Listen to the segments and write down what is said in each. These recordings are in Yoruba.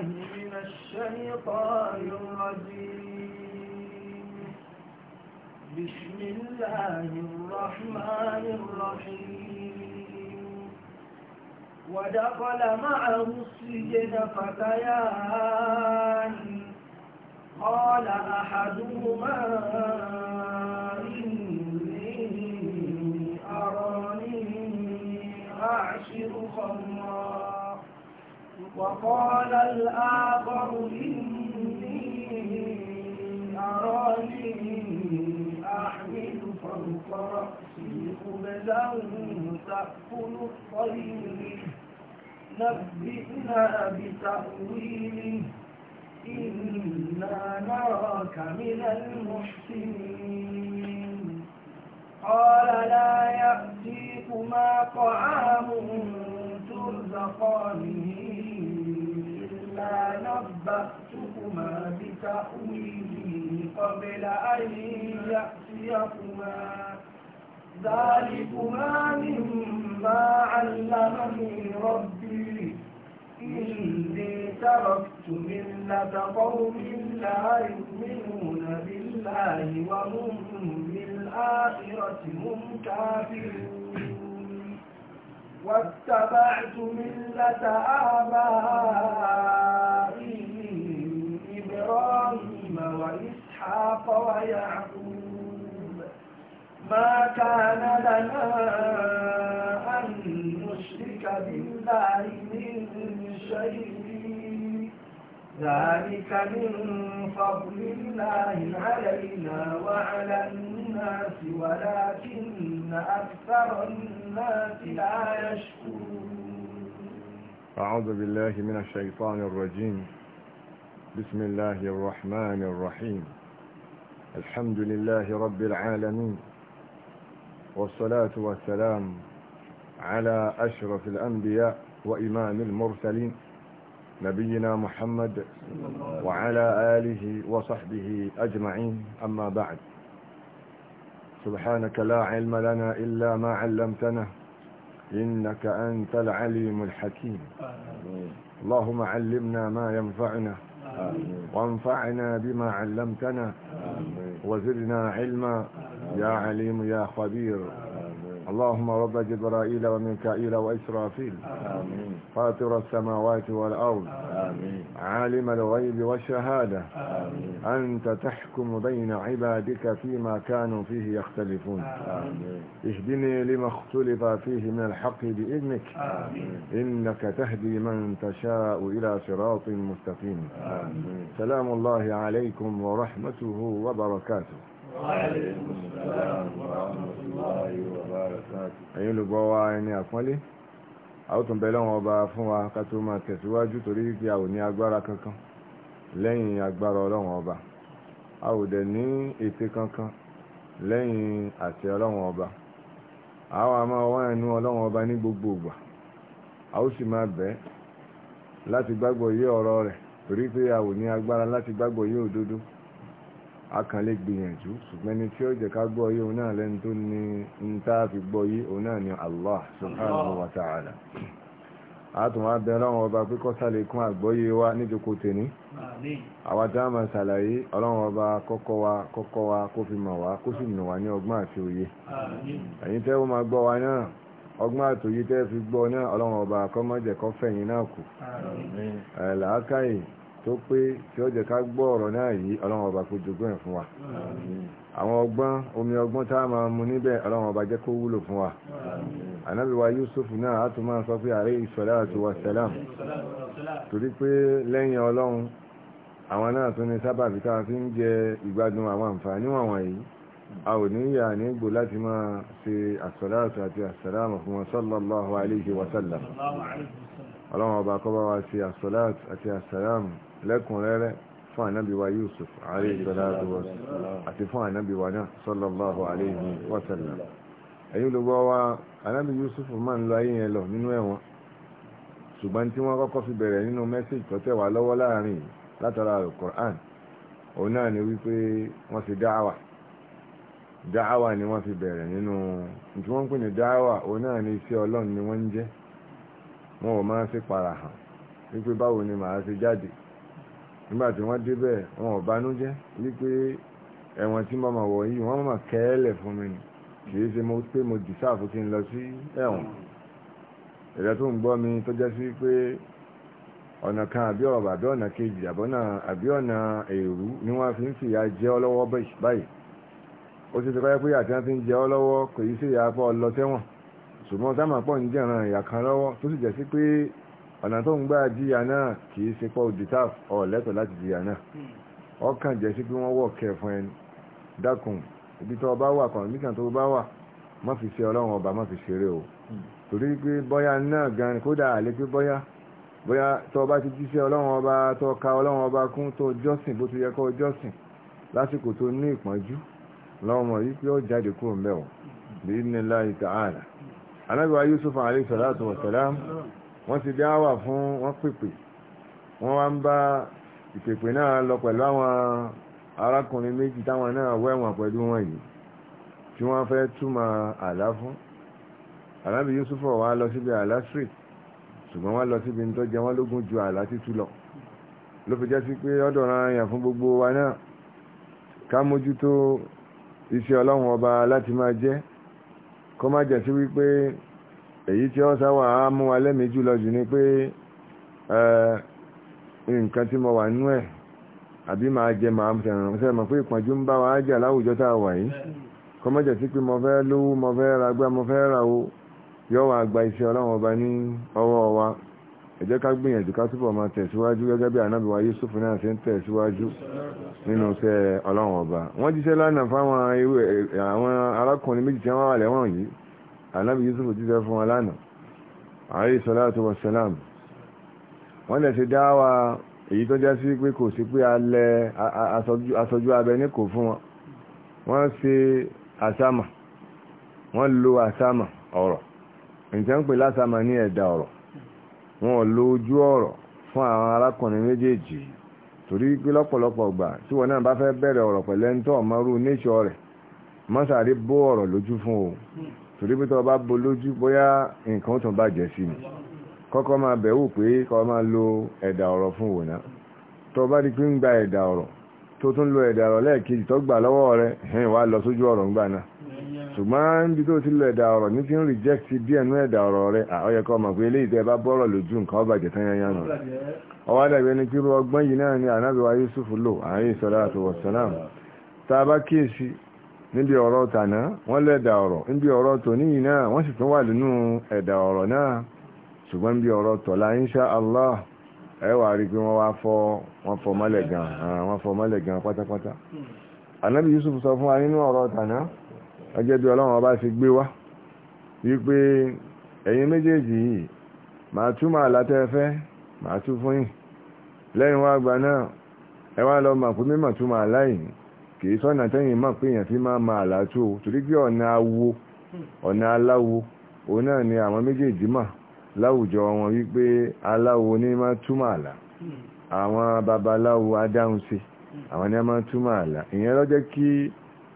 بسم الله الرحمن الرحيم ودخل معه السجن فتيان قال أحدهما وقال الآخر إني أراني أحمل فوق رأسي خبزا تأكل الطير نبئنا بتأويله إنا نراك من المحسنين قال لا يأتيكما طعام ترزقانه إلا نبأتكما بتأويله قبل أن يأتيكما ذلكما مما علمني ربي إني تركت ملة قوم لا يؤمنون بالله وهم بالآخرة هم كافرون واتبعت ملة آبائي إبراهيم وإسحاق ويعقوب ما كان لنا أن نشرك بالله من شيء ذلك من فضل الله علينا وعلى الناس ولكن أكثر الناس لا يشكرون أعوذ بالله من الشيطان الرجيم بسم الله الرحمن الرحيم الحمد لله رب العالمين والصلاة والسلام على أشرف الأنبياء وإمام المرسلين نبينا محمد وعلى آله وصحبه أجمعين أما بعد سبحانك لا علم لنا إلا ما علمتنا إنك أنت العليم الحكيم اللهم علمنا ما ينفعنا وانفعنا بما علمتنا وزدنا علما يا عليم يا خبير اللهم رب جبرائيل وميكائيل وإسرافيل آمين فاطر السماوات والأرض آمين عالم الغيب والشهادة آمين أنت تحكم بين عبادك فيما كانوا فيه يختلفون آمين اهدني لما اختلف فيه من الحق بإذنك آمين إنك تهدي من تشاء إلى صراط مستقيم آمين سلام الله عليكم ورحمته وبركاته وعليكم السلام ورحمة الله وبركاته ẹ̀yin olùgbọ́ wa ẹni àpọ́nlé a ó tún bẹ lọ́wọ́ ọba fún wa ká tó máa tẹ̀síwájú torí pé a ò ní agbára kankan lẹ́yìn agbára ọlọ́wọ́n ọba a ò dẹ̀ ní ète kankan lẹ́yìn àṣẹ ọlọ́wọ́n ọba a wà máa wá ẹnu ọlọ́wọ́n ọba ní gbogbo ìgbà a ó sì máa bẹ̀ láti gbàgbọ́ yé ọ̀rọ̀ rẹ̀ torí pé a ò ní agbára láti gbàgbọ́ yé òdodo akànlẹ̀ gbìyànjú ṣùgbọ́n ni tí ó jẹ ká gbọ́ yí òun náà lẹ́nu tó ní ń fi gbọ́ yí òun náà ni Allah subhanahu wa ta'ala àtùnwà bẹ̀rẹ̀ ọ̀rọ̀ ọba píkọ́ sálẹ̀ wa níjòkó àwọn dáàmà sàlàyé ọlọ́run ọba kọ́kọ́ wa kọ́kọ́ wa kó fi mọ̀ wá kó sì nù wá ní ọgbọ́n àti òye máa gbọ́ wa náà ọgbọ́n àti òye tẹ́ fi gbọ́ náà tó pé tí ó jẹ́ ká gbọ́ ọ̀rọ̀ náà yìí ọlọ́run ọba kó jogún ẹ̀ fún wa àwọn ọgbọ́n omi ọgbọ́n tá a máa mu níbẹ̀ ọlọ́run ọba jẹ́ kó wúlò fún wa ànábì wa Yusuf náà á tún máa sọ pé alayhi salatu wa salam torí pé lẹ́yìn ọlọ́run àwọn náà tún ní sábàbí tá a fi ń jẹ ìgbádùn àwọn àǹfààní wọ̀nyí yìí a ò ní yà ní gbò láti máa ṣe àsàlátù àti àsàlámù fún wọn sallallahu ọlọ́run ọba kọ́bá wa ṣe àsọ́láàt àti àsàlámù lẹ́kùnrẹ́rẹ́ fún ànábì wa Yusuf alayhi salatu wassalam àti fún ànábì wa náà sallallahu alayhi wa sallam ẹ̀yìn olùgbọ́ wa ànábì Yusuf máa ń lọ ayé yẹn lọ nínú ẹ̀wọ̀n ṣùgbọ́n tí wọ́n kọ́kọ́ fi bẹ̀rẹ̀ nínú mẹ́sẹ̀jì tó tẹ̀ wá lọ́wọ́ láàrin látara alukur'an òun náà ni wípé wọ́n fi dáhàwà dáhàwà ni wọ́n fi bẹ̀rẹ̀ nínú tí wọ́n pè ní dáhàwà òun náà ni iṣẹ́ ọlọ́run ni wọ́n ń jẹ́ wọn ò máa ń fi para hàn wípé báwo ni màá ṣe jáde nígbà tí wọ́n débẹ̀ wọn ò banújẹ́ wípé ẹ̀wọ̀n tí màmá wọ̀ yìí wọ́n mà kẹ́ẹ́lẹ̀ fún mi ni kì í ṣe pé mo dìsáàfù kí n lọ sí ẹ̀wọ̀n ẹ̀rẹ́ tó ń gbọ́ mi tó jẹ́ sí pé ọ̀nà kan àbí ọ̀rọ̀ àbí ọ̀nà kejì àbí ọ̀nà èrú ni wọ́n fi ń fìyà jẹ ọ́ lọ́wọ́ báyìí ó ti ti pé àti wọ́n fi ń jẹ ọ́ lọ́wọ́ kò yí sí ìyá apá ọlọ́tẹ́wọ̀n ṣùgbọ́n tá máa pọ̀ ń jẹ̀ràn ìyà kan lọ́wọ́ tó sì jẹ́ sí pé ọ̀nà tó ń gbá jíyà náà kì í ṣe pọ̀ òdìtà ọ̀lẹ́tọ̀ láti jíyà náà ọkàn hmm. jẹ́ sí pé wọ́n wọ̀ kẹ́ fún ẹni dákun ibi tó bá wà kan nígbà tó bá wà má fi ṣe ọlọ́run ọba má fi ṣeré o hmm. torí pé bọ́yá náà gan kódà àlé pé bọ́yá bọ́yá tó bá ti jíṣẹ́ ọlọ́run ọba tó ka ọlọ́run ọba kún tó jọ́sìn bó ti yẹ kó jọ́sìn lásìkò tó ní ìpọ́njú lọ́wọ́ mọ̀ yí pé ó jáde kúrò mẹ́wọ̀ bí láì tààlà anábíwá Yusuf alayhi salatu wa salam wọ́n ti dáwà fún wọ́n pèpè wọ́n wá ń bá ìpèpè náà lọ pẹ̀lú àwọn arákùnrin méjì táwọn náà wẹ̀wọ̀n pẹ̀lú wọn yìí tí wọ́n fẹ́ túmọ̀ àlá fún anábí Yusuf wá lọ síbi àlá street ṣùgbọ́n wọ́n lọ síbi tó jẹ wọ́n lógún ju àlá títú lọ ló fi jẹ́ sí pé ọ̀dọ̀ ran yàn fún gbogbo wa náà ká mójútó iṣẹ́ ọlọ́run ọba láti máa jẹ́ kó má jẹ́ sí wípé èyí tí ó sáwà á mú wa lẹ́mìí jùlọ jù ni pé nǹkan tí mo wà nú ẹ̀ àbí máa jẹ máa tẹ̀ràn sẹ́rẹ̀ mọ̀ pé ìpọ̀njú ń bá wa jà láwùjọ tá a wà yìí kó má jẹ́ sí pé mo fẹ́ lówó mo fẹ́ ragbá mo fẹ́ ra o yọ wà gba iṣẹ́ ọlọ́run ọba ní ọwọ́ wa ẹ jẹ́ ká gbìyànjú ká túbọ̀ máa tẹ̀síwájú gẹ́gẹ́ bí ànábì wa Yusuf náà ṣe ń tẹ̀síwájú nínú iṣẹ́ ọlọ́run ọba wọ́n jíṣẹ́ lánàá fáwọn àwọn arákùnrin méjì tí wọ́n wà lẹ́wọ̀n yìí ànábì Yusuf jíṣẹ́ fún wọn lánàá ààrẹ ìsọláàtò wasalam wọ́n lè ṣe dáwà èyí tó já sí pé kò sí pé alẹ́ aṣojú abẹ ní kò fún wọn wọ́n ṣe àsámà wọ́n lo àsámà ọ̀rọ̀ ìjẹ́ ń pè lásàmà ní ẹ̀dà wọn ò lo ojú ọ̀rọ̀ fún àwọn arákùnrin méjèèjì torí pé lọ́pọ̀lọpọ̀ gbà tí wọn náà bá fẹ́ bẹ̀rẹ̀ ọ̀rọ̀ pẹ̀lú ẹni tó ọmọ rú nature rẹ̀ mọ́sàrí bó ọ̀rọ̀ lójú fún o torí pé tó bá bo lójú bóyá nǹkan tó bàjẹ́ sí ni kọ́kọ́ máa bẹ̀wò pé kọ́ máa lo ẹ̀dà ọ̀rọ̀ fún òun náà tó bá di pé ń gba ẹ̀dà ọ̀rọ̀ tó tún lo ẹ̀dà ọ̀rọ̀ lẹ́ẹ̀kejì tó gbà lọ́wọ́ rẹ̀ hẹ́n wá lọ sójú ọ̀rọ̀ ńgbà náà ṣùgbọ́n níbi tó ti lọ ẹ̀dà ọ̀rọ̀ ní ti ń reject díẹ̀ nú ẹ̀dà ọ̀rọ̀ rẹ̀ àọ́yẹ kọ́ mọ̀ pé eléyìí bá bọ́rọ̀ lójú nǹkan ọba jẹ̀tán yẹn yẹn ọwọ́ dàbí ẹni kí ọgbọ́n yìí náà ni ànábì Yusuf lò alayhi salatu wassalam tá a bá kíyèsí níbi ọ̀rọ̀ tàná wọ́n lọ ọ̀rọ̀ níbi ọ̀rọ̀ tòní yìí náà wọ́n sì tún wà nínú ẹ̀dà ọ̀rọ̀ náà ṣùgbọ́n níbi ọ̀rọ̀ insha Allah ẹ e wà rí pé wọ́n wá fọ́ wọ́n fọ́ mọ́lẹ̀ gan wọ́n fọ́ mọ́lẹ̀ gan pátápátá ànábì Yusuf sọ fún ọjọ́ bí ọlọ́run ọba ṣe gbé wá wípé ẹ̀yin méjèèjì yìí màá tú màá látẹ́fẹ́ màá tú fún yìí lẹ́yìn wá gba náà ẹ wá lọ màá pé mímọ̀ tú màá láyìn kì í sọ́nà tẹ́yìn mọ̀ pé èèyàn fi máa máa látú o torí pé ọ̀nà awo ọ̀nà aláwo òun náà ni àwọn méjèèjì mà láwùjọ wọn wípé aláwo ní máa tú màá hmm. àwọn babaláwo adáhunṣe hmm. àwọn ni a máa tú màá là ìyẹn ló jẹ́ kí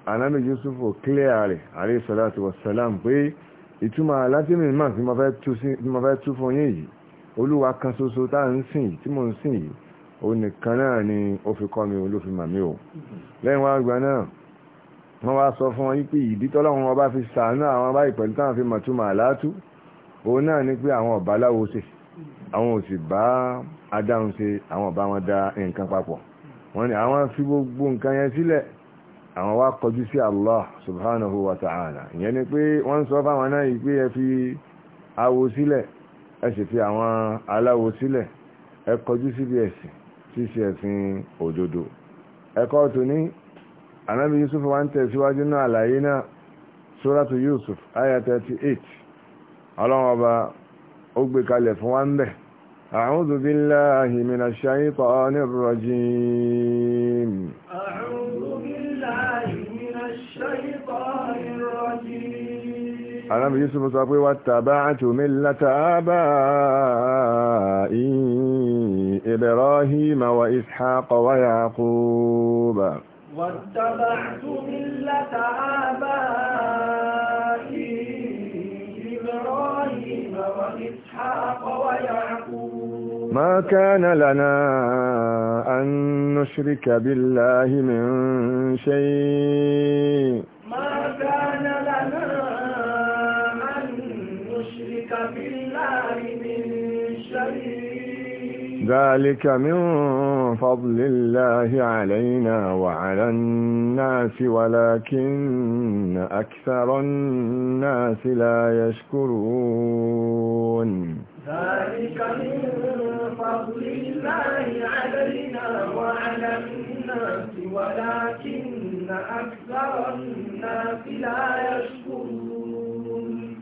anábì yusuf clear rẹ̀ alayhi salatu wassalam pé ìtumọ̀ látìmí mà tí mo fẹ́ tú fún yín yìí olúwa kan ṣoṣo tá à ń sìn tí mo ń sìn yìí òun nìkan náà ni ó fi kọ́ mi ló fi mà mí o lẹ́yìn wá gbà náà wọ́n wá sọ fún wọn pé ìdí tọ́lọ́run ọba fi sàánú àwọn báyìí pẹ̀lú táwọn fi mọ̀túmọ̀ àlátú òun náà ni pé àwọn ọ̀bá aláwo ṣe àwọn ò sì bá adáhùn ṣe àwọn ọ̀bá wọn da nǹkan papọ̀ wọ́n ní àwọn fi gbogbo nǹkan yẹn sílẹ̀ àwọn wá kọjú sí Allah subhanahu wa ta'ala ìyẹn ni pé wọ́n sọ fáwọn náà yìí pé ẹ fi awo sílẹ̀ ẹ sì fi àwọn aláwo sílẹ̀ ẹ kọjú ẹ̀sìn ẹ̀sìn òdodo anábi Yusuf ń tẹ̀síwájú náà àlàyé náà suratu Yusuf ayah 38 ọba ó gbé kalẹ̀ fún wa ń bẹ̀ أعوذ بالله من الشيطان الرجيم أنا بيسف صبري واتبعت ملة آبائي إبراهيم وإسحاق ويعقوب واتبعت ملة آبائي ما كان لنا أن نشرك بالله من شيء ما كان لنا أن ذلك من فضل الله علينا وعلى الناس ولكن أكثر الناس لا يشكرون ذلك من فضل الله علينا وعلى الناس ولكن أكثر الناس لا يشكرون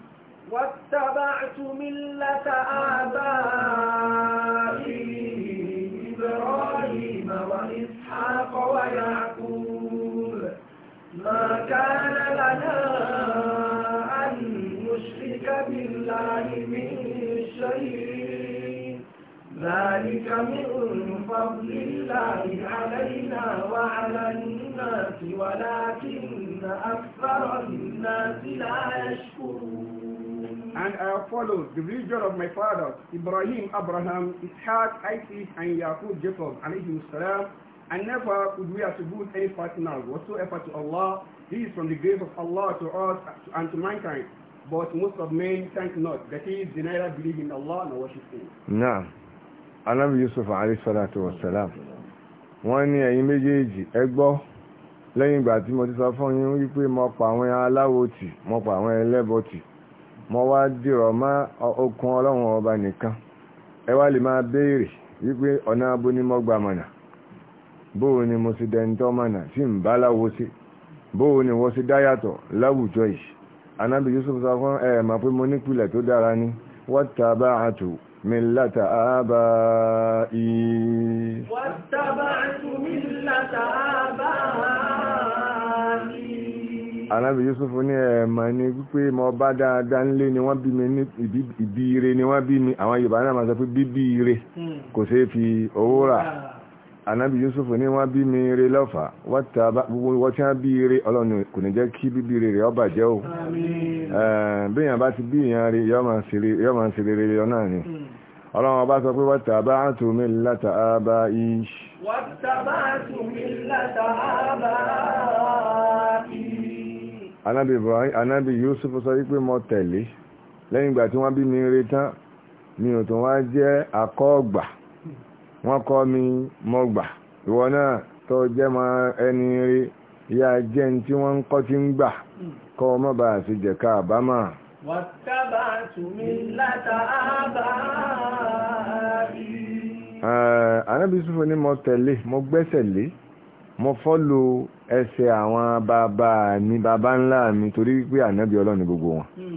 واتبعت ملة آبائي ويعقوب ما كان لنا أن نشرك بالله من شيء ذلك من فضل الله علينا وعلى الناس ولكن أكثر الناس لا يشكرون and I followed the religion of my fathers, Ibrahim, Abraham, Ishaq, Isaac, and Yaqub, Jacob, alayhi salam, I never could we attribute any partner whatsoever to Allah. This is from the grace of Allah to us and to mankind. But most of men thank not. That He is, they neither believe in Allah nor worship Him. Naam. Anábi Yusuf alayhi salatu wa salam. Wọ́n ní ẹ̀yin méjèèjì ẹ gbọ́ lẹ́yìn ìgbà tí mo ti sọ fún yín wípé mo pa àwọn aláwo tì, mo pa àwọn ẹlẹ́bọ tì, mo wá dìrọ̀ mọ́ okun ọlọ́run ọba nìkan. Ẹ wá lè máa béèrè wípé ọ̀nà abónímọ́gbàmọ̀nà bóò ni mo sì dẹ̀ntọ́ mọ̀nà tí ń bá láwo sí bóò ni wọ́n sì dáyàtọ̀ láwùjọ yìí anábì Yusuf sọ fún ẹ mà pé mo nípìlẹ̀ tó dára ní wattaba'tu millata aba'i. wattaba'tu millata aba'i. anábì Yusuf ní ẹ mà ní pípé mo bá dáadáa ńlé ni wọ́n bí mi ní ìbí ire ni wọ́n bí mi àwọn Yorùbá náà máa sọ pé bíbí ire hmm. kò ṣeé fi owó rà anábì yusuf ní wọ́n bí mi rí lọ́fà wọ́n tí wọ́n bí rí ọlọ́run kò ní jẹ́ kí bíbí rí rẹ̀ ọba jẹ́ o bíyàn bá ti bíyàn rí yọ́ máa ń ṣe rí rí ọ náà ni hmm. ọlọ́run ọba sọ pé wattaba'tu millata aba'i wattaba'tu millata aba'i anábì yusuf sọ wípé mo tẹ̀lé lẹ́yìn ìgbà tí wọ́n bí mi rí tán mi ò tún wá jẹ́ akọ́ọ̀gbà wọ́n kọ́ mi mọ́ gbà ìwọ náà tó jẹ́ mọ́ ẹni rí ìyá jẹ́ ní tí wọ́n ń kọ́ ti ń gbà kọ́ ọmọ bá àti jẹ̀ka àbámà. Ànábì Yúsúfù ní mo tẹ̀lé mo gbẹ́sẹ̀ lé mo fọ́lò ẹsẹ̀ àwọn bàbá mi bàbá ńlá mi torí pé ànábì Ọlọ́run gbogbo wọn. Mm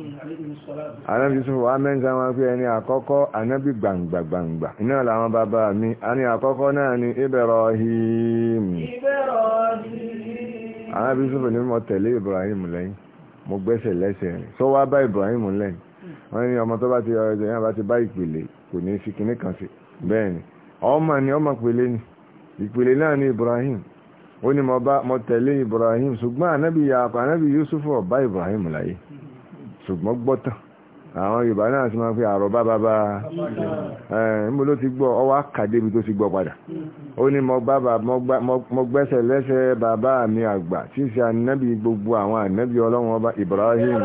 anábì Yusuf wà mẹ́ta wọn pé ẹni àkọ́kọ́ anábì gbangba gbangba iná làwọn bàbá mi a ní àkọ́kọ́ náà ni Ibrahim anábì Yusuf ní mo tẹ̀lé Ibrahim lẹ́yìn mo gbẹ́sẹ̀ lẹ́sẹ̀ rẹ̀ tó wá bá Ibrahim lẹ́yìn wọ́n ní ọmọ tó bá ti ṣùgbọ́n gbọ́tàn àwọn yorùbá náà ti máa fi àròbá bàbá níbo ló ti gbọ́ ọwọ́ àkàdé ibi tó ti gbọ́ padà ó ní mo gbẹ́sẹ̀ lẹ́sẹ̀ bàbá mi àgbà tí í ṣe ànábì gbogbo àwọn ànábì ọlọ́run ọba Ibrahim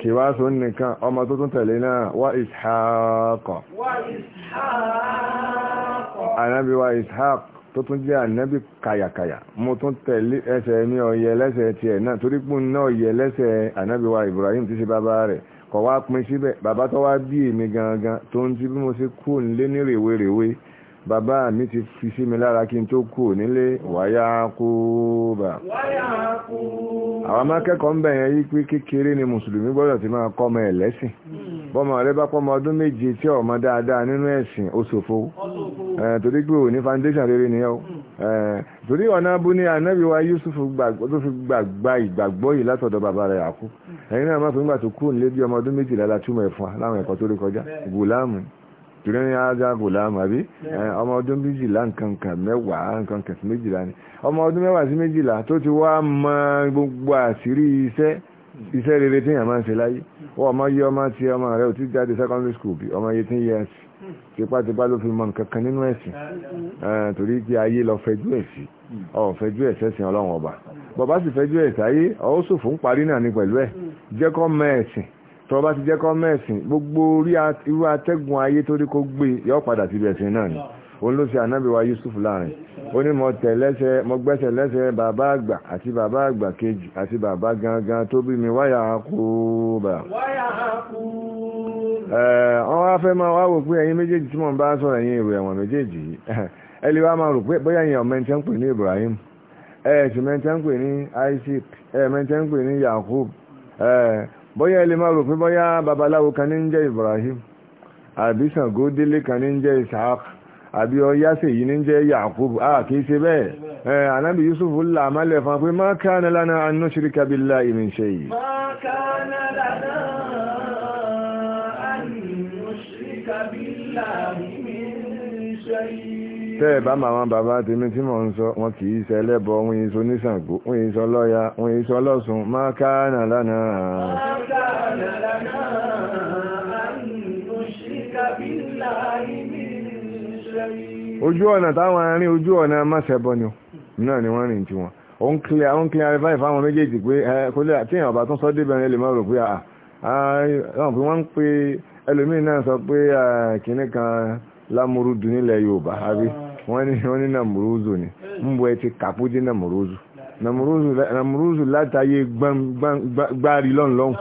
kì wá sọ nìkan ọmọ tó tún tẹ̀lé náà wá Ishaq ànábì wá Ishaq tó tún jẹ́ ànábì kàyàkàyà mo tún tẹ̀lé ẹsẹ̀ mi ọ̀yẹ lẹ́sẹ̀ tiẹ̀ náà torí pé náà ọ̀yẹ lẹ́sẹ̀ ànábì wa Ibrahim ti ṣe bàbá rẹ̀ kọ̀ wá pin síbẹ̀ bàbá tó wá bí èmi gangan tó ń ti bí mo ṣe kú nílé ní rèwerèwe bàbá mi ti fi sí mi lára kí n tó kú nílé wáyá kú àwọn amákẹ́kọ̀ọ́ ń bẹ̀yẹn yí pé kékeré ni mùsùlùmí gbọ́dọ̀ ti máa kọ́ ọmọ ẹ̀ lẹ́sìn hmm. bọ́mọ rẹ bá pọ́mọ ọdún méje tí ọmọ dáadáa nínú ẹ̀sìn ó eh, torí pé òní foundation rere ni o hmm. eh, torí ọ̀nà abú ní anábì wa Yusuf tó fi gbàgbà ìgbàgbọ́ yìí látọ̀dọ̀ bàbá rẹ̀ àkú ẹ̀yin náà má fi ń gbà tó kú nílé bí ọmọ ọdún méjìlá la túmọ̀ ẹ̀fọn láwọn ẹ̀kọ́ tó rí kọjá gùlámù torí ní ajá gòlámù àbí ọmọ ọdún méjìlá nǹkan kan mẹ́wàá nǹkan kan sí méjìlá ni ọmọ ọdún mẹ́wàá sí méjìlá tó ti wá mọ gbogbo àṣírí iṣẹ́ iṣẹ́ rere tí èèyàn máa ń ṣe láyé hmm. wọ́n ọmọ yé ọmọ tí ọmọ rẹ̀ ò ti jáde secondary school bí ọmọ yẹn ti ń yẹ ẹ̀sìn tipátipá ló fi mọ nǹkan kan nínú ẹ̀sìn torí pé ayé lọ fẹjú hmm. ẹ̀sìn ọ̀ fẹjú ẹ̀sẹ̀ sìn ọlọ́run ọba bàbá sì fẹjú ẹ̀sẹ̀ ayé ọ̀ ó sòfò ń parí náà ní pẹ̀lú ẹ̀ hmm. jẹ́kọ́ mọ ẹ̀sìn tó bá ti jẹ́ kọ́ mẹ́sìn gbogbo irú atẹ́gùn ayé torí kó gbé yọ padà síbi ẹ̀sìn náà ni òun ló ṣe ànábì Yusuf láàrin ó ní mo tẹ̀lẹ́sẹ̀ mo gbẹ́sẹ̀ lẹ́sẹ̀ bàbá àgbà àti bàbá àgbà kejì àti bàbá gangan tó bí mi wáyà kúbà wọ́n wá fẹ́ máa wá wò pé ẹ̀yin ń pè ní Ibrahim ẹ̀ẹ̀sì mẹ́ntẹ́ ń pè ní Isaac ẹ̀ẹ̀mẹ́ntẹ́ ń pè ní bóyá ẹ lè máa rò pé bóyá babaláwo kan ní ń jẹ́ Ibrahim àbí Ṣàngó délé kan ní ń jẹ́ Isaac àbí ọyáṣe yìí ní ń jẹ́ Yakub a kìí ṣe bẹ́ẹ̀ ẹ anábì Yusuf là àmàlẹ̀ fún pé má kana lana an nushrika billahi min yìí. má kana tẹ́ ẹ̀ bá màmá bàbá tèmi tí mò ń sọ wọn kì í ṣe ẹlẹ́bọ wọn yìí sọ wọn yìí lọ́ya wọn yìí lọ́sùn máa káànà lánàá. máa ojú ọ̀nà táwọn arìn ojú ọ̀nà máṣẹ́bọ ni náà ni wọ́n rìn tiwọn ó ń kílẹ̀ ó kílẹ̀ arẹ́fáì fáwọn méjèèjì pé kólé àti èèyàn ọ̀bà tó sọ débẹ̀rẹ̀ lè má rò pé àwọn pé wọ́n ń pe ẹlòmíì náà sọ pé kìnnìkan lamuru duni le yoruba habi wani wani na muruzu ni mbu eti kapu di na muruzu na muruzu na muruzu lata ye gban gban gbari long long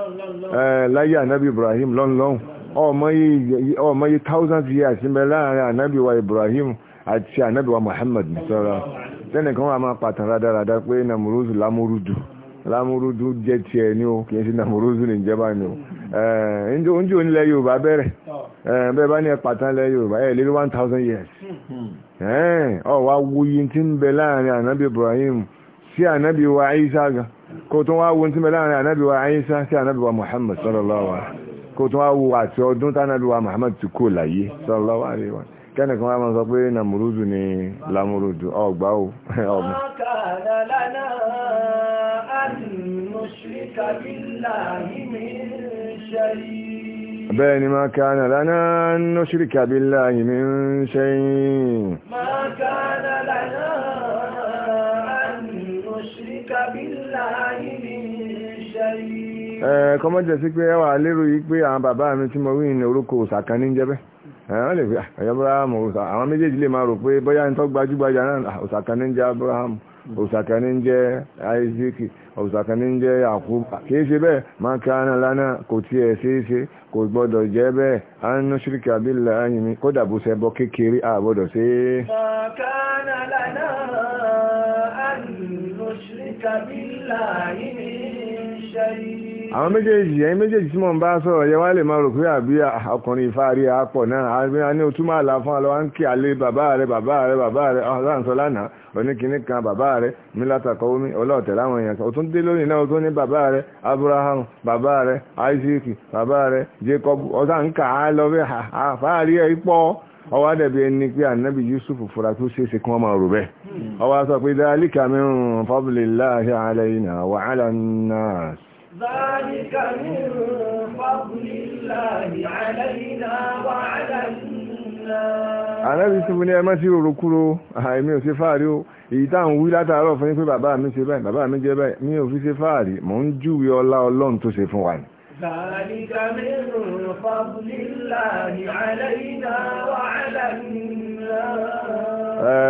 eh laya nabi ibrahim long long o mo ye o ti ye thousands years in bela ibrahim ati nabi wa muhammad sallallahu alaihi wasallam tene kon ama patan rada rada pe na muruzu lamuru lámúrúdú jẹ́ tiẹ̀ ní o kì í ṣe nàmúrúdú ní ìjẹba ní o oúnjẹ eh, onílẹ̀ yorùbá bẹ̀rẹ̀ eh, bẹ́ẹ̀ bá ní ẹ pàtàn yorùbá lérí one thousand years eh, ọ wá wuyi tí ń bẹ láàrin ànábì ibrahim sí ànábì wa isa gan kò tún wá wo tí ń bẹ láàrin wa sí wa muhammad sallallahu alaihi wa kò tún wo muhammad ti kú láyé alaihi wa kẹ́nìkan wá máa sọ pé nàmúrúdù ni lámúrúdù ọgbà ó ọmọ bẹ́ẹ̀ ni máa kàánà lánà ní ṣíríkà bí láàyìmí ń ṣe yìí máa kàánà lánà kọmọ́jẹ̀ sí pé ẹwà lérò yí pé àwọn bàbá mi tí mo wí ní orúkọ òsàkan ní jẹ́bẹ́ wọ́n lè fi ẹ̀yọ́ àwọn méjèèjì lè máa rò pé bọ́yá ní tó gbajúgbajà náà òsàkà ní jẹ́ abrahamu òsàkà ní jẹ́ aizeki òsàkà ní jẹ́ yakub kìí ṣe bẹ́ẹ̀ máa ká náà kò tiẹ̀ ṣeé ṣe kò gbọ́dọ̀ jẹ́ bẹ́ẹ̀ anú ṣíríkì abílà ayinmi kódà bó kékeré ṣe é. ọ̀kánà àwọn méjèèjì ẹ̀yin méjèèjì tí mò ń bá sọ̀rọ̀ yẹ wá lè máa rò pé àbí ọkùnrin ìfáàrí náà a ní otúmọ̀ àlà fún alọ́wà ń kí alẹ́ bàbá rẹ bàbá rẹ bàbá rẹ ọ̀láǹsọ lánàá oníkìní kan bàbá rẹ mílátàkọ omi ọlọ́ọ̀tẹ̀ láwọn èèyàn kan òtún dé lónìí náà ní Abraham bàbá rẹ Isaac bàbá rẹ Jacob àfáàrí ẹ̀ pọ̀ ọwọ́ ẹni pé ànábì Yusuf fura tó ṣe é ṣe kí wọ́n máa rò bẹ́ẹ̀ ọwọ́ wa ala ذلك من فضل الله علينا وعلى Ànábì tí mo ní ẹmọ́ sí orokúro, àìmí ò sí fáàrí o, èyí táwọn wí látàárọ̀ fún ní pé bàbá mi ṣe báyìí, bàbá mi jẹ́ báyìí, mi ò fi ṣe fáàrí, mò ń júwe ọlá Ọlọ́run tó ṣe fún wa ni. ذلك من فضل الله علينا وعلى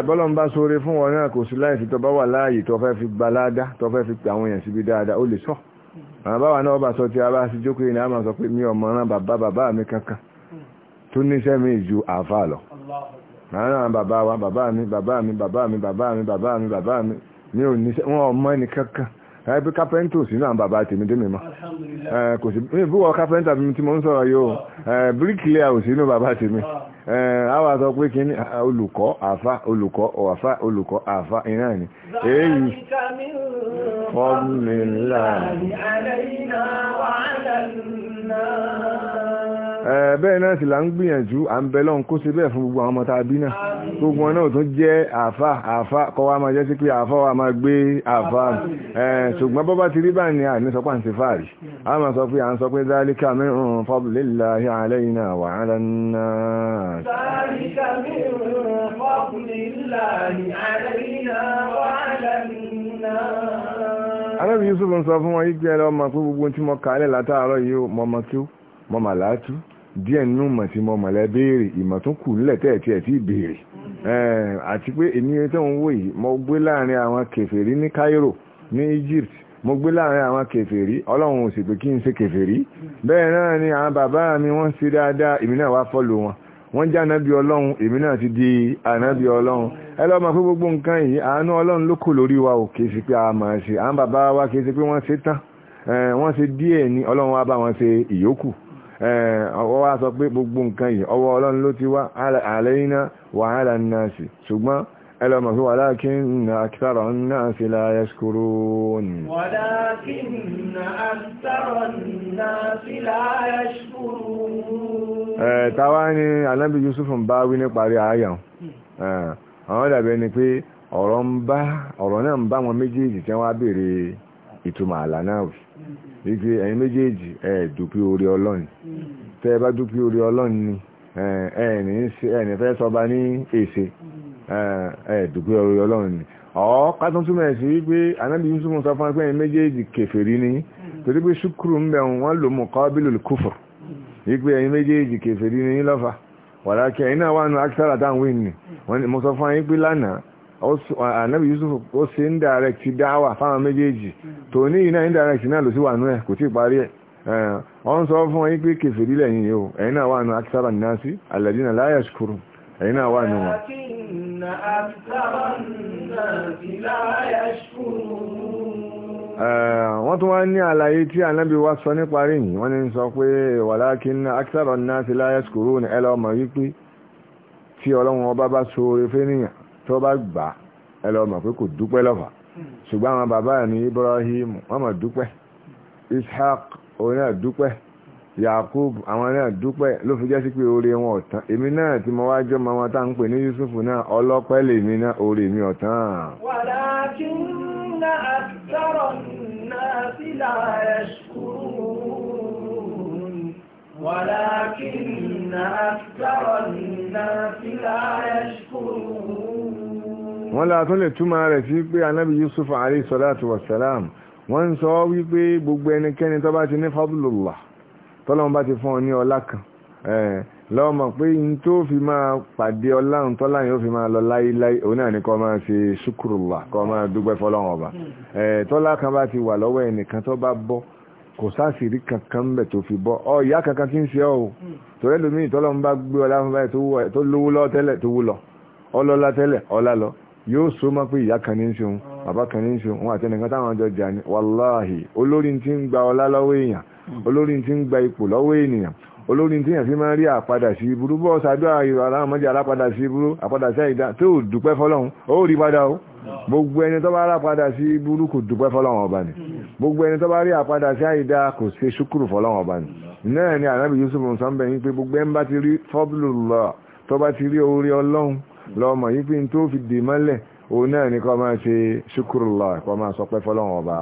bọ́lọ̀ ń bá sóore fún wọn náà kò sí láì fi tọ́ bá wà láàyè tó fẹ́ fi gbaládá tó fẹ́ fi pè àwọn èèyàn síbi dáadáa ó lè sọ bàbá náà bá sọ ti a bá sí jókòó ní a máa sọ pé mi ọmọ rán bàbá bàbá mi kankan tó níṣẹ́ mi ju àfà lọ àwọn bàbá wa bàbá mi bàbá mi bàbá mi bàbá mi bàbá mi bàbá mi mi ò níṣẹ́ wọn ọmọ ẹni kankan láì pé kápẹ́ntà ò sí náà bàbá tèmi dé mi mọ́ kò sí mi búwọ́ kápẹ́ntà tí mo ń sọ̀rọ̀ yóò bíríkìlíà ò sí inú bàbá tèmi àwọn àtọ́ pé kí ni olùkọ́ àfà olùkọ́ àfà olùkọ́ àfà ìnáà ni ذلك من فضل الله علينا bẹ́ẹ̀ náà sì là ń gbìyànjú à ń bẹ kó sí bẹ́ẹ̀ fún gbogbo àwọn ọmọ bí náà gbogbo náà tún jẹ́ àfà àfà kọ́ máa jẹ́ sí pé àfà wa máa gbé àfà eh, ṣùgbọ́n bọ́bá ti rí báyìí ni àní sọ pé à a máa sọ pé à ń sọ pé zálíkà min alábi Yusuf ń sọ fún wọn yí pé ẹ lọ mọ̀ pé gbogbo tí mo kàálẹ̀ látàárọ̀ yìí ó mọ ọmọ kí ó mọ màlátú díẹ̀ nínú mọ̀ tí mo mọ̀lẹ́ béèrè ìmọ̀ tó kù nílẹ̀ tẹ́ẹ̀ tí ẹ̀ béèrè àti pé èmi tó ń wò yìí mo gbé láàrin àwọn kèfèrí ní Cairo ní Egypt mo gbé láàrin àwọn kèfèrí ọlọ́run ò sì pé kí n ṣe kèfèrí bẹ́ẹ̀ náà ni àwọn bàbá mi wọ́n ṣe dáadáa èmi náà wá fọ́lù wọn wọ́n jẹ́ ànábì ọlọ́run èmi náà ti di ànábì ọlọ́run ẹlọ́mọ fún gbogbo nǹkan yìí àánú ọlọ́run ló kò lórí wa ò kìí sí pé a máa ṣe à ń bàbá wa kìí sí pé wọ́n ṣe tán wọ́n ṣe díẹ̀ ní ọlọ́run wa bá wọn ṣe ìyókù ọwọ́ wa sọ pé gbogbo nǹkan yìí ọwọ́ ọlọ́run ló ti wá àlẹ́yìnà wàhálà náà sí ṣùgbọ́n ẹlọ́mọ fún walakin akthara an-nasi la yashkurun walakin akthara an-nasi la yashkurun tàwa ni anábì Yusuf ń bá wí níparí ààyàn àwọn dàbí ẹni pé ọ̀rọ̀ náà ń bá wọn méjèèjì tí wọ́n á béèrè ìtumọ̀ àlá náà wì wípé ẹ̀yin méjèèjì ẹ̀ dúpẹ́ orí ọlọ́run tẹ́ ẹ bá dúpẹ́ orí ọlọ́run ni fẹ́ sọba ní èsè orí ni ọ̀ kátún túnmẹ̀ sí wípé anábi yusuf sọ fún ẹgbẹ́ méjèèjì kèfèrí ní torí pé ṣúkúrú ń bẹ̀rùn wọ́n lò mú kọ́bílù kúfù wípé ẹ̀yin méjèèjì kèfèrí lọ́fà wàlákẹ́ iná wà nù akitara tá à ń ni mo sọ fún yín pé lánàá anabi yusuf ó ṣe ń direct dáwà fáwọn méjèèjì tòní iná indirect náà ló sì wà nù ẹ kò tí ì parí ẹ wọ́n sọ fún yín pé kèfèrí yìí náà wà nasi Eh, wọ́n tún wá ní àlàyé tí ànábì wá sọ ní parí yìí wọ́n ní sọ pé walakin akthara nnasi la yashkurun ẹlọ́mọ̀ wípé tí ọlọ́run ọba bá sóore fẹ́nìyàn tó bá gbà ẹlọ́mọ̀ pé kò dúpẹ́ lọ́fà ṣùgbọ́n àwọn bàbá ní Ibrahim wọ́n mọ̀ dúpẹ́ Ishaq òun Yakub àwọn náà dúpẹ́ ló fi jẹ́ sí pé oore wọn ọ̀tán èmi náà tí mo wá jọ mọ ولكن أكثر الناس لا يشكرون ولكن أكثر الناس لا يشكرون wọ́n la tún lè túmọ̀ rẹ̀ sí pé anábì wọ́n sọ wípé gbogbo ẹnikẹ́ni tó ti ní bá ti fún ọ ní ọlá kan lọ́mọ pé n tó fi máa pàdé ọláhun tọ́lá yóò fi máa lọ láíláí òun náà ní kọ́ máa ṣe ṣúkúrùlà kọ́ máa dúpẹ́ fọ́lọ́run ọba tọ́lá kan bá ti wà lọ́wọ́ ẹnìkan tó bá bọ́ kò sáàsìrí kankan bẹ̀ tó fi bọ́ ọ ìyá kankan tí ń ṣe ọ́ torí ẹlòmíì tọ́lọ́run bá gbé ọlá fún báyìí tó lówó lọ tẹ́lẹ̀ tó wú lọ ọlọ́lá tẹ́lẹ̀ ọlá lọ yóò so má pé ìyá olórin tí yẹn fi máa rí àpadà sí ibúrú bọ́ sàdúrà ìrọ̀ aláàmọ́jẹ́ alápadà sí ibúrú àpadà sí àìdá tó dùpẹ́ fọlọ́hún ó rí padà ó gbogbo ẹni tó bá rápadà sí ibúrú kò dùpẹ́ fọlọ́hún ọba ni gbogbo ẹni tó bá rí àpadà sí àìdá kò ṣe ṣúkúrù fọlọ́hún ọba ni Yusuf nsọ́nbẹ̀ yín pé gbogbo ẹni bá ti rí fọ́bùlù lọ tó òun náà ní kọ́ máa ṣe ṣúkúrùlá kọ́ máa sọ pé ọba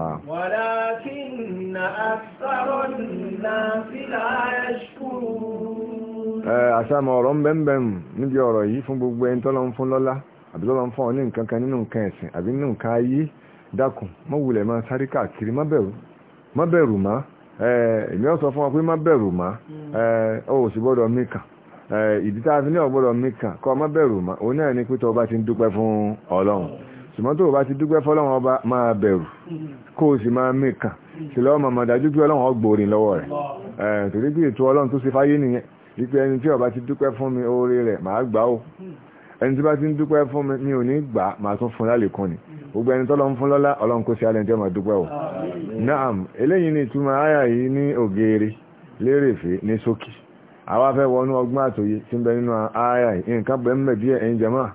àṣàmọ̀ ọ̀rọ̀ mbẹ́mbẹ́m níbi ọ̀rọ̀ yìí fún gbogbo ẹni tọ́lọ fún lọ́lá àbí tọ́lọ fún ọ ní nǹkan kan nínú nǹkan ẹ̀sìn àbí nínú nǹkan ayé dákun mọ́ wulẹ̀ máa sáré káàkiri má bẹ̀rù má fún pé má hmm. Eh, ìdí tá a fi ní ọ̀gbọ́dọ̀ mi kàn kọ́ ọmọ bẹ̀rù mọ́ òun náà ni pé tó o bá ti ń dúpẹ́ fún ọlọ́run ṣùgbọ́n tó o bá ti dúpẹ́ fọlọ́run ọba máa bẹ̀rù kó o sì máa mi kàn sí lọ́wọ́ màmá dájú pé ọlọ́run ọgbòrin lọ́wọ́ rẹ̀ eh, torí pé ètò ọlọ́run tó ṣe fáyé nìyẹn wípé ẹni tí ó bá ti dúpẹ́ fún mi oore rẹ̀ màá gbà ó ẹni tí bá ti ń dúpẹ́ fún mi mi ò ní màá tún àwa fẹ́ wọnú ọgbọ́n àtòyé tí ń bẹ nínú ààyà yìí nǹkan bẹ̀ ń bẹ̀ díẹ̀ ẹ̀yin jàmáà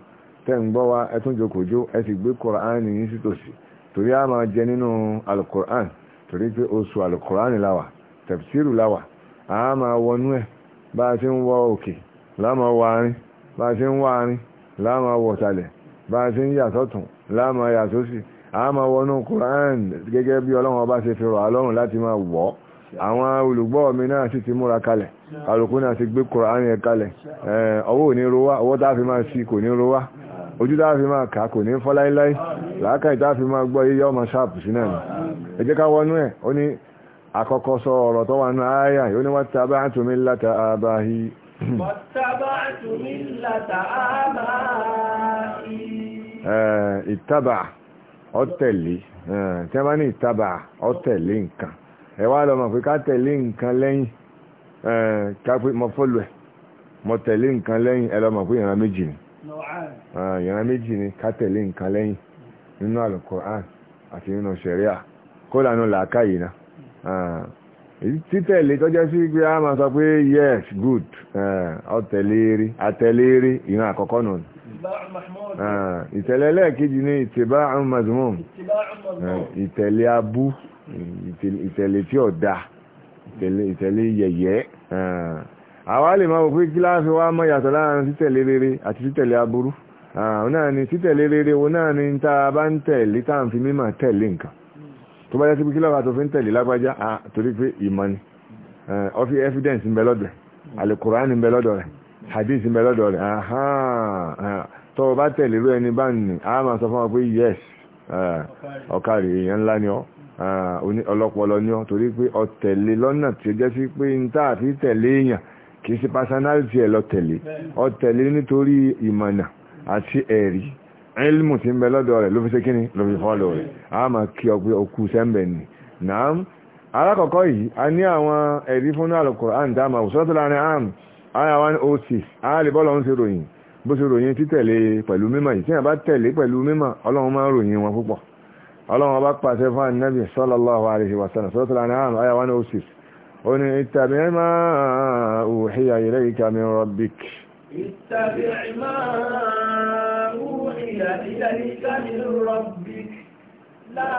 tẹ́ ń gbọ́ wa ẹ tún jòkòjó ẹ sì gbé kọ̀ọ̀án yìí sítòsí torí a máa jẹ nínú alukọ̀ọ̀án torí pé oṣù alukọ̀ọ̀án la wà tẹ̀fsíìrù la wà a máa wọnú ẹ̀ bá a ṣe ń wọ òkè láàmà wọ arin bá a ṣe ń wọ arin láàmà wọ sàlẹ̀ bá a ṣe ń yà sọ́tún láàmà yà a máa wọnú kọ̀ọ̀án àwọn olùgbọ́ mi náà sì ti múra kalẹ̀ alùkún náà ti gbé Kùránì ẹ̀ kalẹ̀ ọwọ́ ò ní rọwá ọwọ́ tá a fi máa sí kò ní rọwá ojú tá fi máa kà kò ní fọ́láíláí láíláí làákàyè tá fi máa gbọ́ yíyá ọmọ ṣáàpù sí náà ẹ jẹ́ ká wọnú ẹ̀ ó ní àkọ́kọ́ sọ ọ̀rọ̀ tó wà nù ááyà ní wattaba'tu millata abahi wattaba'tu bá ní ìtàbà ọ̀tẹ̀lé nǹkan ẹ̀wà lọ́mọ̀ pé ká tẹ̀lé nǹkan lẹ́yìn kápẹ́ mọ fọ́lù ẹ̀ mọ tẹ̀lé nǹkan lẹ́yìn ẹ pé ìran méjì ni ìran méjì ni ká tẹ̀lé nǹkan lẹ́yìn nínú àlùkùránì àti nínú ṣẹ̀ríà kódà nínú làákàyè náà títẹ̀lé tọ́jọ́ sí pé a máa sọ pé yes good ọ̀tẹ̀lérí àtẹ̀lérí ìran àkọ́kọ́ nù ìtẹ̀lé abú ìtẹ̀lé tí ò da ìtẹ̀lé yẹ̀yẹ́ eh. àwa lè máa wò pé kíláàsì wa mọ̀ yàtọ̀ láàrin títẹ̀lé rere àti títẹ̀lé aburú eh, òun náà ni títẹ̀lé rere òun náà ni tá a bá ń tẹ̀lé tá à ń fi mímọ̀ tẹ̀lé nǹkan tó bá yẹ síbi kíláàsì tó fi ń tẹ̀lé lágbájá torí pé ìmọ̀ ni ọfí eh, evidence ń bẹ lọ́dọ̀ rẹ̀ alukurani ń bẹ lọ́dọ̀ rẹ̀ hadith ń bẹ lọ́dọ̀ rẹ̀ tó o bá tẹ̀lé rú ẹni bá ń ní a máa sọ yes ọ̀kàrí èèyàn ńlá ni ọ́ ọlọ́pọlọ ní ọ torí pé ọ tẹ̀lé lọ́nà tí ó jẹ́ sí pé ń tà àfi tẹ̀lé èèyàn kì í sí personality ẹ̀ lọ tẹ̀lé ọ tẹ̀lé nítorí ìmọ̀nà àti ẹ̀rí ilmu ti ń bẹ lọ́dọ̀ rẹ̀ ló fi ṣe kíni ló fi fọ́lọ̀ rẹ̀ a máa kí ọ pé okú sẹ́ńbẹ̀ ni náà alákọ̀ọ́kọ́ yìí a ní àwọn ẹ̀rí fún al ọlọ́run ọba pàṣẹ fún ànábì sallallahu alaihi wasallam suratul an'am aya 106 ó ní ittabi' ma uhiya ilayka min rabbik ittabi' ma uhiya ilayka min rabbik la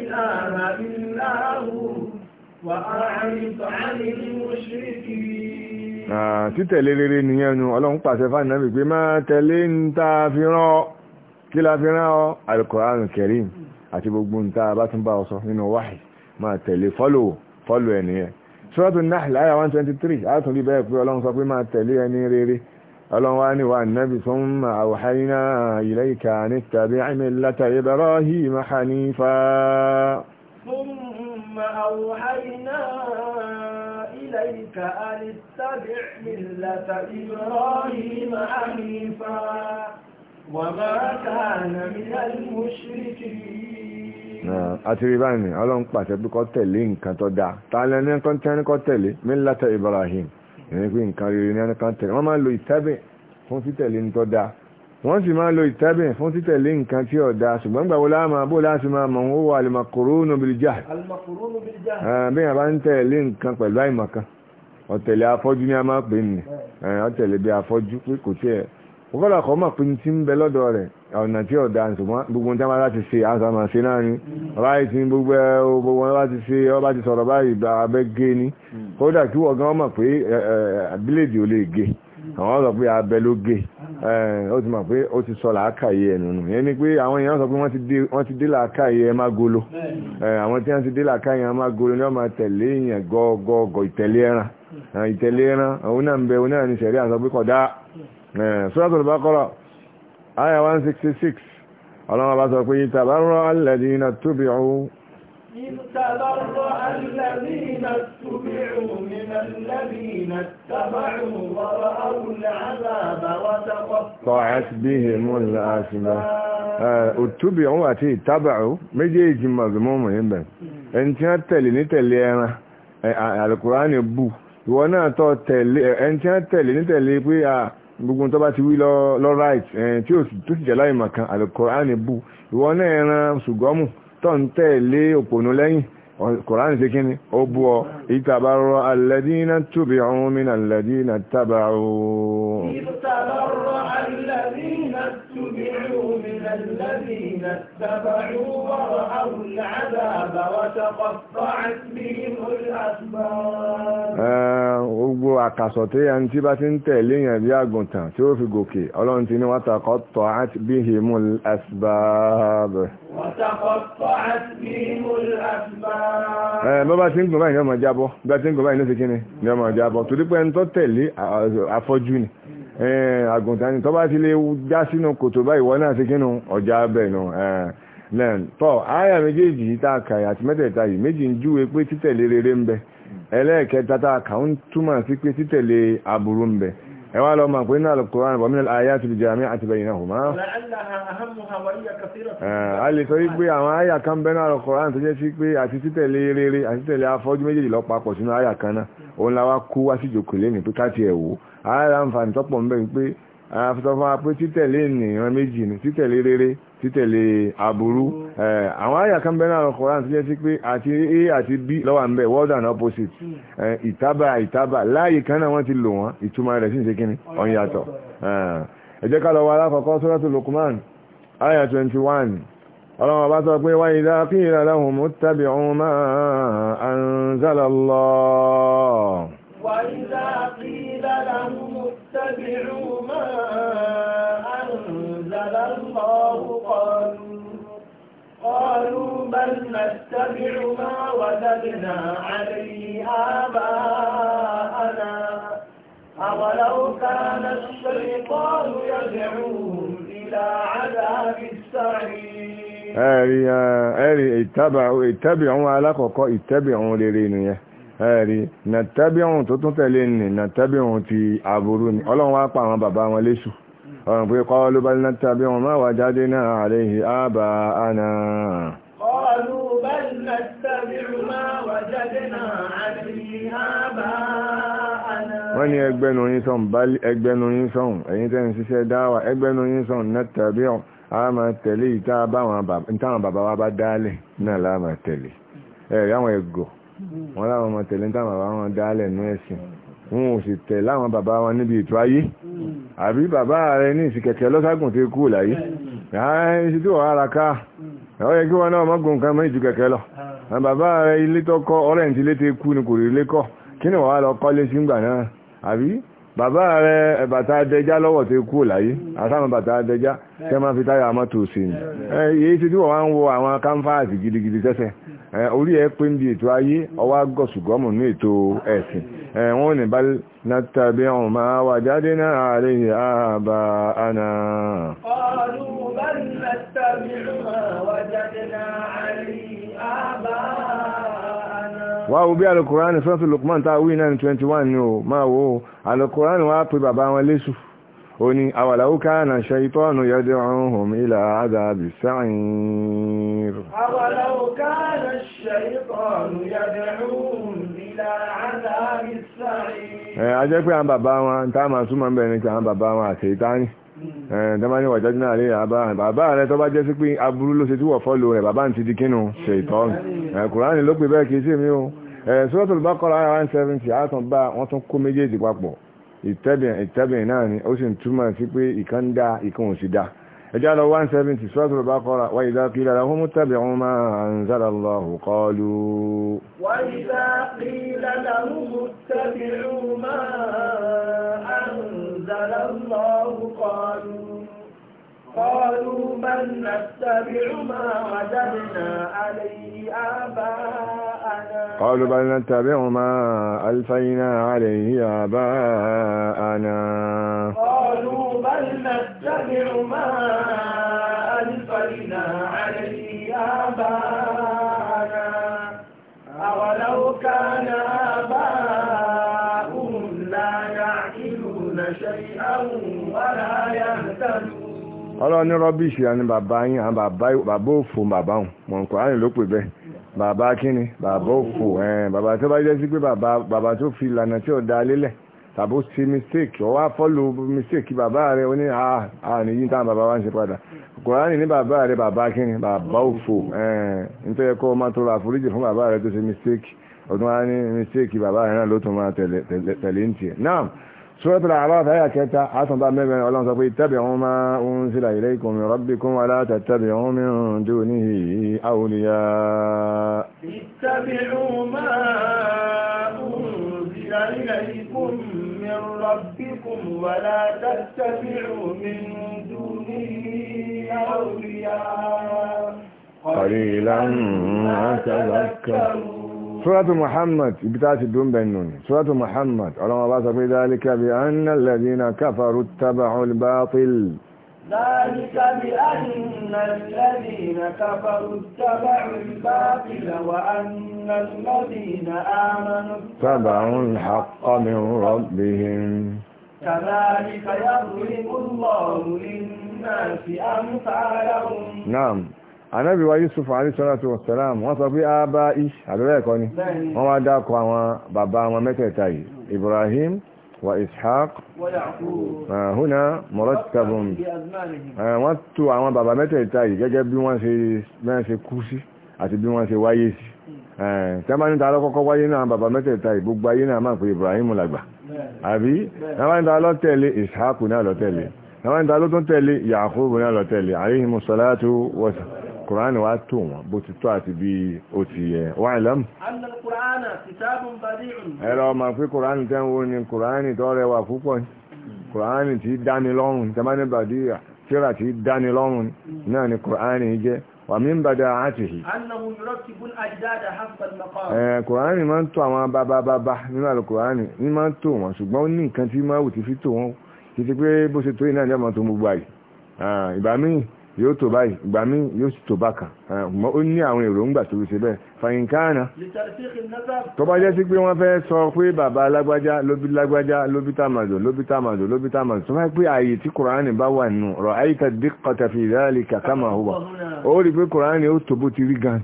ilaha illa hu wa a'rid 'anil mushrikeen ah, títẹ̀lé rere nìyẹn nu ọlọ́run pàṣẹ fún ànábì máa tẹ̀lé ń ta fi rán kí la fi rán ọ Al-Qur'an Karim àti gbogbo nta bá tún bá ọ sọ nínú wáhì máa tẹ̀lé fọ́lò fọ́lò ẹni ẹ Suratu Nahl àyà 123 àtún bí bẹ́ẹ̀ pé ọlọ́run sọ pé máa tẹ̀lé ẹni rere ọlọ́run wá أوحينا إليك أن اتبع ملة إبراهيم حنيفا وما كان من المشركين ta lẹ́ ní ẹnìkan tẹ́ni kọ́ tẹ̀lé millata Ibrahim ìrìn pé nǹkan lo ìtẹ́bẹ̀ fún títẹ̀lé nǹkan tí dáa ṣùgbọ́n láàmà bó láti máa mọ̀ ń tẹ̀lé nǹkan pẹ̀lú àìmọ̀kan ọ̀tẹ̀lé afọ́jú ni a máa pè ní ọ̀tẹ̀lé bí afọ́jú pé kọ́kọ́lá kọ́ mọ̀ pé ní ti ń bẹ lọ́dọ̀ rẹ̀ ọ̀nà tí ọ̀dà ṣùgbọ́n gbogbo tí wọ́n bá ti ṣe àṣà máa ṣe náà ni ọba yìí ti gbogbo ẹ gbogbo wọn bá ti ṣe ọba ti sọ̀rọ̀ báyìí gba abẹ́ gé ni kódà kí wọ́n gan mọ̀ pé àbílẹ̀dì ò lè gé àwọn sọ pé abẹ ló gé ó ti mọ̀ pé ó ti sọ làákàyè ẹnu nù yẹn ni pé àwọn èèyàn sọ pé wọ́n ti dé làákàyè ẹ máa golo àwọn tí wọ́n ti dé làákàyè ẹ máa golo ni wọ́n máa tẹ̀lé èèyàn gọ́gọ́gọ́ ìtẹ̀lé ẹran ìtẹ̀lé ẹran òun náà ń bẹ òun náà ní sẹ̀rí àsọ pé kódà suratul baqara aya 166 ọlọ́run bá sọ pé ìtàbárọ̀ alladhina tubi'u تبرأ الذين اتبعوا من الذين اتبعوا ورأوا العذاب وتقطعت بهم الأسباب اتبعوا àti ìtàbàrù méjèèjì mazmúmù níbẹ̀ ẹni tí wọ́n tẹ̀lé ní tẹ̀lé ẹran alukùránì bù ìwọ náà tọ́ tẹ̀lé ẹni tí wọ́n gbogbo tó bá ti wí lọ right eh, tí ó sì jẹ́ láì màkan àlùkòránì bú ìwọ náà ẹran ṣùgọ́mù tó ń tẹ̀lé òpònú lẹ́yìn kòránì ṣe kí ni ó bú ọ ìtàbárọ̀ alladina tóbi ọ̀hún min alladina tabaru ìtàbárọ̀ alladina min alladina tabaru wọ́rọ̀ àwọn ìlàdàbà àkàsọ̀ tí yà ń tí bá ti ń tẹ̀lé yàn bí àgùntàn tí ó fi gòkè ọlọ́run ti ní wataqatta'at bihimul asbab. wataqatta'at bihimul asbab. ẹ bọ́ bá ti ń gùn báyìí ní ọmọ jábọ́ bá ti ń gùn báyìí ní ti kíni ní ọmọ jábọ́ torí pé ẹni tó tẹ̀lé afọ́jú ni àgùntàn ni bá ti náà ti kínú ọjà bẹ́ẹ̀ nù lẹ́n tọ́ àyà méjèèjì yìí tá a kà àti mẹ́tẹ̀ẹ̀ta yìí méjì ń júwe pé títẹ̀lé rere ń bẹ ẹlẹ́ẹ̀kẹta tá a kà ń túmọ̀ sí pé títẹ̀lé aburú ń bẹ ẹ lọ máa pé náà Al-Qur'an wa min al-ayati al-jami'ati baynahuma. a lè sọ wípé àwọn àyà kan bẹ náà Al-Qur'an tó jẹ́ sí pé àti títẹ̀lé rere àti títẹ̀lé afọ́jú méjèèjì lọ papọ̀ sínú àyà kan náà òun la wá kó wá sí ìjòkó lẹ́nu pé káàtì ni títẹ̀lé rere títẹ̀lé aburú àwọn àyà kan bẹ́ẹ̀ náà kọ́ra ti jẹ́ pé àti a àti b lọ́wọ́ à ń bẹ̀ world and opposite ìtaba ìtaba láàyè kan náà wọ́n ti lò wọ́n ìtumọ̀ rẹ̀ sì ń ṣe kíni ọ̀nyàtọ̀ ẹ jẹ́ ká lọ wọ alákọ̀ọ́kọ́ suratul Luqman àyà twenty one ọlọ́wọ́ bá sọ pé wa idha qila lahum ittabi'u ma anzala Allah. وإذا قيل لهم اتبعوا ما أنزل الله قالوا قالوا بل نتبع ما وجدنا عليه آباءنا أولو كان الشيطان يدعوهم إلى عذاب السعير. ẹ̀rí ẹ̀rí ìtàbí àwọn alákọ̀ọ́kọ́ ìtẹ́bí àwọn rere nìyẹn ẹ̀rí nàtẹ́bíọ̀hún tó tún tẹ̀lé ní nàtẹ́bíọ̀hún ti àbúrú ni ọlọ́run wá pa àwọn bàbá wọn léṣù ọ̀rùn pé kọ́ọ̀lú bá nàtẹ́bíọ̀hún máa wà jáde náà àléhì àbá àná kọ́ọ̀lú bá nàtẹ́bíọ̀hún máa wà jáde náà àléhì àbá àná wọ́n ní ẹgbẹ́nu yín sọ̀n ẹgbẹ́nu yín sọ̀n ẹ̀yin tẹ́ ń ṣiṣẹ́ dáwà ẹgbẹ́nu bàbá wa bá dálẹ̀ náà láà máa àwọn ẹ̀gọ́ wọn láwọn ọmọ tẹ̀lé táwọn bàbá wọn dálẹ̀ nú ẹ̀sìn wọn ò sì tẹ̀ láwọn bàbá wọn níbi ètò ayé àbí bàbá rẹ ní ìsìkẹ̀kẹ́ lọ́sàgùn tó kú láyé ẹ̀sìn tí wọ́n ara ká ó yẹ kí wọn náà mọ́gùn nǹkan mọ́ ìjù kẹ̀kẹ́ lọ bàbá rẹ ilé tọ́kọ́ ọ̀rẹ́ǹtì létí kú ni kò rí ilé kọ́ kí ni wọ́n á lọ kọ́lé sí ńgbà náà àbí bàbá rẹ bàtà adẹjá lọ́wọ́ tó kú láyé àtàwọn bàtà adẹjá tẹ́ máa fi táyà mọ́tò sí ni èyí ti tí wọ́n wá ń wo àwọn kánfààsì gidigidi tẹ́sẹ̀ orí ẹ pé ń ètò ayé ọwọ́ agọ́sùgọ́mù ní ètò ẹ̀sìn wọ́n ní bá látàbí ọ̀hún máa wà jáde náà àárẹ̀ àbá àná. wá wo bí alukóran sọ́tù Lukman tá a wí náà ní twenty one ni o máa wo alukóran wá pe bàbá wọn léṣù ó ní awalau kana shaytanu yad'uhum ila adhabis sa'ir awalau kana shaytanu yad'uhum ila adhabis sa'ir ẹ̀ ajẹ́ pé àwọn bàbá wọn tá a máa súnmọ́ bẹ̀rẹ̀ ní pé àwọn bàbá wọn àti ìtání hmm. tẹ́mání wàjájú náà rí àbá bàbá rẹ̀ tó bá jẹ́ sí pé aburú ló ṣe tí wọ̀ fọ́lù rẹ̀ bàbá ń ti di hmm. ṣe ìtọ́nù ìtẹ́bìn ìtẹ́bìn náà ni ó sì ń túmọ̀ sí pé ìkan dá ìkan ò sì dá ẹjá lọ 170 suratul Baqara wa idha qila lahum ittabi'u ma anzala Allahu qalu wa idha qila lahum ittabi'u ma anzala Allahu qalu قالوا بل نتبع ما وجدنا عليه آباءنا قالوا بل نتبع ما ألفينا عليه آباءنا قالوا بل نتبع ما ألفينا عليه آباءنا أولو كان آباؤهم لا يعقلون شيئا ولا يهتدون ọlọ́ni rọ́bìṣì àni bàbá yín àwọn bàbá òfò bàbá òun mọ̀nkọ́ àyìn ló pè bẹ́ẹ̀ bàbá kíni bàbá òfò bàbá tó bá jẹ́ sí pé bàbá tó fi ìlànà tí ò dá lélẹ̀ tàbó ṣe mistake ọwọ́ fọ́lù mistake bàbá rẹ̀ ó ní àní yín táwọn bàbá wa ń ṣe padà kòránì ní bàbá rẹ̀ bàbá kíni bàbá òfò nítorí ẹ̀kọ́ ọmọ tó ra àforíjì fún bàbá rẹ̀ tó ṣe mistake ọdún wa ní mistake bàbá rẹ̀ náà ló tún máa tẹ̀lé ń tiẹ̀ náà سورة الأعراف هي كتا حسن طبعا مبين ولا نصفي اتبعوا ما أنزل إليكم من ربكم ولا تتبعوا من دونه أولياء اتبعوا ما أنزل إليكم من ربكم ولا تتبعوا من دونه أولياء قليلا ما تذكرون سوره محمد بتاعت الدون بنون سوره محمد علماء الله في ذلك بان الذين كفروا اتبعوا الباطل ذلك بان الذين كفروا اتبعوا الباطل وان الذين امنوا اتبعوا الحق من ربهم كذلك يظلم الله للناس امثالهم نعم ànábì wa Yusuf alisalatu wasalam wọ́n sọ pé àbá ish àdúrà ẹ̀kọ́ ni wọ́n wá dákọ̀ àwọn bàbá wọn mẹ́tẹ̀ẹ̀ta yìí Ibrahim wa Ishaq húnà eh, mọ̀rọ̀tàbùn eh, wọ́n tú àwọn bàbá mẹ́tẹ̀ẹ̀ta yìí gẹ́gẹ́ bí wọ́n ṣe kú sí àti bí wọ́n ṣe wáyé sí hmm. eh, tẹ́mánítà alọ́kọ́kọ́ wáyé náà bàbá mẹ́tẹ̀ẹ̀ta yìí gbogbo ayé náà máa pé Ibrahim làgbà àbí tẹ́mánítà alọ́tẹ̀lé Ishaq náà lọ́tẹ̀lé tẹ́mánítà alọ́tún tẹ̀lé Yaqub náà lọ́tẹ̀lé alayhimus salatu wasalam alkùrán wá tó wọn bó ti tó àti bí ó ti yẹ wà ìlẹ́mù. ẹ̀rọ ọmọ pé kùrán tẹ́ ń wo ni kùrán tó rẹwà púpọ̀ ni kùrán tí dáni lọ́rùn tẹ́mání bàdíyà tíra tí dáni lọ́rùn náà ni kùrán jẹ́ wà mí ń bàdá àtìhì. kùrán máa ń tó àwọn bábábábá nínú alkùrán ní máa ń tó wọn ṣùgbọ́n ní nǹkan tí máa wù ti fi tó wọn títí pé bó ṣe tó ìnáà ní ọmọ tó gbogbo àyè ìbámíì yóò tó báyìí ìgbà mí yóò sì tó bá kan ọmọ ó ní àwọn èròǹgbà tó ṣe bẹ́ẹ̀ fàyínkáàna tó bá jẹ́ sí pé wọ́n fẹ́ sọ pé bàbá lágbájá lóbi lágbájá lóbi tàmàdò lóbi tàmàdò lóbi tàmàdò tó máa pé ààyè tí kùránì bá wà nù rọ àyíká díkọ̀tà fi ìdáàlì kàkà máa hùwà ó rí pé kùránì ó tó bó ti rí gan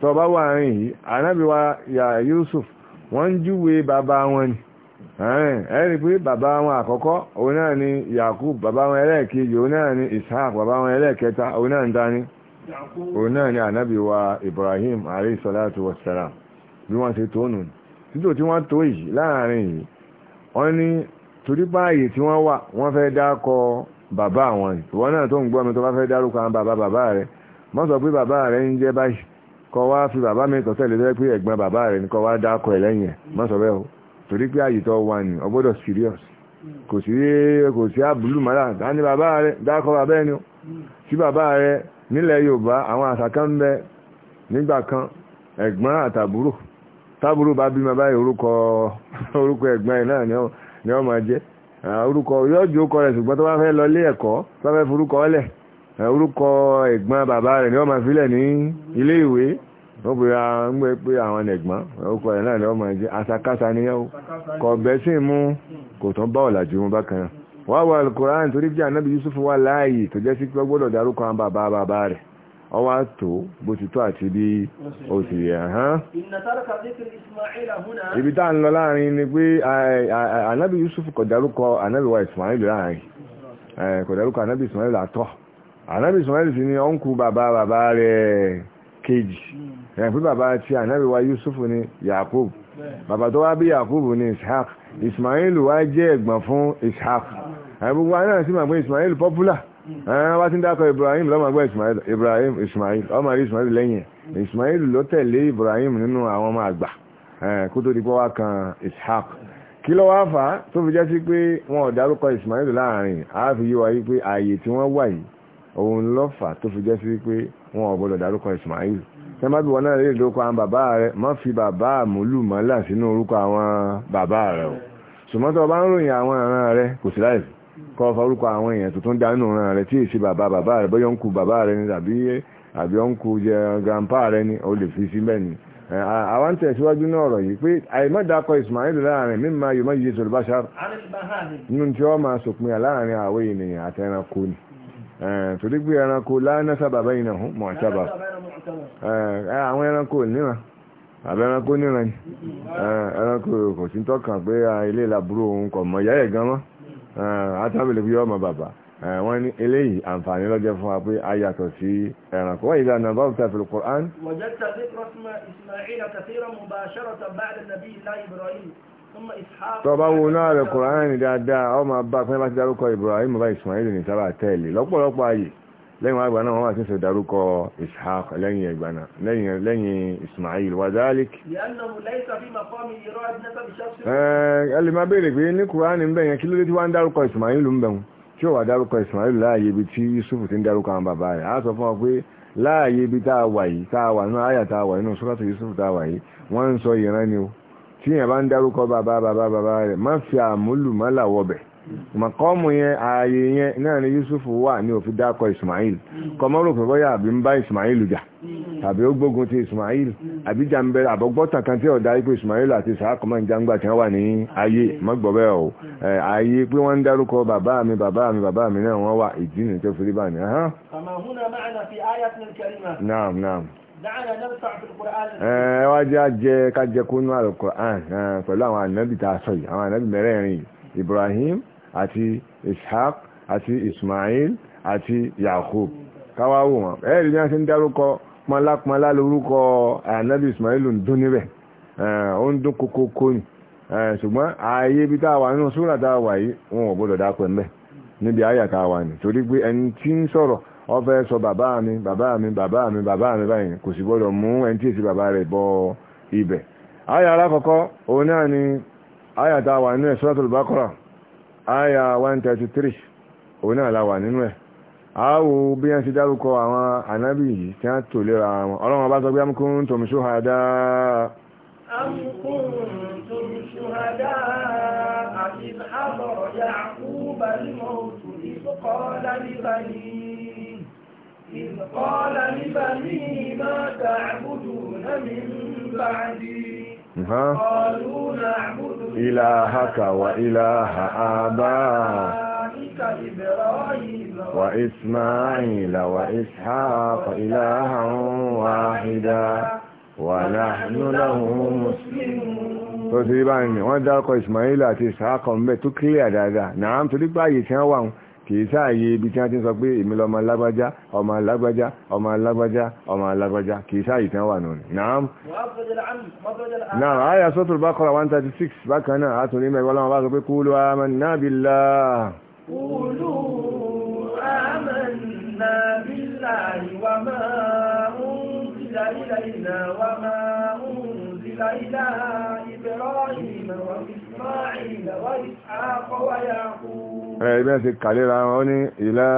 tó bá wà rìn yìí anábìwá Yusuf wọ́n júwe bàbá wọn ni ẹ̀rí pé bàbá wọn àkọ́kọ́ òun náà ni Yakub bàbá wọn ẹlẹ́ẹ̀kejì òun náà ni Ishaq bàbá wọn ẹlẹ́ẹ̀kẹta òun náà ń dání òun náà ni wa Ibrahim alayhi salatu wassalam bí wọ́n ṣe tónù títò tí wọ́n tó yìí láàrin yìí wọ́n ní torí báyìí bàbá wọn ìwọ́n náà tó ń gbọ́ mi tó bàbá bàbá mọ́ sọ pé bàbá torí pé àyè tó wà ní ọgbọ́dọ̀ serious kò sí kò sí àbúlù mọ́lá dání bàbá rẹ̀ dákọ́ bàbá ẹni sí bàbá rẹ̀ nílẹ̀ Yorùbá àwọn àṣà kan ń bẹ nígbà kan ẹ̀gbọ́n àtàbúrò tábúrò bá bímọ báyìí orúkọ orúkọ ẹ̀gbọ́n ẹ̀ náà ni ọmọ jẹ́ orúkọ yóò ju orúkọ ṣùgbọ́n tó bá fẹ́ lọ ilé ẹ̀kọ́ tó bá fẹ́ forúkọ ọlẹ̀ orúkọ ẹ̀gbọ́n bàbá rẹ̀ ni ọmọ fílẹ̀ ní ilé ìwé ó pè á ń gbé pé àwọn ẹ̀gbọ́n ẹ̀ asakasa ni mú kò tán bá ọ̀làjú wà alukoran torí bí anábi Yusuf wà láàyè tó jẹ́ sí pé gbọ́dọ̀ àwọn bàbá ọ wá tó bó ti tó àti bí ó sì ibi tá à ń lọ láàrin ni pé anábi Yusuf anábi wa Ismail láàrin anábi ẹ̀ baba bàbá tí ànábì wa Yusuf ní Yakub bàbá tó wá bí Yakub ní Ishaq Ismail wá jẹ́ ẹ̀gbọ́n fún Ishaq ẹ̀ gbogbo àwọn náà sì máa pé Ismail popular wá ti ń dákọ̀ Ibrahim lọ́mọgbọ́ Ismail Ibrahim Ismail ọmọ rí Ismail lẹ́yìn Ismail ló tẹ̀lé Ibrahim nínú àwọn ọmọ àgbà kó tó di pọ́ wá kan Ishaq kí ló wá fà á tó fi jẹ́ sí pé wọn ò dárúkọ Ismail láàrin àáfi yíwa yí pé ààyè tí wọ́n wà yìí òun ló tó fi jẹ́ sí pé wọn ò gbọ́dọ̀ dárúkọ Ismail sẹ́mbàbí wọn náà lè dókọ àwọn bàbá rẹ̀ má fi bàbá àmúlù mọ́lá sínú orúkọ àwọn bàbá rẹ̀ o sùmọ́tọ̀ bá ń ròyìn àwọn ìran rẹ̀ kò sí láìsí kọ́ ọ forúkọ àwọn èèyàn tuntun dánú ìran rẹ̀ tí èsì bàbá bàbá rẹ̀ bóyá ń ku bàbá rẹ̀ ni tàbí àbí ó ń ku jẹ grandpa rẹ̀ ni ó lè fi sí bẹ́ẹ̀ ni àwọn tẹ̀síwájú náà ọ̀rọ̀ yìí pé àìmọ́dàkọ Ismail Eh, tori pé ẹranko lánà sábàbá iná hún mọ̀ọ́sábà eh, eh, àwọn ẹranko níran àbẹ́ ẹranko níran ni ẹranko kò sí tọ́kàn pé ah, ilé ìlàbúrò òun kọ̀ mọ̀ yáyẹ̀ gan mọ́ átábìlì ọmọ bàbá wọ́n ní eléyìí àǹfààní lọ́jọ́ fún wa pé a yàtọ̀ sí ẹranko wọ́n ìlà nàbà òkúta fìlù Qur'an. wọ́n jẹ́ tọba wo náà rẹ̀ kùránì dáadáa ọ ma bá pín bá ti dárúkọ Ibrahim bá Ismail ní sábà tẹ́lẹ̀ lọ́pọ̀lọpọ̀ ayè lẹ́yìn àgbà náà wọ́n wá tẹ́sẹ̀ dárúkọ Ishaq lẹ́yìn ẹgbà náà lẹ́yìn Ismail wà dáálík ẹ̀ẹ́lì má bèèrè pé ní kùránì ń bẹ̀yẹn kí ló dé tí wá ń dárúkọ Ismail ń bẹ̀hùn tí ó wà dárúkọ Ismail láàyè ibi tí Yusuf ti ń dárúkọ àwọn bàbá rẹ̀ á sọ fún ọ pé láàyè yìí tá a yìí wọ́n ń sọ ìran ni o tí yẹn bá ń dárúkọ bàbá bàbá bàbá rẹ̀ má fi àmúlù má làwọ̀ bẹ̀ mọ̀kọ́mù yẹn ààyè yẹn náà ni Yusuf wà ní òfin dákọ̀ Ismail kọmọ́rò pé bọ́yá àbí ń bá Ismail jà àbí ó gbógun ti Ismail àbí jàǹbẹ̀rẹ̀ àbọ̀gbọ́tà kan tí ọ̀dà ipò Ismail àti sàákọ̀mọ́ ìjàngbà tí wọ́n wà ní ayé mọ́gbọ̀bẹ́ ọ̀ ààyè pé wọ́n ń dárúkọ bàbá mi bàbá mi bàbá mi náà wọ́n wà ìdí nìjọ́ fi rí bá ní ẹ wá jẹ́ ajẹ́ kájẹ́ kúnú alukur'an pẹ̀lú àwọn ànábì tá a sọ yìí àwọn ànábì mẹ́rẹ̀ẹ̀rin Ibrahim àti Ishaq àti Ismail àti Yakub káwá wò wọn ẹ rí bí wọ́n ṣe ń dárúkọ pọnlápọnlá lórúkọ ànábì Ismail ń dún níbẹ̀ ó ń dún kókókó ni ṣùgbọ́n ààyè ibi tá wà nínú súrà tá wà yìí wọn ò gbọ́dọ̀ dákọ̀ ẹ̀ níbi àyà wà ní torí pé ẹni tí ń sọ̀rọ̀ wọ́n fẹ́ sọ bàbá mi bàbá mi bàbá mi bàbá mi báyìí kò sì gbọ́dọ̀ mú ẹni tí èsì bàbá rẹ̀ bọ ibẹ̀ àyà alákọ̀ọ́kọ́ òun náà ni àyà tá a wà nínú ẹ̀ Suratul Baqara àyà 133 òun náà la wà nínú ẹ̀ àáwò bí wọ́n ti dárúkọ àwọn ànábì yìí tí wọ́n tò lera wọn ọlọ́run bá sọ pé am kuntum shuhada. am kuntum shuhada àti àbọ̀ yàkú balimọ̀ òtún ìfọ̀kọ́ lálẹ́ balẹ̀. إذ قال لبنيه ما تعبدون من بعدي قالوا نعبد إلهك وإله آبائك إبراهيم وإسماعيل وإسحاق إلها واحدا ونحن له مسلمون tó ti rí báyìí wọ́n dákọ̀ Ismail àti Ishaq ń bẹ tó kílẹ̀ dáadáa náà tó dípá yìí tí wọ́n wà wọn kìí sáàyè ibi tí wọ́n ti ń sọ pé èmi lọ́mọ lágbájá ọmọ lágbájá ọmọ lágbájá ọmọ lágbájá kìí sáàyè tí wọ́n wà nù ní. naam naam àyà sọ́tùrù Baqara one thirty six bákan náà àtúndì mẹ́gbẹ́ ọlọ́mọ bá sọ pé kúlù amanna billah. kúlù amanna billahi wa ma unzila ilayna wa ma unzila ila Ibrahima wa Isma'ila wa Ishaqa wa Yaqub. عبادك عليه العون إلى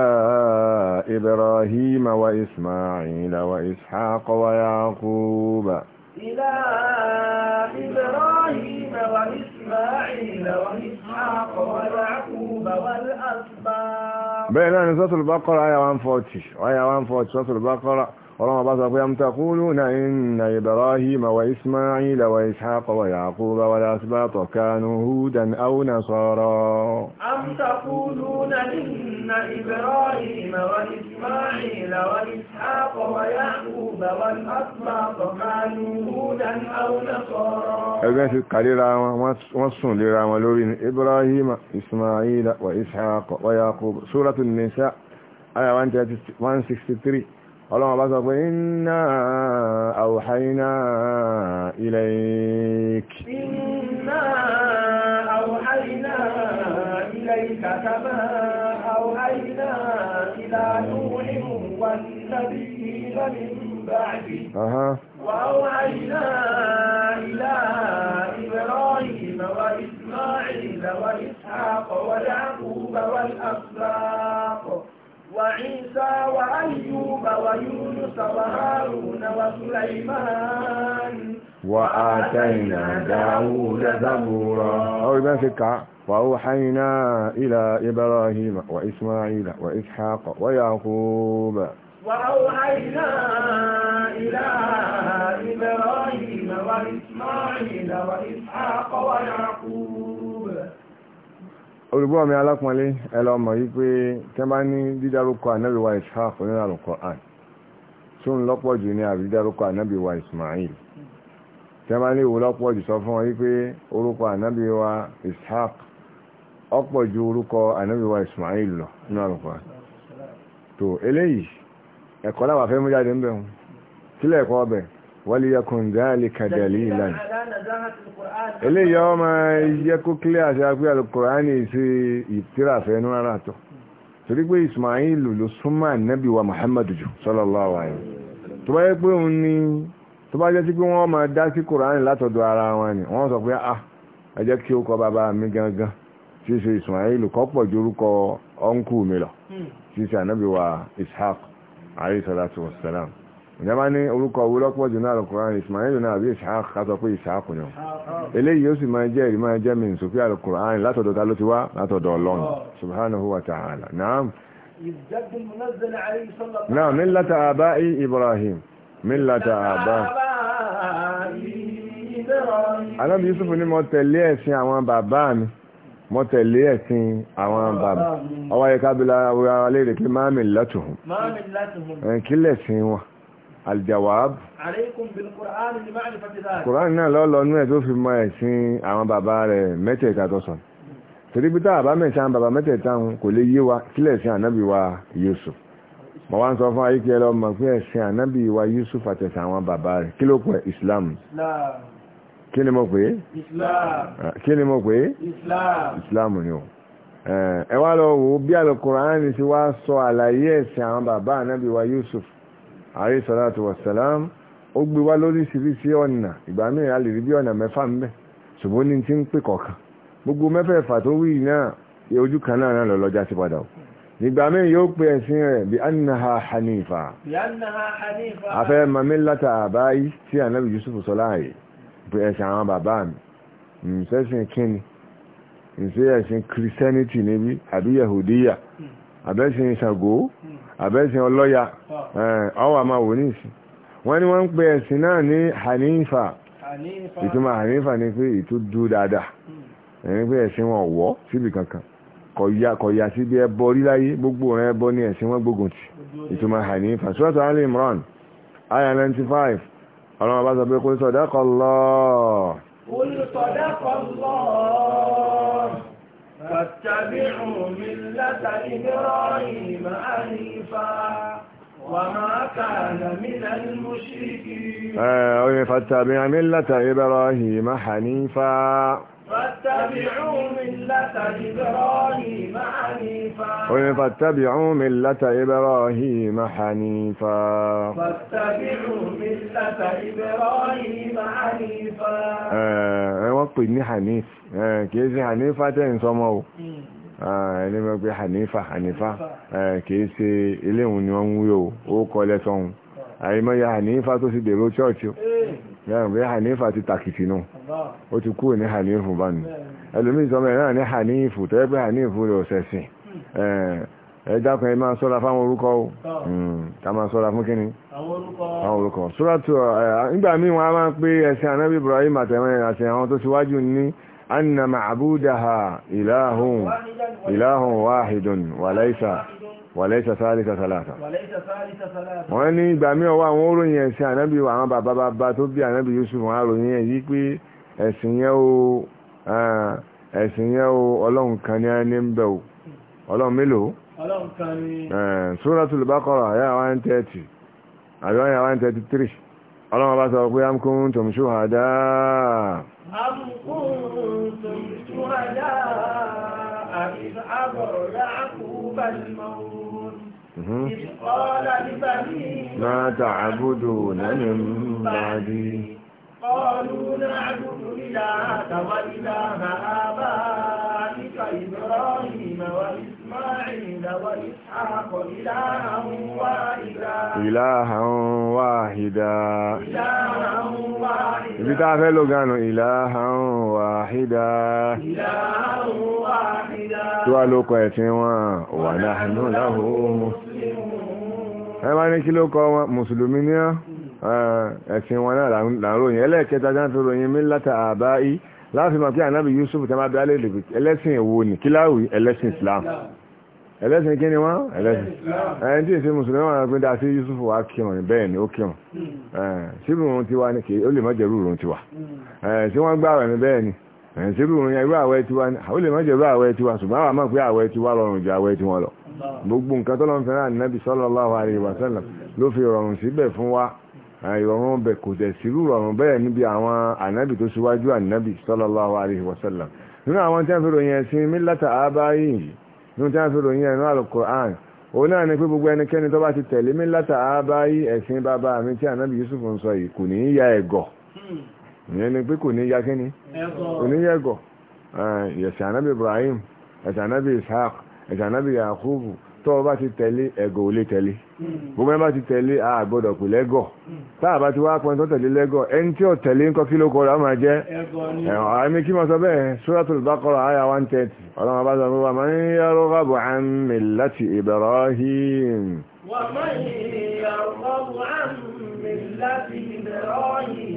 إبراهيم وإسماعيل وإسحاق ويعقوب إلى إبراهيم وإسماعيل وإسحاق ويعقوب والأصباب بين نزلت البقرة آية 140 آية 140 نزلت البقرة رابط فيم تقولون إن إبراهيم وإسماعيل وإسحاق ويعقوب والأسباط كانوا هودا أو نصارا أم تقولون إن إبراهيم وإسماعيل وإسحاق ويعقوب والأسباط كانوا هودا أو نصارا أبن القليل وصن لرامل إبراهيم إسماعيل وإسحاق ويعقوب سورة النساء آية 163 قال ربط إنا أوحينا إليك إنا أوحينا إليك كما أوحينا إلى نوح والنبيين من بعده وأوحينا إلى إبراهيم وإسماعيل وإسحاق ويعقوب والأصلاق وعيسى وأيوب ويونس وهارون وسليمان وآتينا داود زبورا أو يبان سكة وأوحينا إلى إبراهيم وإسماعيل وإسحاق ويعقوب وأوحينا إلى إبراهيم وإسماعيل وإسحاق ويعقوب olùgbọ́ mi alápọ̀nlé ẹlọ mọ̀ yí pé tẹ́ bá ní dídárúkọ ànábì wa ishaq nínú àlùkọ́ àn tún lọ́pọ̀ jù ní àbí dídárúkọ ànábì wa ismail tẹ́ bá ní ìwòlọ́pọ̀ jù sọ fún wọn yí pé orúkọ ànábì wa ishaq ọ̀pọ̀ ju orúkọ ànábì wa ismail lọ nínú àn tó eléyìí ẹ̀kọ́ láwà fẹ́ mú jáde ń wọn kílẹ̀ ẹ̀kọ́ ọbẹ̀ wàlíyàkùn dáàlìkà dalilan ilé yọ ma ọ kó kílé àti agbé alukùránì sí ìtírafẹ́ ní ara tọ́ torí pé ismail ló súnmọ́ muhammadu jù sallallahu alaihi tó bá yẹ pé òun ní tó bá jẹ́ sí pé wọ́n máa dá sí kùránì wọn ni wọ́n sọ ìjọba ní orúkọ owó lọ́pọ̀ jù náà lọ́kùnrin Ismail náà bí Ishaq kátọ pé Ishaq ni eléyìí ó sì máa jẹ́ ìrí máa jẹ́ mìíràn sófí àlùkùnrin látọ̀dọ̀ ta ló ti wá látọ̀dọ̀ Ọlọ́run subhanahu wa ta'ala naam naam millata abai Ibrahim millata abai anábi Yusuf ni mo tẹ̀lé ẹ̀sìn àwọn bàbá mi mo tẹ̀lé ẹ̀sìn àwọn bàbá ọwọ́ ẹ̀ka bí lára alẹ́ rẹ̀ pé máa mi látùhùn kí lẹ̀sìn wọn aljawab kùránì náà lọ́lọ́ ní ẹ̀ tó fi mọ ẹ̀sìn àwọn bàbá rẹ̀ mẹ́tẹ̀ẹ̀ta tó sọ tìrìbítà àbámẹ́ta bàbá mẹ́tẹ̀ẹ̀ta kò lè yé wa kílẹ̀ sí ànábì wa Yusuf mọ̀ wá ń sọ fún ayíkẹ́ lọ mọ̀ pé ẹ̀sìn ànábì wa Yusuf àtẹ̀sẹ̀ àwọn bàbá rẹ̀ kí ló pẹ̀ Islam kí ni mo pè kí ni mo pè Islam ni o ẹ wá lọ alayhi salatu wassalam ó gbé wá lórí sírísí ọ̀nà ìgbà mìíràn a lè rí bí ọ̀nà mẹ́fà ń bẹ ṣùgbọ́n ní ti ń pè kọ̀ọ̀kan gbogbo mẹ́fẹ̀ẹ̀fà tó wí náà ojú kan náà náà lọ́lọ́já sí padà ìgbà mìíràn yóò pè ẹ̀sìn rẹ̀ bí annaha hanifa afẹ́ mamilata àbáyí tí ànábì Yusuf sọ pé ẹ̀sìn àwọn bàbá mi ǹsẹ́sìn kíni ǹsẹ́ ẹ̀sìn níbi àbí Yahudiya hmm. àbẹ́sìn ìṣàgó hmm. àbẹ́sìn ọlọ́yà ah. ọwọ́ àmà wò ní wọ́n ní wọ́n ń pe ẹ̀sìn náà ní hanifa ìtumọ̀ hanifa ni pé ìtú dúró dáadáa hmm. ẹ̀yìn pé ẹ̀sìn wọn wọ́ síbi kankan kọ̀yà síbi ẹbọ gbogbo ọ̀rẹ́ ẹbọ ní ẹ̀sìn wọn gbógun tì ìtumọ̀ hanifa sọ́tọ̀ alẹ́ imran aya 95 ọlọ́run bá sọ pé kul sadaqa Allah. kul فاتبعوا ملة إبراهيم أنيفا وما كان من المشركين. آه فاتبع ملة إبراهيم حنيفا Oye fattabi'u millata Ibrahima hanifa. Fattabi'u millata Ibrahima hanifa. Ẹ wọ́n pè ní Hanif, kìí sí Hanifa tẹ́ ń sọmọ́ o. Ẹni mọ́ pé Hanifa, Hanifa, kìí sí ilé ìhun ni wọ́n ń wí o, ó kọ́ lẹ́sọ̀hun. àìmọye hànífà tó sì dèrò chọ́ọ̀chì yàrùn pé hànífà ti tàkìtì nù ó ti kúrò ní hànífù bá nù ẹlòmíì ifu ẹ̀ náà ní hànífù tó yẹ hànífù rẹ̀ ọ̀sẹ̀ hmm. ẹ dákun ẹ máa sọ́ra fáwọn orúkọ hmm, ká máa sọ́ra fún kíni àwọn orúkọ sóràtù nígbà míì wọn a máa pé ẹsẹ̀ anábì Ibrahim àtẹ̀wọ̀n àti wàlẹ́sà sáàlìsà sàlàtà wọ́n ní ìgbà mí ọwọ́ àwọn oróyìn ẹ̀sìn ànábì àwọn bàbá bàbá tó bí ànábì Yusuf wọn àròyìn ẹ̀ yí pé ẹ̀sìn yẹn o ẹ̀sìn yẹn o ọlọ́run kan ní ẹni ń bẹ̀ o ọlọ́run mélòó ọlọ́run kan Suratul Baqara àyà 130 àbí 133 ọlọ́run bá sọ pé am kuntum shuhada am kuntum shuhada àbí àbọ̀ yàkú bá ní mọ́ إذ قال لبنيه ما تعبدون من بعدي قالوا نعبد إلهك وإله آبائك إبراهيم وإسحاق وإسماعيل وإسحاق إلها واحدا إلها واحدا إلها واحدا ibi tá a fẹ́ ló ganu ìlàhàn wàhídà tí wàá lóko ẹ̀sìn wọn wà láàánú láhùn ẹ bá ní kí ló kọ wọn mùsùlùmí ní ẹ̀sìn wọn náà là ń ròyìn ẹlẹ́ẹ̀kẹta jáǹtó ròyìn mílátà àbáyí láàfin mọ̀ pé ànábì Yusuf tẹ́ máa bí alẹ́ ẹlẹ́sìn èwo ni kíláwì ẹlẹ́sìn Islam. Yeah ẹlẹ́sìn kí ni wọ́n ẹlẹ́sìn ẹni tí ìsìn mùsùlùmí wọn pín dá sí Yusufu wa kírun bẹ́ẹ̀ ni ó kírun síbí hmm. òun ti wá ní kí ó lè má jẹ̀rú òun ti wà tí hmm. wọ́n gbá rẹ̀ ní bẹ́ẹ̀ ni síbí òun yẹn irú àwẹ̀ ti wá ní ó lè má jẹ̀rú àwẹ̀ ti wà ṣùgbọ́n àwọn àmọ́ pé àwẹ̀ ti wá lọ́rùn ju àwẹ̀ ti wọn lọ gbogbo nǹkan tó lọ́n fẹ́ràn Nábì sallallahu ìrọ̀rùn bẹ̀ kò tẹ̀ sírú rọrùn bẹ́ẹ̀ níbi àwọn ànábì tó síwájú ànábì sallallahu alaihi wasallam nínú àwọn tí wọ́n fi ròyìn ẹ̀sìn mílátà àbáyé yìí ní wọ́n tí wọ́n fi ròyìn ẹ̀nú alukur'an òun náà ni pé gbogbo ẹnikẹ́ni tó bá ti tẹ̀lé mi láta àbáyé ẹ̀sìn bàbá mi tí ànábì Yusuf ń sọ yìí kò ní í ya ẹ̀gọ̀ ìyẹn ni pé kò ní í kíni kò ní í ẹ̀gọ̀ ẹ̀sìn ànábì Ibrahim ẹ̀sìn ànábì Ishaq ẹ̀sìn ànábì Yakubu tó o bá ti tẹ̀lé ẹ̀gọ̀ ò lè tẹ̀lé gbogbo ẹni bá ti tẹ̀lé àgbọ̀dọ̀ pè lẹ́gọ̀ táà bá ti wá pọn tó tẹ̀lé lẹ́gọ̀ ẹni tí ò tẹ̀lé ń kọ́ kí ló kọ́ ra máa jẹ́ ẹ̀mí kí mo sọ bẹ́ẹ̀ Suratul Baqara àyà 130 ọlọ́run bá sọ pé wà máa ń yọrọ rábù an millati Ibrahim. wà máa ń yọrọ rábù an millati Ibrahim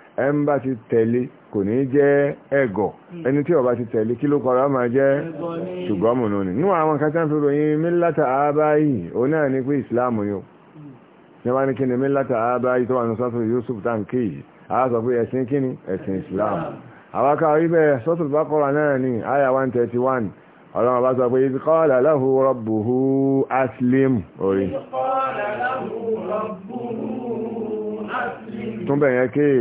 ẹ ń bá ti tẹ̀lé kò ní jẹ́ ẹ̀gọ̀ hmm. ẹni tí ọba ti tẹ̀lé kí ló kọra máa jẹ́ ṣùgbọ́n mùnú ni níwọ̀n àwọn kan tán fi ròyìn mílátà àbáyì òun náà ni pé ìsìláàmù ni ó hmm. ní wá ní kí ni mílátà àbáyì tó wà ní sọ́tò Yusuf Tanki. yìí a sọ pé ẹ̀sìn kí ni ẹ̀sìn Islam. àwọn kan rí bẹ́ẹ̀ sọ́tò Baqara náà ni àyà 131 ọlọ́run ọba sọ pé ibi qala lahu rabbuhu aslim orí tún bẹ̀ yẹn kéè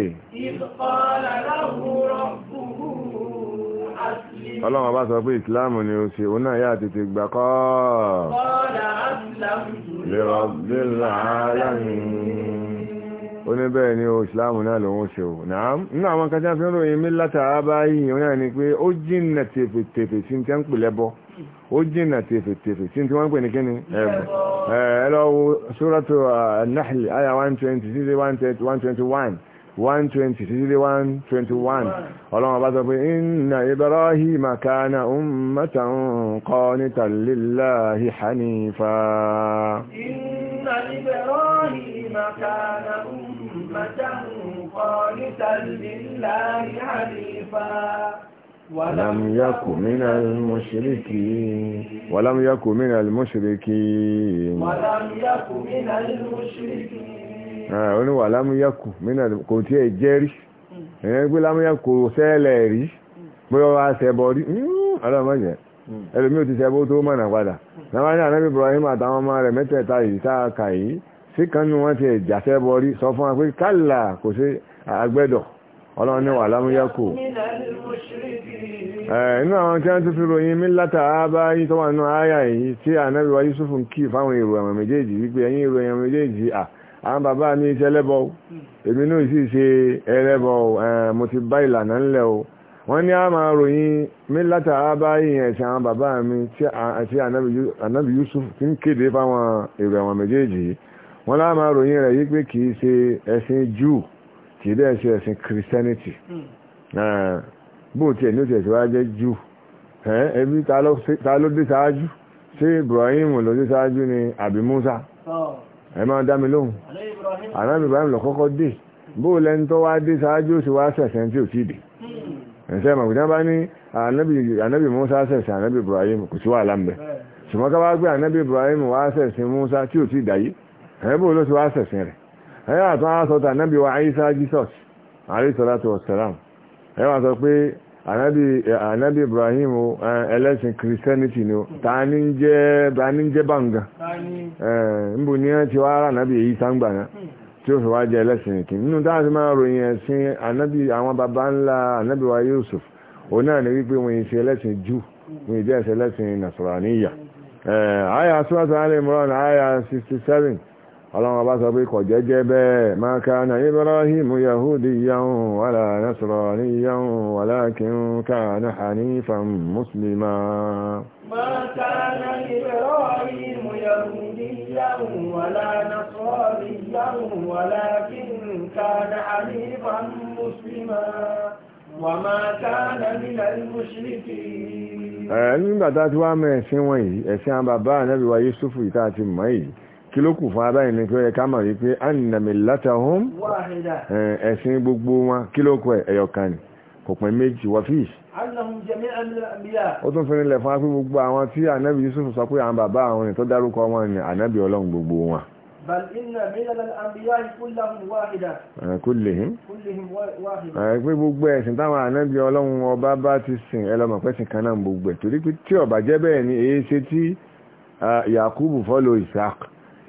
ọlọ́run bá sọ pé ìsìláàmù ni ó ṣe òun náà yá tètè gbà kọ́ ó ní bẹ́ẹ̀ ni ìsìláàmù náà lòun ṣe ò náà àwọn kájá fi ń ròyìn mí látàá báyìí òun náà ni pé ó jìnnà ó jìnà tèfètèfè tí tí wọ́n ń pè ní kíni ẹ̀bùn ẹ lọ wo suratu uh, an-Nahl àyà 120 sí 121 120 títí dé 121 ọlọ́run bá sọ pé inna ibrahima kana ummatan qanitan lillahi hanifa inna ibrahima kana ummatan qanitan lillahi hanifa ولم يكن من المشركين ولم يكن من المشركين ولم يكن من المشركين ah oni ولم يكن من kò tí ẹ jẹ́rí ẹ̀yẹn hmm. gbé lámúyá kò sẹ́lẹ̀ rí hmm. bóyá wá sẹ́bọ̀ rí hmm, ọlọ́mọ̀jẹ́ ẹlòmí ò ti sẹ́bọ̀ tó mọ̀nà padà náwá ní ànábì Ibrahim àtàwọn ọmọ rẹ̀ mẹ́tẹ̀ẹ̀ta yìí sáà kà yìí sí kan ní wọ́n ti sẹ́bọ̀ rí sọ fún wa pé kálà kò sí àgbẹ̀dọ̀ ọlọ́run ní wà lámúyákò inú àwọn tí wọ́n tún fi ròyìn mílátà àbá yìí tó wà nínú àyà yìí tí ànábì wa Yusuf ń kí fáwọn èrò ẹ̀mọ̀ méjèèjì wípé ẹ̀yìn èrò ẹ̀mọ̀ méjèèjì à àwọn bàbá mi ṣe ẹlẹ́bọ èmi náà sì ṣe ẹlẹ́bọ mo ti bá ìlànà ńlẹ̀ o wọ́n ní a máa ròyìn mílátà àbá yìí ẹ̀sìn àwọn bàbá mi tí ànábì Yusuf ti ń kéde fáwọn èrò ẹ̀mọ̀ méjèèjì wọ́n lá máa ròyìn rẹ̀ yí pé kì í ṣe ẹ̀sìn Júù kì í dẹ́ ṣe ẹ̀sìn christianity hmm. bó tiẹ̀ ní tiẹ̀ tí wàá jẹ́ jù ẹbí ta ló dé ṣáájú ṣé ibrahim ló dé ṣáájú ni àbí musa oh. ẹ máa dá mi lóhùn ànábì ibrahim lọ kọ́kọ́ dé bó lẹ́ni tó wá dé ṣáájú sí wá ṣẹ̀ṣẹ̀ tí ò tí dé hmm. ẹ̀ṣẹ́ màgbìdá bá ní ànábì musa ṣẹ̀ṣẹ̀ ànábì ibrahim kò sí wàhálà ń bẹ ṣùgbọ́n ká wá gbé ànábì ibrahim wá ṣẹ̀ṣẹ̀ musa tí ò tí dàyé ẹ̀ bó ló ti wá ṣẹ̀ṣẹ̀ rẹ̀ ẹ̀yà àtún àásọ̀tà ànábì wa àyíṣà jesus àríṣọ́láti wọ̀sẹ̀lám ẹ̀yà sọ pé anabi ibrahim ẹlẹ́sìn christianity ni ta ní jẹ́ bàǹgà níbo ní ẹ ti ara èyí náà hmm. tí ó fi wá jẹ ẹlẹ́sìn ìkín nínú táwọn ti máa ròyìn ẹ̀sìn ànábì àwọn baba ńlá ànábì wa yusuf òun náà ni wípé wọ́n ṣe ẹlẹ́sìn jù wọ́n ẹlẹ́sìn ọlọ́run bá sọ pé kò jẹ́jẹ́ bẹ́ẹ̀ ma kana Ibrahim yahudiyan wala nasraniyan walakin kana hanifan muslima ma kana Ibrahim yahudiyan wala nasraniyan walakin kana hanifan muslima wa ma kana minal mushrikin nígbàtá tí wá mẹ́ ẹ̀sìn wọ̀nyí ẹ̀sìn àbàbá ànábì wa Yusufu ìta àti mọ́ yìí kí ló kù fún abáyìn ní pé ó yẹ ká mọ̀ wípé anna millatahum ẹ̀sìn gbogbo wọn kí ló kù ẹ̀yọ̀kan ni kò pín méjì wọ fíìsì. ó tún fi nílẹ̀ fún apé gbogbo àwọn tí ànábì Yusuf sọ pé àwọn bàbá àwọn ni tó dárúkọ wọn ni ànábì ọlọ́run gbogbo wọn. bal inna millal anbiya'i kullahum wahida. kullihim. kullihim wahida. ẹ pé gbogbo ẹ̀sìn táwọn ànábì ọlọ́run ọba bá ti sìn ẹ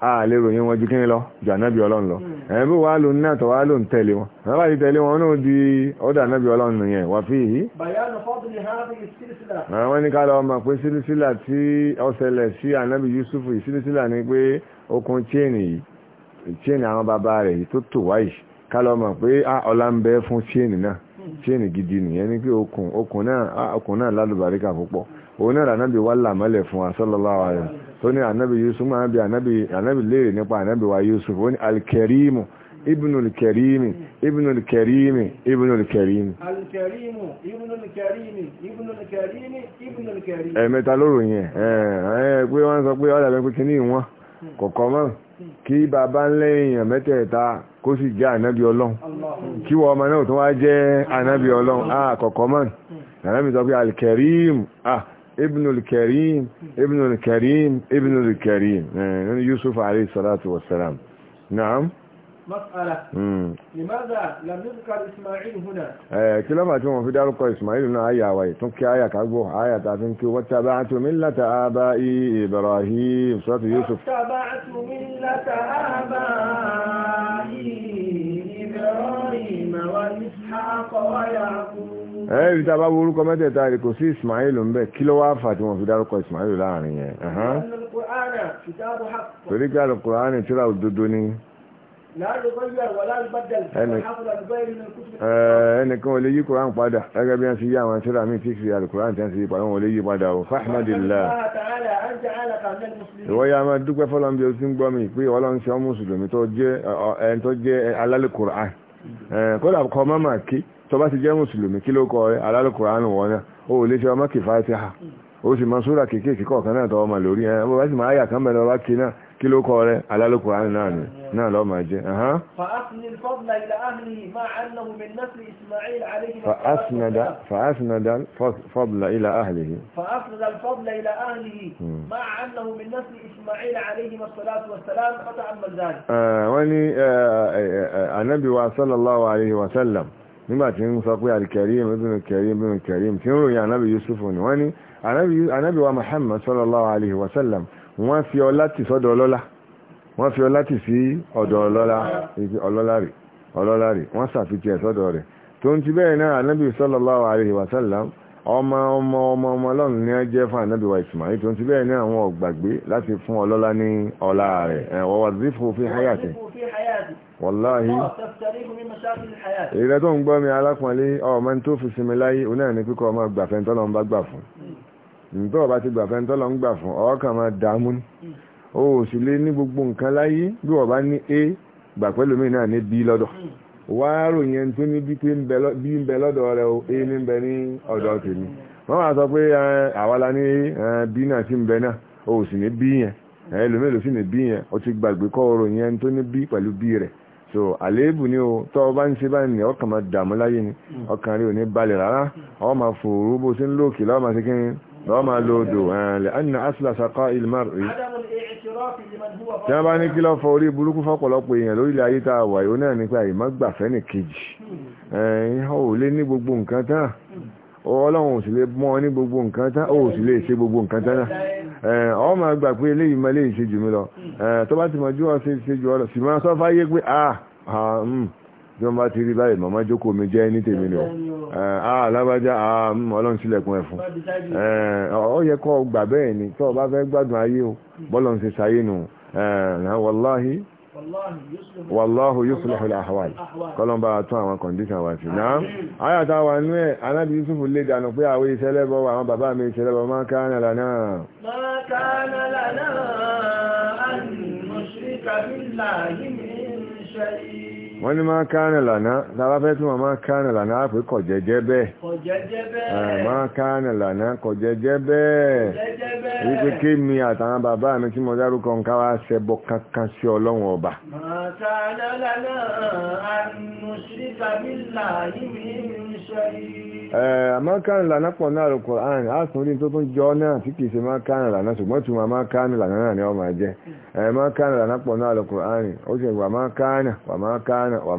a lè ròyìn wọn ju kíni lọ ju ànábì ọlọ́run lọ hmm. ẹ̀yìn wà wàá lò ní àtọ̀ lò ń tẹ̀lé wọn wọ́n bá tẹ̀lé wọn náà di ọ̀dọ̀ ànábì ọlọ́run yẹn wà fi yìí. wọ́n ní ká lọ pé sílísílà tí ó sí ànábì Yusufu yìí sílísílà ni pé yìí àwọn bàbá yìí tó tò wáyì ká lọ pé ah, ọlá ń bẹ fún náà hmm. gidi nìyẹn ni pé náà ah, òun náà ànábì wá là mọ́lẹ̀ fún wa sallallahu alaihi wasallam tó ní ànábì yusuf máa bí ànábì léèrè nípa ànábì wa yusuf ó ní alkerimu ibnu alkerimi ibnu alkerimi ibnu alkerimi. alkerimu ibnu alkerimi ibnu lóru yẹn ẹ̀ẹ́ pé wọ́n sọ pé ọ̀dàbẹ́ pé kíní ìwọ̀n kọ̀kọ́ mọ́ kí bàbá ńlẹ́ èèyàn mẹ́tẹ̀ẹ̀ta kó sì jẹ́ ànábì ọlọ́run kí wọ́n ọmọ náà tó wá jẹ́ ànábì ọlọ́run mọ́ ànábì sọ pé ah ابن الكريم ابن الكريم ابن الكريم يعني يوسف عليه الصلاة والسلام نعم مسألة لماذا لم يذكر إسماعيل هنا ايه ما تقول في دارك إسماعيل هنا آية وي تنكي آية كعبوه آية تنكي واتبعت ملة آبائي إبراهيم سورة يوسف واتبعت ملة آبائي إبراهيم وإسحاق ويعقوب إيه تابعوا a bá worúkọ mẹ́tẹ̀ẹ̀ta rẹ̀ kò sí Ismailu ń bẹ kí ló wá fà tí wọ́n fi dárúkọ Ismailu láàrin yẹn torí tíra òdodo ni ẹnìkan ò lè yí koran padà gẹ́gẹ́ bí wọ́n ti yí àwọn tíra mi tí fi alukoran tí wọ́n ti yí padà wọn ò lè yí padà o fahmadillah ìwọ yà máa dúpẹ́ fọlọ́n bí o ti ń gbọ́ mi pé ọlọ́run ṣe ọ́ mùsùlùmí tó jẹ́ ẹni tó jẹ́ alálùkùrán kódà kọ́ mọ́mà kí tó bá ti jẹ́ mùsùlùmí kí ló kọ alálùkùrán wọn náà o lè ṣe ọmọ kìfà ti hà o sì mọ súrà kéékèèké kọ̀ọ̀kan náà tọ́ ọmọ lórí ẹ kí ló kọ rẹ alálòkù àárín náà ni náà lọ máa jẹ fa'asnada fọ́bùlà ilá ahìlìhì wọ́n ni anábíwa eh, eh, eh, sallallahu alaihi wasallam nígbàtí ń sọ pé alkarim ibn karim ibn karim tí ń ròyìn anábi yusufu ni wọ́n fi ọlá tì sọ́dọ̀ ọlọ́lá wọ́n fi ọlá tì sí ọ̀dọ̀ ọlọ́lá ọlọ́lá rẹ̀ ọlọ́lá rẹ̀ wọ́n sàfitì ẹ̀ sọ́dọ̀ rẹ̀ tó ń ti bẹ́ẹ̀ náà anábì sallallahu alaihi wasallam ọmọ ọmọ ọmọ ọmọ ọlọ́run ní ẹjẹ́ fún ànábì wa Ismail tó ń ti bẹ́ẹ̀ ní àwọn ọ̀gbàgbé láti fún ọlọ́lá ní ọlá rẹ̀ ẹ̀wọ̀ wà sí fún hayati wàláhí ìrẹ́ ń gbọ́ mi alápọ̀nlé ọmọ tó fi sinmi láyé onáà nítorí ọba ti gbà fẹ́ nítorí ọlọ́run gbà fún ọkàn máa dààmú ni mm. o ò sì lè ní gbogbo nǹkan láyé bí wọ́n bá ní a gbà pẹ́lú mi náà ní b lọ́dọ̀ mm. wá ròyìn ẹni tó ní bí pé bí ń bẹ lọ́dọ̀ rẹ o a ní bẹ ní ọ̀dọ̀ tèmi wọ́n wá sọ pé àwàlá ní b náà sí ń bẹ náà o ò sì ní b yẹn ẹlòmíì sì ní b yẹn o ti gbàgbé kọ́ ròyìn ẹni tó ní b pẹ̀lú b rẹ̀ so àléébù ni o tọ́ ọ bá ń ṣe báyìí ọkàn máa dààmú láyé ni mm. ọkàn rí ò ní balẹ̀ rárá ọ máa fòrú bó ṣe ń lóòkè lọ́wọ́ máa ṣe kí lọ́wọ́ máa lo odò ẹ̀rẹ̀lẹ̀ ẹ̀nà asìlá sàkọ́ ilmar rí tí a bá ní kí lọ fọ orí burúkú fọ́pọ̀lọpọ̀ èèyàn lórílẹ̀ ayé tá a wà yóò náà nípa kejì gbogbo nǹkan tán hmm. ọlọ́run gbogbo gbogbo nkata hmm. eh, ọ ma gbà pé eléyìí mọ́ lọ hmm. eh, ti bí bá ti rí báyìí màmá jókòó mi jẹ́ ní tèmi ni alábájá ọlọ́run sílẹ̀kùn ọ yẹ gbà ni bá fẹ́ gbádùn ayé o hmm. bọ́lọ́run ṣe ṣayé nù wàláhì wàláhù yusuful ahwal kọlọ́n bá tún àwọn kọ̀ndíṣàn wà sí náà ẹ̀ yusuf lè dànù pé àwọn ìṣẹ́lẹ́bọ̀ àwọn bàbá mi ìṣẹ́lẹ́bọ̀ kánà lánàá wọ́n ní máa kánà lànà lára fẹ́ tún máa kánà lànà àpé kò jẹ́jẹ́ bẹ́ẹ̀ máa kánà lànà kò jẹ́jẹ́ bẹ́ẹ̀ wípé ké mi àtàwọn bàbá mi tí mo dárúkọ ń káwá ṣẹbọ kankan sí ọlọ́run ọba. máa kánà lànà ee kánù lànà pọ̀ náà lọ a á tún rí tó tún jọ náà tí kìí ṣe má kánù lànà ṣùgbọ́n tí wọ́n má lànà náà ni ọ máa jẹ́ má lànà pọ̀ náà lọ ó sì wà wà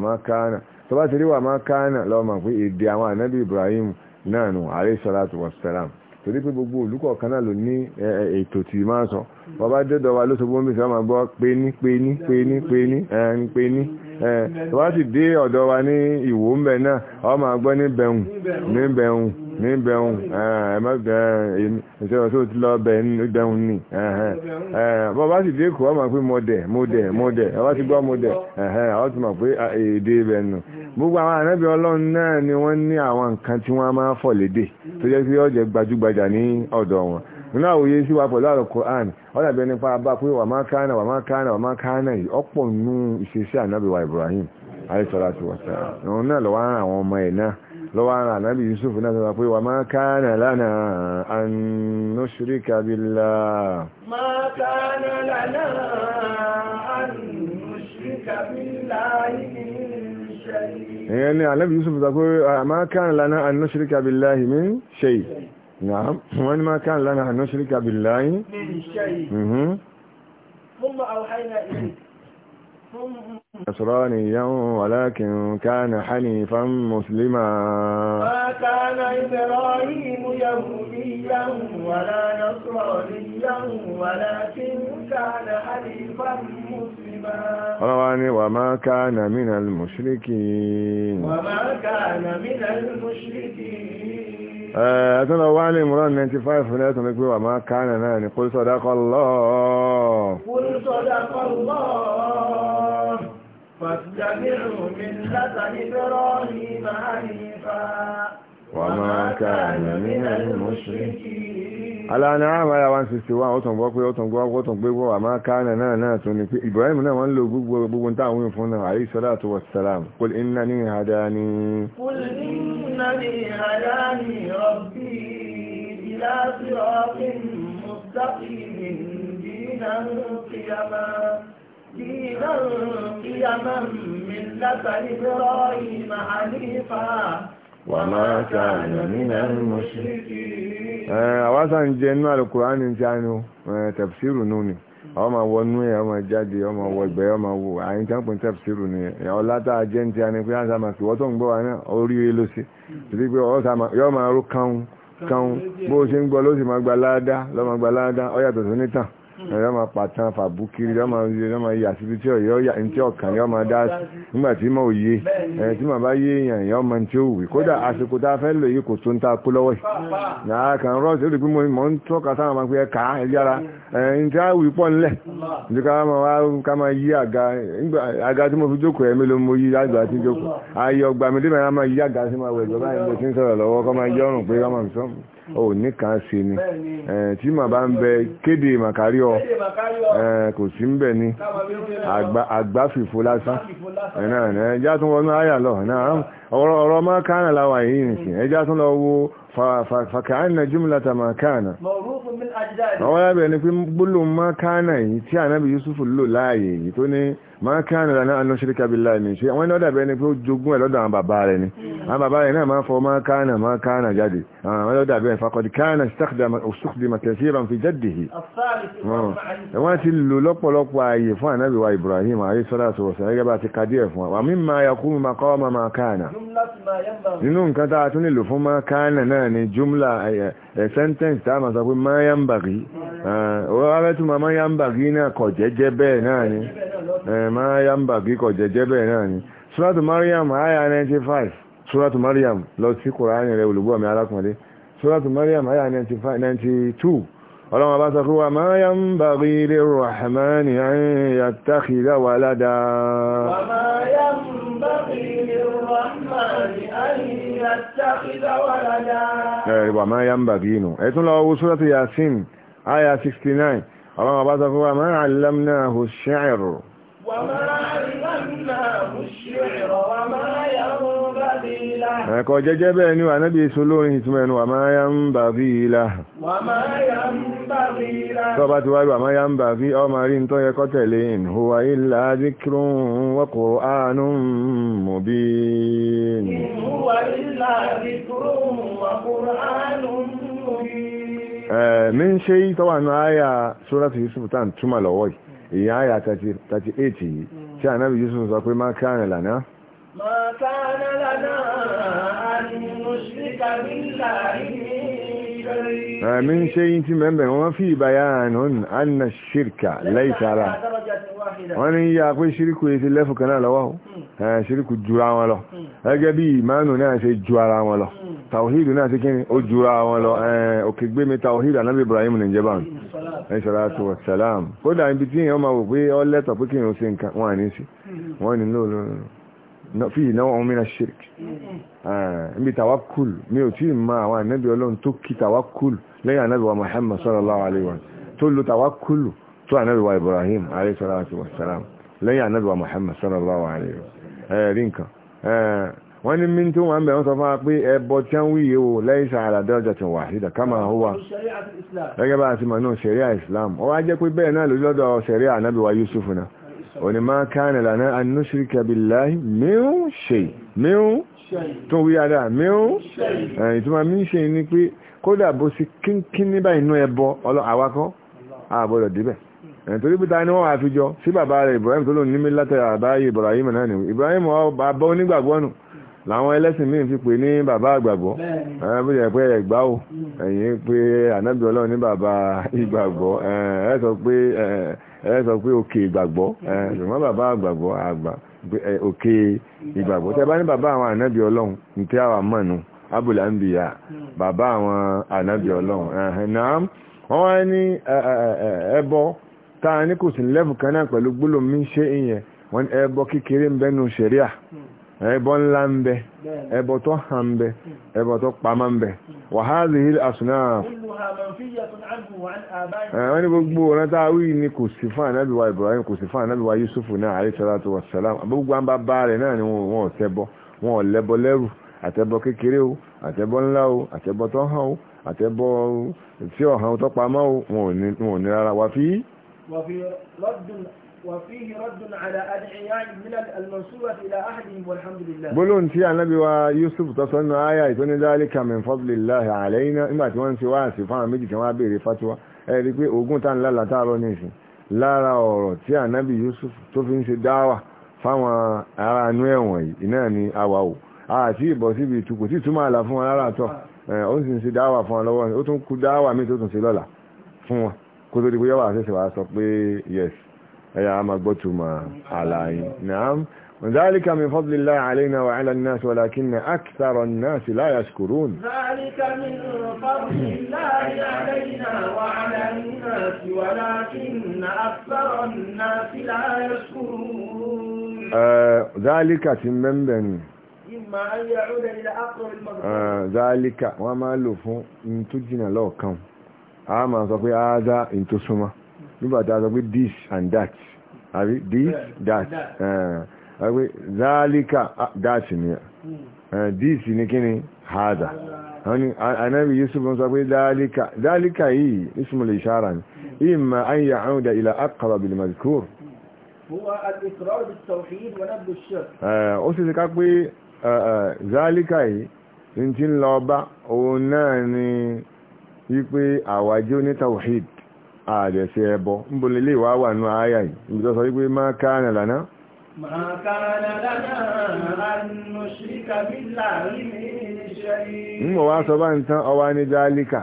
wà tó bá ti rí wà Ibrahim náà nù torí pé gbogbo olùkọ̀ kan náà ló ní ètò tí máa sọ bàbá dẹ́dọ̀ wa lóṣogbo mi sọ́mà gbọ́ pé ní pé ní pé ní pé ní ẹni pé ní ẹ̀ wá sì dé ọ̀dọ̀ wa ní ìwò ń bẹ̀ náà ọ máa gbọ́ ní bẹ̀hùn ní bẹ̀hùn ní bẹ̀rùn eh, ẹ̀mọ́gbẹ̀rún tó ti lọ bẹ̀rùn ní eh, eh, bọ́bá sì dé kò ọmọ pé mọ́dẹ̀ mọ́dẹ̀ mọ́dẹ̀ ọwá ti gbọ́ mọ́dẹ̀ ọwá ti mọ̀ pé ah, èdè gbogbo àwọn ọlọ́run náà ni wọ́n ní àwọn nǹkan tí wọ́n máa fọ̀ ní wọn nínú àwòye sí wa pẹ̀lú àrùn bá pé wà máa kánà wà máa kánà wà máa kánà yìí ọ̀pọ̀ nù ìṣesí ànábì Ibrahim lọ́wọ́ ara ànábì Yusuf náà sọ pé wà máa káànà lánà an nushrika billah máa káànà lánà an nushrika billahi يعني علم يوسف تقول ما كان لنا أن نشرك بالله من شيء نعم وإن ما كان لنا أن نشرك بالله من شيء ثم أوحينا إليك نصرانيا ولكن كان حنيفا مسلما ما كان إبراهيم يهوديا ولا نصرانيا ولكن كان حنيفا مسلما رواني وما كان من المشركين وما كان من المشركين Eh, ẹ̀tún lọ wá ní ìmúràn 95 lẹ́tùn ní pé wà máa kánà náà ni kúrú sọ́dákọ́ lọ́ọ̀ kúrú sọ́dákọ́ lọ́ọ̀ fàtíjà mírùn mi látàrí fẹ́rọ́ ní bàá وما كان من المشركين على نعم على 161 ó tún gbọ́ pé ó tún gbọ́ ó tún gbé gbọ́ àmá káàna náà náà tún ní pé Ibrahim náà wọ́n lò gbogbo táwọn fún náà alayhi salatu wassalam qul innani hadani qul innani hadani rabbi ila siratin mustaqimin dinan qiyama dinan qiyama Ibrahim hanifa وما كان من المشركين awasa ń jẹ nínú alukurani tí a ní tafsiru nù ni àwọn máa wọ nú ẹ àwọn máa jáde àwọn wọ àwọn máa wọ àyìn tí wọn pè ní tafsiru ni a ní pé àṣà máa fìwọ́ tó ń gbọ́ wa náà orí rẹ ló ṣe torí pé ọ̀sà yóò máa ró kàn kàn bó ṣe ń gbọ́ ló sì gba láàdá máa gba láàdá tó ní yọ́ máa pàtàn fàbúkiri yọ́ máa yọ́ máa yà síbi tí ọ̀yọ́ yà ní tí ọ̀kan yọ́ máa dá nígbà tí mọ̀ òye ẹ̀ tí màá bá yé èèyàn yọ́ máa tí ó wì kódà àsìkò tá a fẹ́ lò yìí kò tó ń ta kó lọ́wọ́ yìí mm. yàrá kan rọ́ọ̀sì ó lè pín mọ́ ń tọ́ka sáwọn máa pé ẹ̀ka ẹ̀yára ẹ̀ ní tí a wì pọ̀ ńlẹ̀ ní mm. ká máa wá ká máa yí àga àga tí mo fi jókòó ẹ̀mí ò ní kàn ṣe ni tí màá bá ń bẹ kéde màkárí ọ kò sí ń bẹ ni àgbáfìfo lásán ẹ̀já tún wọnú àyà lọ ọ̀rọ̀ máa kánà láwà yìí nìsín ẹ̀já tún lọ wo fàkàánà jùmùlátà máa kánà ọwọ́ lábẹ̀ ni pé gbólóhùn máa kánà yìí tí Yusuf lò láàyè yìí tó ní kánà àwọn ẹni ni pé ó jogún àwọn bàbá ni àwọn Ah, wọ́n ló dàbí ẹ̀ faqad kana istakhdama kathiran fi jaddihi wọ́n ti lò lọ́pọ̀lọpọ̀ ààyè fún ànábì wa Ibrahim alayhi salatu wa salam gẹ́gẹ́ bá ti kadí ẹ̀ fún wa mimma yaqumu maqama ma kana nínú nǹkan tá a tún nílò fún ma kana náà ni jumla sentence tá a máa sọ pé ma yanbaghi ọ̀rẹ́tùmọ̀ hmm. ah, ma yanbaghi náà kọ̀ jẹ́jẹ́ bẹ́ẹ̀ náà ni eh, ma yanbaghi kọ̀ jẹ́jẹ́ bẹ́ẹ̀ náà ni Suratu Maryam àyà 95 suratu Maryam lọ sí kùránì rẹ̀ olùgbọ́ mi alákùnrin suratu Maryam àyà 92 ọlọ́wọ́n bá sọ fún wa ma yanbaghi lirrahmani an yattakhidha walada wa ma yanbaghi lirrahmani an yattakhidha walada ẹ̀ wà ma yanbaghi nù ẹ̀tún lọ wo suratu Yasin àyà 69 ọlọ́wọ́n bá sọ fún wa ma ẹ̀kọ́ jẹ́jẹ́ bẹ́ẹ̀ ni ànábì èso lórin ìtumọ̀ ẹnu àmáyá ń bà bí ilá tọ́bá ti wáyé àmáyá ń bà bí ọmọ rí tó yẹ kọ́ tẹ̀lé ìhùwà ilá zikrun wa Qur'anun mubin min ṣe tọ́wà náà áyà sóràtì Yusuf tán túmọ̀ lọ́wọ́ yìí ìyá àyà 38 yìí hmm. tí ànábì Yusuf sọ pé má kárìn lànà ما كان لنا أن نشرك بالله من شيء تمام وفي بيان أن الشرك ليس على wọ́n ní yá pé ṣíríkù èsì lẹ́fù kan náà lọ́wọ́ ṣíríkù jura wọn lọ ẹgẹ́ bí ìmánù náà ṣe ju ara wọn lọ tàwíìdù náà ṣe kíni ó jura wọn lọ òkè gbé mi tàwíìdù anábì Ibrahim nìjẹba ẹ̀ṣọ́láàtù wàsálàm kódà ibi tí èèyàn máa wò pé ọ lẹ́tọ̀ pé kí èèyàn ṣe nǹkan wọn à ní sí wọn ní lóòlóòlò fi náwọn ọmọ ṣírk níbi tawakul mi ò tí ì ma àwọn ànábì ọlọ́run tó kí tawakul lẹ́yìn ànábì wa Muhammad sallallahu alaihi wa tó lo tawakul tó ànábì wa Ibrahim alaihi salatu wassalam lẹ́yìn ànábì wa Muhammad sallallahu alaihi wa ẹ̀rí eh, nǹkan eh, wọ́n ní mí tó wọ́n bẹ̀rẹ̀ sọ fún wa pé ẹbọ tí wọ́n wíyẹ o lẹ́yìn sàrà dọ́jà tó wà sídà ká máa hùwà gẹ́gẹ́ bá a ti òní máa káàrẹ̀ lànà anúṣíríkà bí láì mẹ́rún ṣe mẹ́rún tó wí ara mẹ́rún ìtumà mí ṣe ní pé kódà bó sí kínkín níbà inú ẹbọ àwakọ́ àbọ̀dọ̀ débẹ̀ torí pítà ní wọ́n àfijọ́ sí bàbá rẹ̀ Ibrahim tó lò ní mi látẹ̀ àbáyé Ibrahim náà nìwé Ibrahim bàbá onígbàgbọ́ nù làwọn ẹlẹ́sìn míì fi pè ní bàbá àgbàgbọ́ bó jẹ́ pé ẹ̀gbá ò mm. ẹ̀yìn pé ànábì Ọlọ́run ní bàbá ìgbàgbọ́ ẹ̀ sọ pé ẹ sọ pé òkè ìgbàgbọ́ ẹ bàbá àgbàgbọ́ àgbà òkè ìgbàgbọ́ tẹ bá ní bàbá àwọn ànábì ọlọ́run ní àwọn mọ̀nù abúlà ń bàbá àwọn ànábì hmm. ọlọ́run náà wọ́n wá ní ẹbọ a ní kò sí lẹ́fù kan náà pẹ̀lú gbólóhùn mi ṣe ìyẹn wọ́n ẹbọ kékeré ń bẹ́nu ṣẹ̀ríà ẹbọ ńlá ń bẹ ẹbọ tó hà ń bẹ ẹbọ tó pamọ́ ń bẹ wàhálì hìl àsùnáà wọ́n ní gbogbo ọ̀nà tá a wí ní kò sí fún ànábì wa Ibrahim kò sí fún ànábì wa Yusufu náà alayhi salatu wassalam gbogbo àǹbá bá rẹ̀ náà ni wọ́n ò tí ọ̀hàn tó pamọ́ wọn ò ní rárá wà á وفيه رد على أدعياء الملل المنسوبة إلى أهلهم والحمد لله بلون تي النبي ويوسف تصنع آية يتوني ذلك من فضل الله علينا إما تون سوا سفا ميجي كما بيري فتوى ẹ̀rí pé ogun tá ń lálà táàrọ̀ nìsín lára ọ̀rọ̀ tí ànábì Yusuf tó fi ń ṣe dáwà fáwọn ará inú ẹ̀wọ̀n yìí iná ni àwa ò àti ìbọ̀ síbi ìtukù tí túmọ̀ àlà fún wọn rárá tọ̀ ó sì ń ṣe dáwà fún wọn lọ́wọ́ ó tún kú dáwà míì tó tún ṣe lọ́la fún wọn kó tó di pé yọ́wà àṣẹṣe wàá sọ pé yes ẹ̀yà a máa على àlàyé náà نعم. ذلك من فضل الله علينا وعلى الناس ولكن أكثر الناس لا يشكرون ذلك من فضل الله علينا وعلى الناس ولكن أكثر الناس لا يشكرون آه، ذلك من بني إما أن يعود إلى أقر المغرب آه، ذلك وما لفو انتجنا لو كم آما آه تقول هذا انتسمه nígbà tá a sọ pé this and that àbí this that àbí eh, zálíkà that ni hmm. eh, this ni kí ni hada anabi yusuf ń sọ pé zálíkà zálíkà yìí ismul ishara ni hmm. imma an ya'uda ila aqrabil mazkur هو الإقرار بالتوحيد ونبذ الشرك ó sì ká pé eh, zálíkà yìí ń tí ń lọ bá òun náà ni wípé àwàjẹ́ onítàwòhìd àdẹ̀sẹ̀ ẹbọ níbolélé wà wà ní àyà yìí ibi sọ wípé má káàrẹ̀ lánàá ما wá sọ bá ń tán ọwá ní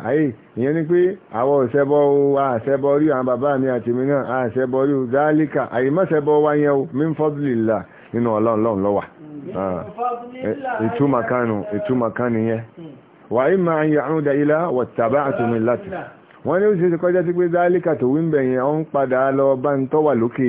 ayé ìyẹn pé rí mi àti mi náà rí wá yẹn o nínú ọlọ́run lọ́wà yẹn wàá ìmọ̀ wọ́n ní ó ṣe kọjá sí pé dálíkà tó wí ń bẹ̀ yẹn ọ́n padà lọ bá ń tọ́wà lókè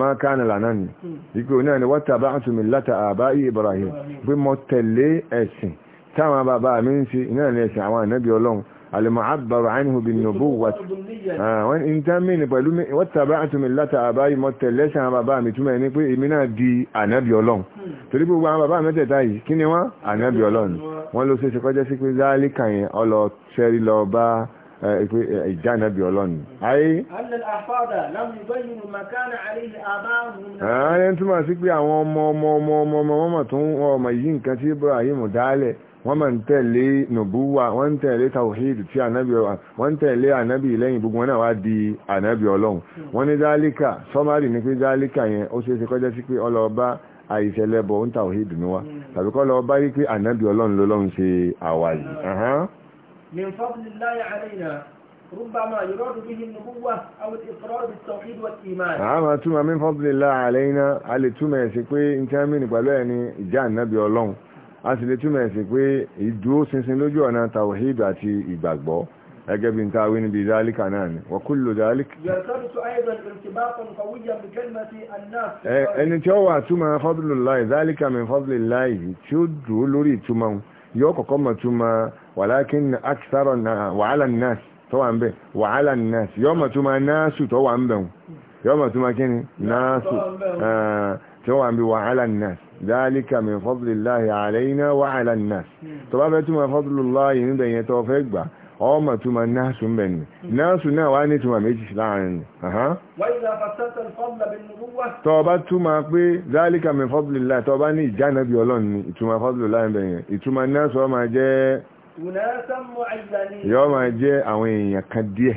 ma kánà lànà ni wípé òní àni wọ́ta bá ń látà àbá Ibrahim pé mo tẹ̀lé ẹ̀sìn táwọn bàbá mi ń ṣe iná ní ẹ̀sìn àwọn ànábì ọlọ́run alìmọ̀ àbàrò àìníhù bí nùbú wọ́n ń tán mí ní pẹ̀lú wọ́ta bá ń látà àbá yìí mo tẹ̀lé ẹ̀sìn àwọn bàbá mi túmọ̀ ní pé èmi náà di ànábì ọlọ́run hmm. torí gbogbo àwọn bàbá mẹ́tẹ̀ẹ̀ta yìí kí ni wọ́n ànábì ọlọ́run wọ́n ló ìjà ànábì ọlọ́ni. ayé. ẹni túmọ̀ sí pé àwọn ọmọ ọmọ ọmọ ọmọ ọmọ ọmọ tó ń ọmọ yìí nǹkan tí Ibrahim dálẹ̀ wọ́n máa ń tẹ̀lé nùbúwà wọ́n ń tẹ̀lé tawhid tí ànábì ọlọ́run wọ́n ń tẹ̀lé ànábì lẹ́yìn gbogbo wọn náà wá di ànábì ọlọ́run wọ́n ní dálíkà sọ́márì ní pé dálíkà yẹn ó ṣeé ṣe kọjá sí pé ọlọ́ọ̀bá àìṣẹlẹ́bọ̀ ń tawhid ni wá hmm. tàbí kọ́ lọ́ọ́ bá rí pé ànábì ọlọ́run lọ́lọ́run ṣe àwàyè. من فضل الله علينا ربما يراد به النبوة أو الإقرار بالتوحيد والإيمان àmà túmọ̀ من فضل الله علينا a lè túmọ̀ ẹ̀ sí pé n tẹ́ mí pẹ̀lú ẹni ìjà ànábì ọlọ́run a sì lè túmọ̀ ẹ̀ sí pé ìdúró ṣinṣin lójú ọ̀nà tawhid àti ìgbàgbọ́ gẹ́gẹ́ bí n ta wí níbi dálíkà náà ni wọ́n kúlò dálíkà. ẹni tí ó wà túmọ̀ fọ́dúlù láì dálíkà min fọ́dúlù láì tí ó dúró lórí ìtumọ̀ yóò kọ̀kọ́ mọ̀ túmọ̀ wàlákín akitaro na wàhálà nas tó wà ń bẹ̀ wàhálà nas yóò mọ̀ túmọ̀ nasu tó wà ń bẹ̀ wọn yóò mọ̀ túmọ̀ kíni nasu tó wà ń bẹ̀ wàhálà nas dálíkà min fadlillahi alayna wàhálà nas tó bá fẹ́ túmọ̀ fadlullahi níbẹ̀ yẹn tó fẹ́ gbà ọmọ túnmọ̀ náà sùn bẹ̀ ni hmm. náà sùn náà wá ní túnmọ̀ méjì láàrin tọ́ bá túnmọ̀ pé zálíkà min fadlillah tọ́ bá ní ìjánàbí ọlọ́run ni ìtumọ̀ fadlillah ń bẹ̀yẹn ìtumọ̀ náà sọ máa jẹ́ yọ́ máa jẹ́ àwọn èèyàn kan díẹ̀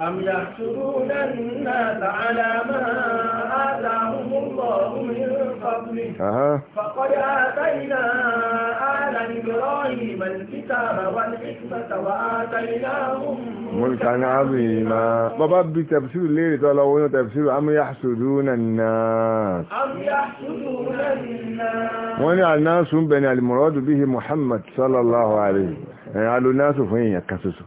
أم يحسدون الناس على ما آتاهم الله من فضله أه. فقد آتينا آل إبراهيم الكتاب والحكمة وآتيناهم ملكا عظيما بابا بتفسير ليه طلعون تفسير أم يحسدون الناس أم يحسدون الناس وين الناس بين المراد به محمد صلى الله عليه يعني الناس فين يكسسوا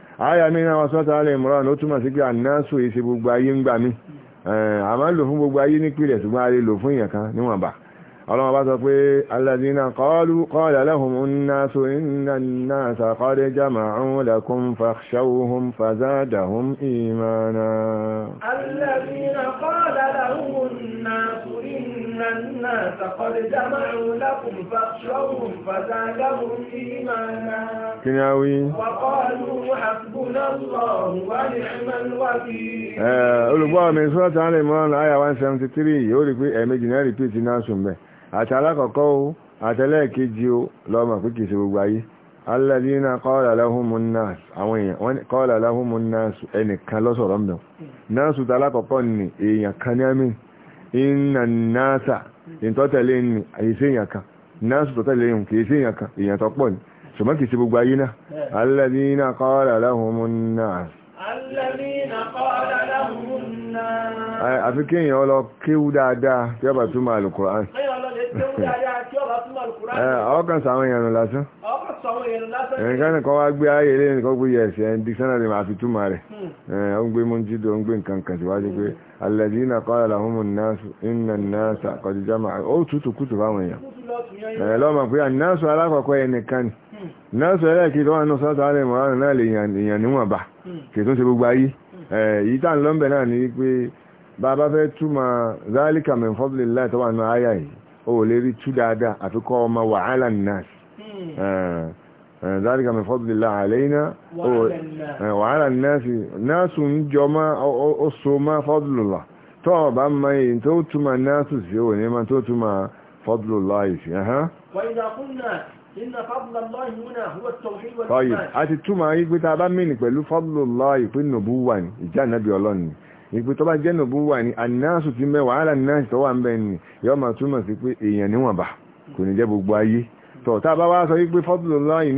àyà mi náà wọ́n sọ́tà alẹ́ ìmọ̀ràn ó túmọ̀ sí pé ànásù èsì gbogbo ayé ń gbà mí àmọ́ lò fún gbogbo ayé nípìnlẹ̀ ṣùgbọ́n a lè lò fún èèyàn kan níwọ̀nba ọlọ́wọ́ bá sọ pé alladhina qalu qala lahum an-nasu inna an-nasa qad jama'u lakum fakhshawhum fazadahum imana. alladhina qala lahum an-nasu inna an-nasa qad jama'u lakum fakhshawhum fazadahum imana. kí ni a wí. wa qalu hasbuna Allahu wa ni'mal olùgbọ́ mi sọ́ọ̀tì alẹ́ mọ́rán àyà one seventy three rí pé ẹ̀ẹ̀mejì àti alákọ̀ọ́kọ́ o àtẹlẹ́ẹ̀kejì o lọ́mọ̀ pé kìí ṣe gbogbo ayé alladhina qala lahumun nas àwọn èèyàn wọ́n ní qala lahumun nas ẹnìkan lọ́sọ̀rọ̀ mẹ́ náàsù tà alákọ̀ọ́kọ́ ni èèyàn kan ní àmì inna nasa ìtọ́tẹ̀lé ni àyíṣẹ́ èèyàn kan náàsù tọ́tẹ̀lé ni kìí ṣe àfi kí èèyàn lọ kéwú dáadáa tí ọkàn lásán wá gbé ayé ilé nìkan gbé máa fi túmọ̀ rẹ̀ hmm. ó gbé mú jídó gbé nǹkan kan síwájú pé alladhina qala lahumu nnasu inna nnasa qad jama'a ó tútù kútù fáwọn èèyàn lọ́mọ pé alákọ̀ọ́kọ́ ẹnìkan hmm. alẹ́ mọ̀ránù náà lè yàn níwọ̀nba kì ṣe gbogbo ayé èyí tá à náà ni wípé bá bá fẹ́ túmọ̀ zálíkà min fadlillahi tó wà nínú àyà yìí ó lè rí tú dáadáa àfikọ́ ọmọ wàhálà nas hmm. zálíkà min fadlillahi alayna wàhálà nas nasu ń jọ mọ́ ó so mọ́ fadlullah o bá mọ èyí tó túmọ̀ nasu sí òní Ọyì, a ti túmọ̀ yí pé ta bá mìnì pẹ̀lú fadlullahi pé nùbú wà ní ìjà nàbí ọlọ́ni. Ìpé tó bá jẹ́ nùbú wà ní ànínáàsù ti mẹ́wàá àlà náà tó wà ń bẹ́ ni yọ́ máa túmọ̀ sí pé èèyàn níwọ̀nba kò ní jẹ́ gbogbo ayé. Tọ̀ tá bá wá sọ yí pé fadlullahi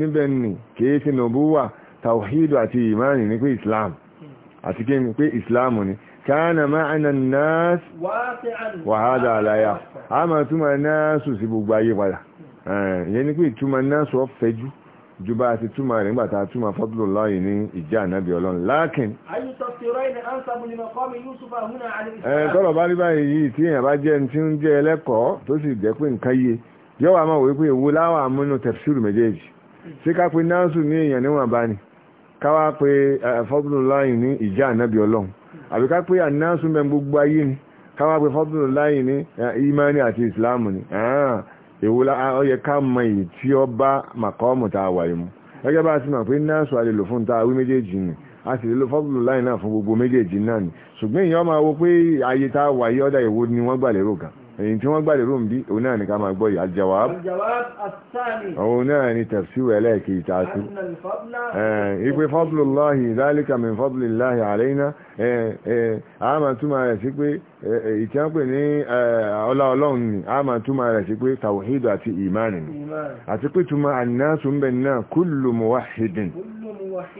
níbẹ̀ A máa túmọ̀ náà sù gbogbo ayé padà. Eh, ìyẹn ni pé ìtumọ̀ náà sọ fẹ́jú ju bá a ti túmọ̀ rẹ̀ nígbà tá a túmọ̀ fọ́dúlò láàyè ní ìjà ànábì ọlọ́run láàkín. Eh, tọ́lọ̀ bá rí báyìí yìí tí èèyàn bá jẹ́ ẹni tí ń jẹ́ ẹlẹ́kọ̀ọ́ tó sì jẹ́ pé nǹkan yé yọ́wọ́ àmọ́ wòye pé èwo láwọn amúnú tẹ̀fṣúrù méjèèjì ṣé ká pe náàsù ní èèyàn níwọ̀n bá ni ká wá pe eh, fọ́dúlò láàyè ní ìjà ànábì ọlọ́run àbí ká pe ànáàsù mẹ́ gbogbo ayé ni ká wá pe fọ́dúlò láàyè ní ìmánì àti ìsìláàmù ni. Ah, ìwúlá ọyẹ ká mọ èyí tí ó bá màkọ́ọ̀mù tá a wà yìí mú gẹ́gẹ́ bá a ti mọ̀ pé nọ́ọ̀sù àlelò fún ta awí méjèèjì ni a sì lè lo fọ́bùlù láì náà fún gbogbo méjèèjì náà ni ṣùgbọ́n èèyàn máa wo pé ayé tá a wà yìí ni wọ́n gbà lérò kan èyí tí wọ́n gbàdé rúm bí òun náà ní ká máa gbọ́ yìí aljawab òun náà ní ìpè a máa túmọ̀ rẹ̀ sí pé ní ọlá ọlọ́run ni rẹ̀ sí pé àti ni àti pé túmọ̀ ń bẹ̀ náà kullu muwahhidin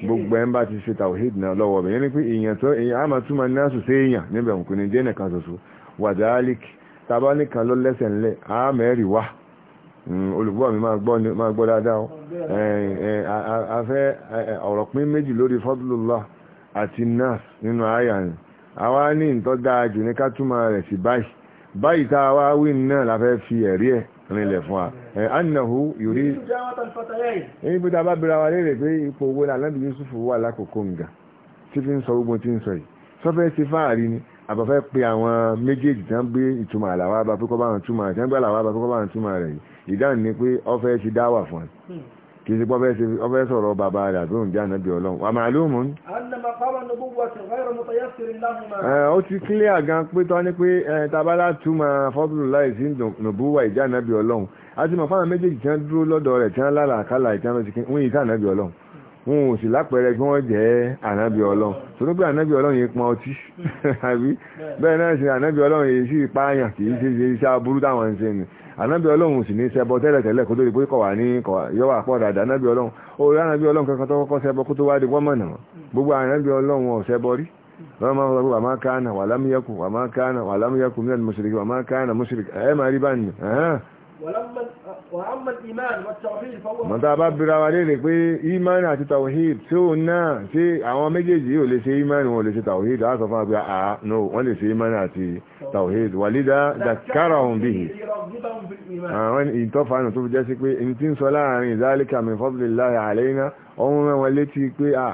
gbogbo ẹ̀ ń bá ti ṣe tawhid náà lọ́wọ́ bẹ̀ yẹn ni pé ìyẹn tó ìyẹn a máa sí tàbá nìkan ló lẹ́sẹ̀ ńlẹ̀ àmẹ́rì wá hmm, olùgbọ́ mi máa gbọ́ dáadáa o afẹ́ ọ̀rọ̀ pín méjì lórí fọ́dúlùlọ́ àti nas nínú àyà ni àwa ní ìtọ́ dáa jù ní ká túmọ̀ rẹ̀ sí báyìí báyìí tá a wá wí náà la fẹ́ fi ẹ̀rí ẹ̀ rinlẹ̀ fún wa annahu yorí èyí bí dáa bá bẹ̀rẹ̀ wa léèrè pé ipò owó lànà bí Yusuf wà lákòókò nga tí fi ń sọ gbogbo tí ń sọ yìí sọfẹ́ sí fáàrí ni àbọ̀fẹ́ pé àwọn méjèèjì tán gbé ìtumọ̀ àlàwà bá pé kọ́ bá ń túmọ̀ àti ẹgbẹ́ àlàwà bá pé kọ́ bá ń túmọ̀ rẹ̀ ìdáhùn ni pé ọfẹ́ ti dá wà fún ẹ hmm. kì í ṣe pọ́fẹ́ ṣe ọfẹ́ sọ̀rọ̀ bàbá rẹ̀ àbí òun jáde bí ọlọ́run wà máa lóhùn mún. ó ti clear gan pé tọ́ ni pé tabalá túmọ̀ fọ́tùlù láì sí nùbúwà ìjáde bí ọlọ́run a ti mọ̀ fáwọn méjèèjì tí wọ́n dúró lọ́dọ̀ rẹ̀ tí wọ́n lálàkálà wọn ò sì lápẹẹrẹ kí wọ́n jẹ́ ànábì ọlọ́run tó ní pé ànábì ọlọ́run yìí pọn ọtí àbí bẹ́ẹ̀ náà sì ànábì ọlọ́run yìí sì pààyàn kì í ṣe iṣẹ́ aburú táwọn ń ṣe ni ànábì ọlọ́run sì ní ṣẹbọ tẹ́lẹ̀ tẹ́lẹ̀ kó tó di pé kọ̀ wà ní yọ́wà pọ̀ dàda ànábì ọlọ́run ó rí ànábì ọlọ́run kankan tó kọ́kọ́ ṣẹbọ kó tó wá di wọ́mọ̀nà gbogbo ànábì ọlọ́run ò ṣẹbọ rí wọ́n máa ń sọ pé wà máa kánà wà lámúyẹ́kù kánà wà mílíọ̀nù mùsùlùmí wà kánà mùsùlùmí ẹ̀ máa rí báyìí mọ̀ tá a bá bira wa léèrè pé imani àti tawhid tí ó náà tí àwọn méjèèjì yóò lè ṣe imani wọn lè ṣe tawhid láti sọ fún wa pé àá no wọ́n lè ṣe imani àti tawhid wàlídà dàkárà òun bìhì àwọn ìtọ́fàánù tó fi jẹ́ sí pé ní tí ń sọ láàrin zalika min fadlillahi alayna ọ̀hún rẹ̀ wọn létí pé àá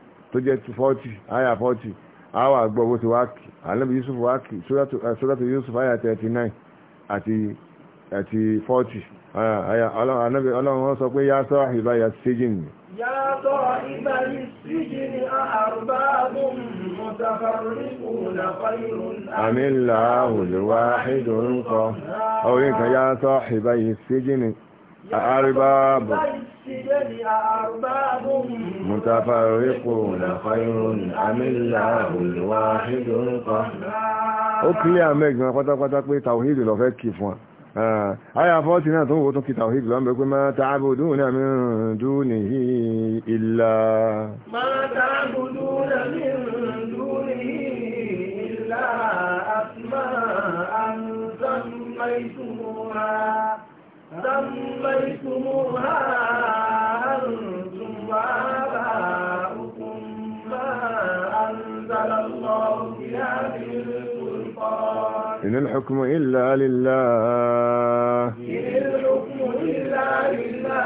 tó jẹ́ 40 aya 40 àwa àgbọ̀ owó ti wá kì ànábì Yusuf wá kì sóràtò eh, Yusuf aya 39 àti àti 40 aya ànábì ọlọ́run wọ́n sọ pé yá sọ́ àhìbá yà síjìn ni. yá sọ àhìbá yìí síjìn ni àrùbá bùn mutafarriqun khayrun amillahu al-wahidul qahhar orí nǹkan yá sọ àhìbá yìí síjìn ni àrùbá bùn. متفرقون خير أم الله الواحد القهار ó kílé àmẹ́ ìgbìmọ̀ pátápátá pé tàwíìdì lọ fẹ́ kí fún wa ah, àyà fọ́tí náà tó wò tó kí tàwíìdì lọ ń bẹ pé máa tààbò dùn náà min dunihi illa máa tààbò dùn náà min dunihi illa asma'an sammaytumuha سميتموها أنتم وآباؤكم ما أنزل الله بها من سلطان إن الحكم إلا لله إن الحكم إلا لله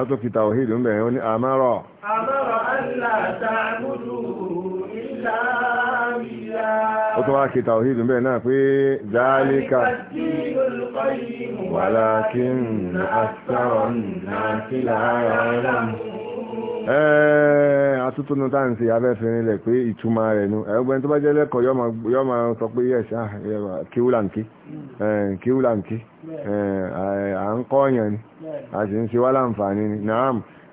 هذا في توحيد بيون أمر أمر أن لا تعبدوا ó tún wá kí tàwíìdù bẹ́ẹ̀ náà pé zálíkà wàlákín àṣàrọ̀ náà sí láàárọ̀ ọlọ́run àtútúnú tá à ń ṣe abẹ́fin ilẹ̀ pé ìtumọ̀ rẹ̀ nu ẹgbẹ́ tó bá jẹ́ lẹ́kọ̀ọ́ yọ máa sọ pé yẹ ah, ṣá à ń kọ́ ọ̀yàn ni a sì ń ṣe wá láǹfààní ni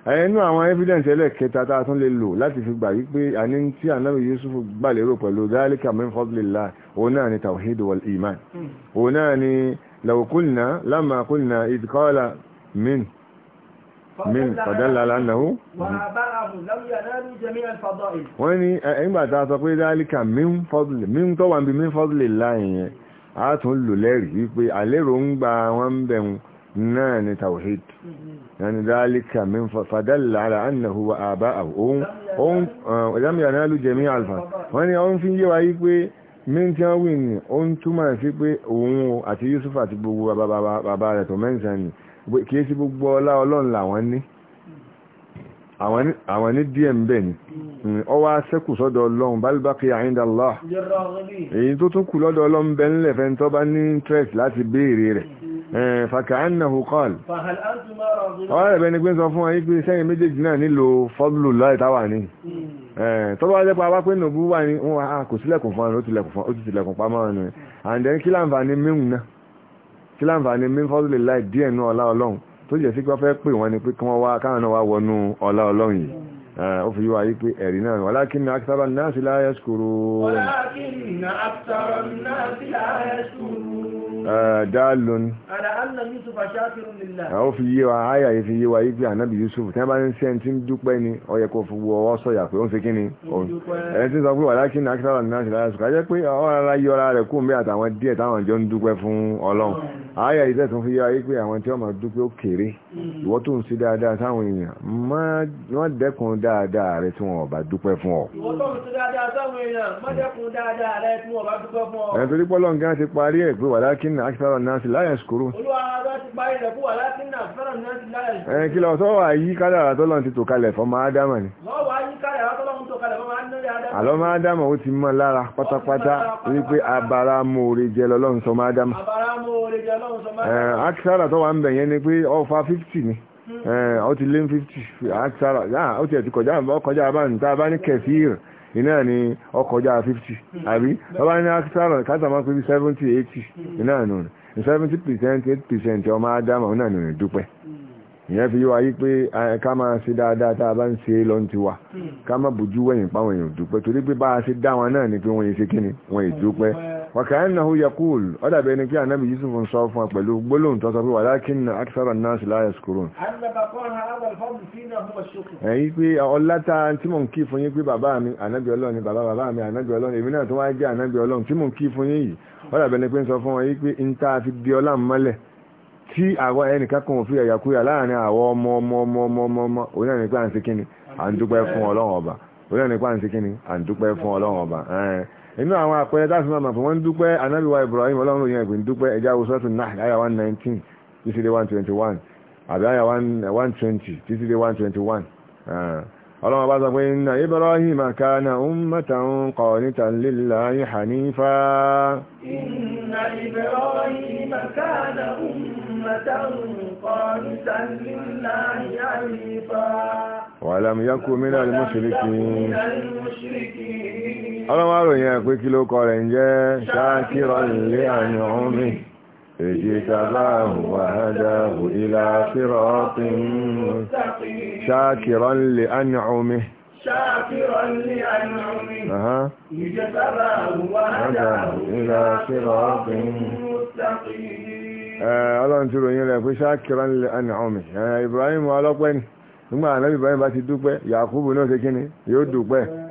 ẹnu àwọn evidence ẹlẹ́kẹta tá a tún lè lò láti fi gbà wípé àní tí ànábì Yusuf gbà lérò pẹ̀lú dhalika min fadlillah òun náà ni tawhid wal iman hmm. òun náà ni law qulna lamma qulna idh qala min min fadalla lánàá wọ́n ní ẹgbà tá a sọ pé dhalika min fadli min tọ́wà bí min fadlillah yẹn a náà ni tawhid yani dalika min fadalla ala annahu wa aba'ahu ohun ohun eh, lam yanalu jami' alfa wọ́n ní ohun fi ń yé wa yí pé mintan win ni ohun túmọ̀ sí pé òun àti yusuf àti gbogbo bàbá rẹ̀ tó mẹ́ǹsàn ni kìí sí gbogbo ọlá ọlọ́run làwọn ní àwọn ní díẹ̀ ń bẹ̀ ni ọ hmm, wá sẹ́kù sọ́dọ̀ ọlọ́run bálbákí àyíndà Allah èyí tó tún kù lọ́dọ̀ ọlọ́run bẹ́ńlẹ̀ fẹ́ tó bá ní interest láti béèrè rẹ̀ Eh, fàkàánàhù kọ́l ọ̀rọ̀ ẹ̀bẹ̀ ni pé ń sọ fún ayé pé sẹ́yìn méjèèjì náà nílò fọ́dúlù láì táwà ní hmm. eh, tọ́bọ̀ wájẹ́ pa wá pé nùbú wà ní wọ́n a ah, kò sílẹ̀kùn fún ó ti tilẹ̀kùn pa máa nù and then kílàǹfà ni míhùn náà kílàǹfà ni míhùn fọ́dúlù láì díẹ̀ nú ọlá ọlọ́run ó fi yíwa yí pé ẹ̀rí náà wà lákín náà akitaba náà sí láyé ṣkúrú dáàlùn ó fi yíwa ayà yí fi yíwa yí pé ànábì Yusuf tí wọ́n bá ń sẹ́ tí ń dúpẹ́ ni ó yẹ kó fi wọ ọwọ́ sọ̀yà pé ó ń fi kí ni ẹni tí ń sọ pé wà lákín akitaba náà sí láyé ṣkúrú ajẹ́ pé ọ̀rọ̀ ara yọ ara rẹ̀ kú mẹ́ àtàwọn díẹ̀ táwọn jọ ń dúpẹ́ fún Ọlọ́run àyà ìdẹ́ tó fi yá ayé pé àwọn tí wọ́n máa dúpẹ́ ó kéré mm. ìwọ́ tó ń ṣe dáadáa sáwọn èèyàn má dẹ́kun dáadáa rẹ tí wọ́n bá dúpẹ́ fún ọ. ìwọ́ tó ń ṣe dáadáa sáwọn èèyàn má dẹ́kun dáadáa rẹ tí wọ́n bá dúpẹ́ fún ọ. ẹ̀ńtorí pọ́lọ́ nǹkan ti parí ẹ̀ pé wàlá kí nà akitara náà sì láyà ṣùkúrú. olúwa ara ti parí rẹ̀ pé wàlá kí nà akitara náà sì láyà ṣùkúrú. ẹ̀ kìlọ̀ sọ́wọ́ àyí kádàrà tọ́lọ́ ti tò kalẹ̀ fọ́mọ ádámà ni. lọ́wọ́ àyí kádàrà tọ́lọ́ ti tò kalẹ̀ fọ́mọ ádámà. àlọ́ máa dámà ó ti mọ́ lára pátápátá wípé abara mòore jẹ lọ́lọ́run sọ máa dámà. abara mòore jẹ akisara eh, tó wà ń bẹ̀ yẹn ni pé ọfà fifty ni ọ hmm. eh, ti lé ní fifty akisara yáà ó tiẹ̀ ti kọjá ọkọjá bá ní tá a bá ní kẹfìr iná ni ọkọjá fifty hmm. àbí bàbá hmm. ní akisara káta máa pé bí seventy eighty iná nù seventy percent eight percent ọmọ ádámà náà nù dúpẹ́ ìyẹn fi wá yí pé ká máa ṣe dáadáa tá a bá ń ṣe lọ ti wà ká má bójú wẹ̀yìn páwọn èèyàn dúpẹ́ torí pé bá a ṣe dá wọn náà ni pé wọ́n yìí ṣe kíni wọ́n yìí dúpẹ́ ụ yaoo ol kpelab b baba amị anaghgln emere atụ w g anabagholo nti m nke if oye eyi ọ labekpe nsọfụ nwa ikpe nta atdiola ale ti agh ka koofya yaku ya alaghaya ahọ m onye ekpa ntị ki dkpọa onye ekpa ntị kinị andkpeọa e inú àwọn àpẹẹrẹ dáàsì máa mọ̀ fún wọn dúpẹ́ ànábì wa Ibrahim ọlọ́run òyìn ẹ̀gbìn dúpẹ́ ẹja wo sọ́tún náà àyà 119 títí dé 121 àbí eh, one twenty títí dé 121 ah. ọlọ́run bá sọ pé inna Ibrahim kana ummatan qanitan lillahi hanifa inna Ibrahim kana ummatan qanitan lillahi hanifa wa lam yakun minal mushrikin ọlọ́wọ́ àròyìn ẹ̀pẹ́ kí ló kọ rẹ̀ ń jẹ́ ṣáàkírọ̀ ilé àyàn omi èjì tàbáhù wàhádáhù ilá fírọ̀ tí ń mú ṣáàkírọ̀ ilé àyàn omi شاكرا لأنعمه اجتباه وهداه إلى صراط مستقيم Ọlọ́run tí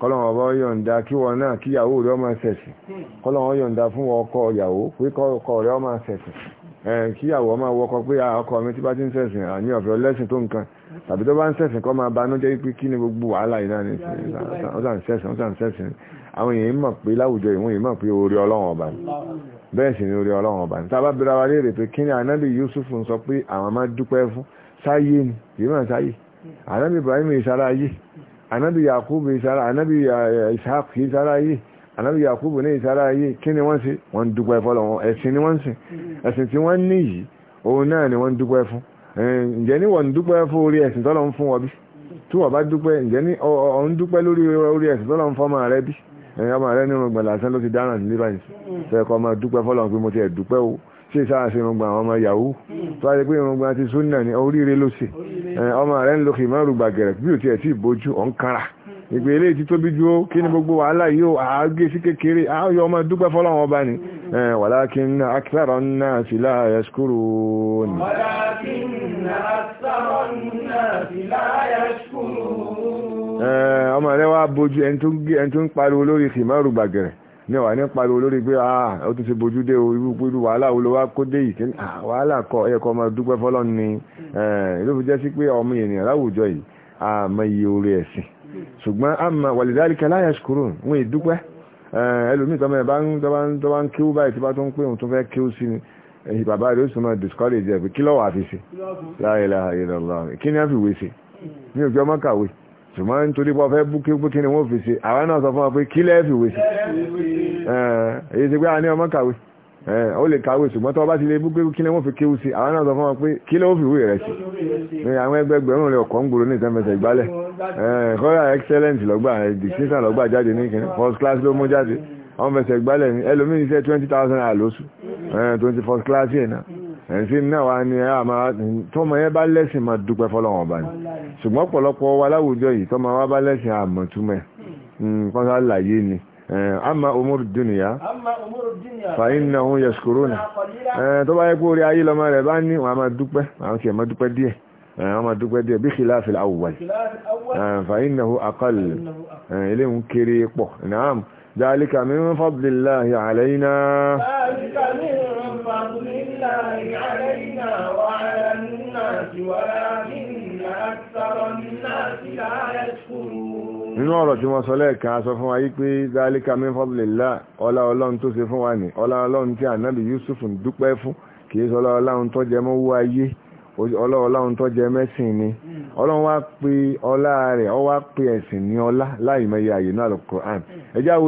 kọ́lọ̀wọ̀n bọ́ yọ̀ǹda kí wọ́n náà kí ìyàwó rẹ̀ ọmọ ṣẹ̀sìn kọ́lọ̀wọ̀n yọ̀ǹda fún ọkọ ìyàwó pé kọ́ rẹ̀ ọmọ ṣẹ̀sìn kí ìyàwó ọmọ wọkọ pé ọkọ mi tí bá ti ń ṣẹ̀sìn àní ọ̀fẹ́ ọlẹ́sìn tó nǹkan tàbí tó bá ń ṣẹ̀sìn kọ́ máa banújẹ́ pé kí ni gbogbo wàhálà yìí náà ní ni bẹ́ẹ̀ Yusuf ń sọ pé àwọn máa dúpẹ́ fún sáyé ni èèyàn sáyé anábì anabi yakub isara anabi eh, eh, ishaq isara yìí anabi yakub ne isara yìí kí ni wọ́n ṣe wọ́n dúpẹ́ fọ́lọ́ wọn ẹ̀sìn ni wọ́n ṣe mm-hmm. ẹ̀sìn tí wọ́n ní yìí òun náà ni wọ́n dúpẹ́ fún eh, ǹjẹ́ ní wọ́n dúpẹ́ fún orí ẹ̀sìn tọ́lọ́ ń fún wọn bí tí wọ́n bá dúpẹ́ ǹjẹ́ ní ọ̀n dúpẹ́ lórí orí ẹ̀sìn tọ́lọ́ ń fọ́mọ rẹ bí ọmọ rẹ nínú gbọ̀lá sẹ́n ti dáràn nílé báyìí mm. fẹ́ ọmọ dúpẹ́ fọ́lọ́ pé mo ti ẹ̀ dúpẹ́ o ṣe sáà sí irungba àwọn ọmọ yahoo tó a jẹ pé irungba ti súnà ní oríire ló ṣe ọmọ rẹ̀ ń lo kì máa rúgba gẹ̀rẹ̀ bí ò tiẹ̀ tí ì bójú ọ̀ ń kanra ìpè eléyìí ti tóbi dúró kí ni gbogbo wàhálà yìí ó àágé sí kékeré àáyọ ọmọ dúpẹ́ fọlọ́wọn ọba ni walakin akthara nnasi la yashkurun. walakin akthara nnasi la yashkurun. ọmọ rẹ̀ wá bójú ẹni tó ń pariwo lórí kì máa rúgba gẹ̀rẹ̀ ní ọ̀wà ní pariwo lórí pé ah ó tún ti bójú dé irú pẹ̀lú wàhálà wo ló wá kó dé yìí kíní ah, wàhálà kọ ẹ̀kọ́ ọmọ dúpẹ́ fọlọ́n ni eh, ló fi jẹ́ sí pé ọmọ ènìyàn láwùjọ yìí àmọ́ iye orí ẹ̀sìn ṣùgbọ́n àmọ́ wàlìdáríkẹ́ láyà ṣùkúrò wọn ì dúpẹ́ eh, ẹlòmíì tọ́mọ ẹ̀ bá ń tọ́ba ń kíw báyìí bá tó ń pè la ilaha illallah kí ni a fi wé ṣe ní òjò ọmọ kàwé ni wọ́n fi ṣe àwọn náà sọ Eh, èyí ti pé a ní ọmọ kàwé eh, ó lè kàwé ṣùgbọ́n tó bá ti lè búgbé kí ni wọ́n fi kéwú sí àwọn náà sọ fún wọn pé kí ló fi wúrẹ̀ sí ní àwọn ẹgbẹgbẹ̀rún rẹ̀ ọ̀kọ́ ń gbòòrò ní ìtẹ́mẹsẹ̀ ìgbálẹ̀ eh, kọ́ra excellent lọ́gbà distinction lọ́gbà jáde first class ló mú jáde wọ́n fẹsẹ̀ ìgbálẹ̀ ní ẹlòmíì iṣẹ́ twenty thousand àlóṣù twenty first class yẹn náà ẹ̀sìn náà wá ní àmà tọ́mọ yẹn bá lẹ́sìn máa dúpẹ́ fọ́lọ́wọ́n ọba ni ṣùgbọ́n pọ̀lọpọ̀ wa láwùjọ yìí tọ́mọ wa bá lẹ́sìn àmọ̀túmẹ̀ hmm, kọ́ńtà láyé ni آه، أما أمور الدنيا أما أمور الدنيا فإنه يشكرون tó bá yẹ kó orí ayé lọ́mọ rẹ̀ bá ní wọ́n a máa dúpẹ́ àwọn kìí máa dúpẹ́ الأول آه، فإنه أقل ilé ń kéré pọ̀ نعم ذلك من فضل الله علينا ذلك من فضل الله علينا وعلى الناس ولكن أكثر الناس لا يشكرون nínú ọ̀rọ̀ tí wọ́n sọ lẹ́ẹ̀kan aṣọ fún wa yí pé zálíkà min fadlillah ọlá ọlọ́run tó ṣe fún wa ní ọlá ọlọ́run tí ànábì Yusuf ń dúpẹ́ fún kì í sọ ọlá ọlọ́run tó jẹ mọ́ owó ayé ọlá ọlọ́run tó jẹ mẹ́sìn ni ọlọ́run wá pé ọlá rẹ̀ ọ wá pé ẹ̀sìn ní ọlá láì mẹ́yẹ àyè náà Al-Qur'an ẹjá wo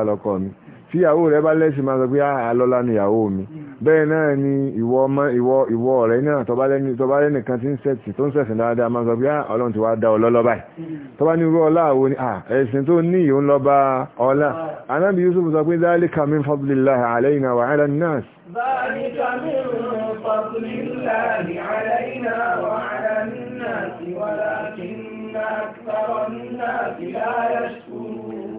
díẹ̀ tí ìyàwó rẹ bá lẹ́sìn máa sọ pé àlọ́lá ah, ni ìyàwó mi hmm. bẹ́ẹ̀ náà ni ìwọ ọmọ ìwọ ìwọ ọ̀rẹ́ náà tọba lẹ́ni tọba lẹ́ni kan tí ń sẹ̀sìn tó ń sẹ̀sìn dáadáa máa sọ pé ah, ọlọ́run ti wá da ọlọ́lọ́ báyìí hmm. tọba ní irú ọlá àwo ni ah, ẹ̀sìn tó ní ìhun lọ́ba ọlá anábì hmm. Yusuf sọ pé dhalika min fadlillahi alayna wa ala an-nas. dhalika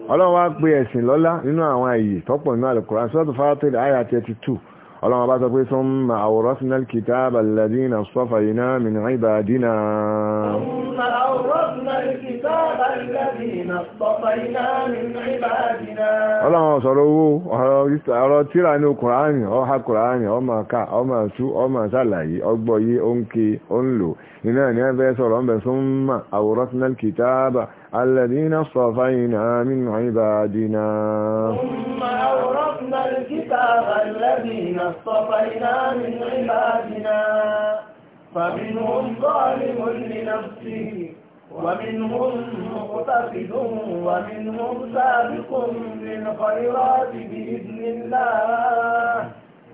ọlọ́run wá pé ẹ̀sìn lọ́lá nínú àwọn àyè tọ́pọ̀ nínú al sọ́tù fàátìlì àyà 32 ọlọ́run bá sọ pé summa awrasna al-kitaba alladhina istafayna min ibadina summa awrasna al-kitaba alladhina istafayna sọ̀rọ̀ owó ọ̀rọ̀ tíra ní kùránì ọha kùránì ọmọ ká ọmọ ọmọ sàlàyé ọgbọ̀yé الذين اصطفينا من عبادنا ثم أورثنا الكتاب الذين اصطفينا من عبادنا فمنهم ظالم لنفسه ومنهم مقتصد ومنهم سابق للخيرات بإذن الله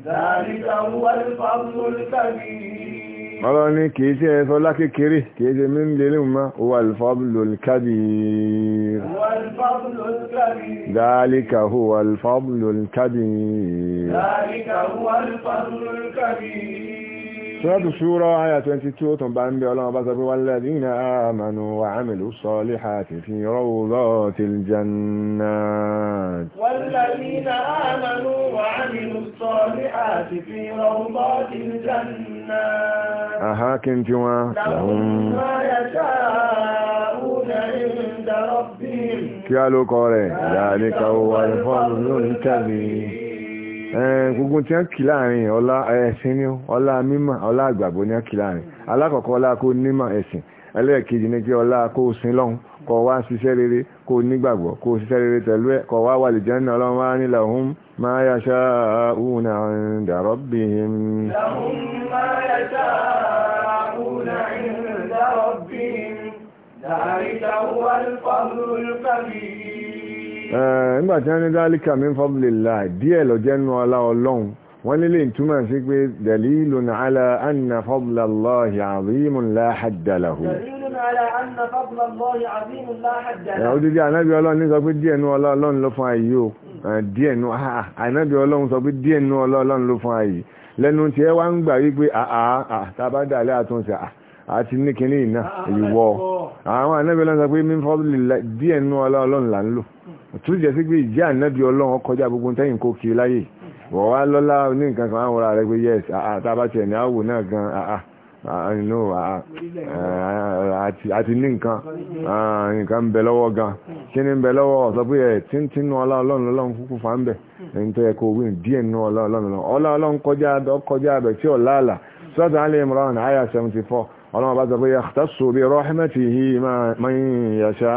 ذلك هو الفضل الكبير مالاني كيسي فلك كيري كيسي من للمة هو الفضل الكبير هو الفضل الكبير ذلك هو الفضل الكبير ذلك هو الفضل الكبير سورة الشورى آية 22 تنبع أنبياء الله بسر والذين آمنوا وعملوا الصالحات في روضات الجنات والذين آمنوا وعملوا الصالحات في روضات الجنات àhákin tí wọ́n láhún kí ló kọ rẹ̀ láàrínkà owó àrífọ́nù lórí tàbí gbogbo tí a kì láàrin ọlá ẹ̀sìn ní ọlá mímọ̀ ọlá àgbàgbọ́ ní wọ́n kì láàrin alákọ̀ọ́kọ́ ọlá kó nímọ̀ ẹ̀sìn ẹlẹ́ẹ̀kejì ní ọlá kó sin lọ́hun kó wá ṣiṣẹ́ rere kó nígbàgbọ́ kó ṣiṣẹ́ rere tẹ̀lú ẹ̀ kó wá wà lè jẹ́nà ọlọ́run wá ní lahum ma yasha'una 'inda rabbihim. lahum ma yasha'una 'inda rabbihim dhalika huwa al-fadlul kabir. nígbà tí wọ́n ní dhalika min fadlillah díẹ̀ lọ́jẹ́ nu ọlá ọlọ́run wọ́n nílé ìtumọ̀ sí pé dalilun ala anna fadlallahi 'azimun la hadda lahu. Odidi ànábì ọlọ́run ní sọ pé díẹ̀ nú ọlọ́run ló fún ayé o. Díẹ̀ nú ànábì ọlọ́run sọ pé díẹ̀ nú ọlọ́run ló fún ayé. Lẹ́nu tí ẹ wá ń gbà wípé àà tàbá dàlẹ́ àtúnṣe àti ní kìíní ìná ìwọ. Àwọn ànábì ọlọ́run sọ pé mí fọ́bùlì díẹ̀ nú ọlọ́run là ń lò. Tún jẹ́ sí pé ìjẹ́ ànábì ọlọ́run kọjá gbogbo tẹ́yìn kó kiri láyé. Wọ́n wá lọ́lá ní inú àti eh, ní nǹkan ah, nǹkan ń bẹ lọ́wọ́ gan kí ni ń bẹ lọ́wọ́ ọ̀sọ́ pé ẹ̀ eh, tí ń tí nú ọlá ọlọ́run lọ́lọ́run kúkú fa ń bẹ̀ ẹni tó yẹ kó wí díẹ̀ nú ọlá ọlọ́run lọ́run ọlá ọlọ́run kọjá abẹ̀ tí ọ̀lá àlà sọ́tà alẹ́ Imran àyà 74 ọlọ́run bá sọ pé yakhtassu bi rahmatihi man yasha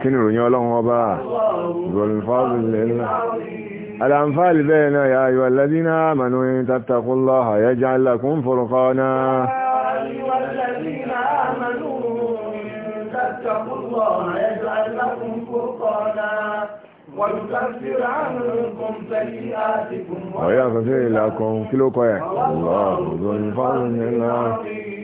kí ni ìròyìn ọlọ́run ọba ìrọ̀lùfáàlù lẹ́nu الأنفال بينا يا أيها الذين آمنوا إن تتقوا الله يجعل لكم فرقانا يا أيها الذين آمنوا إن تتقوا الله يجعل لكم فرقانا ويكفر عنكم سيئاتكم ويغفر لكم كلكم الله ذو الفضل العظيم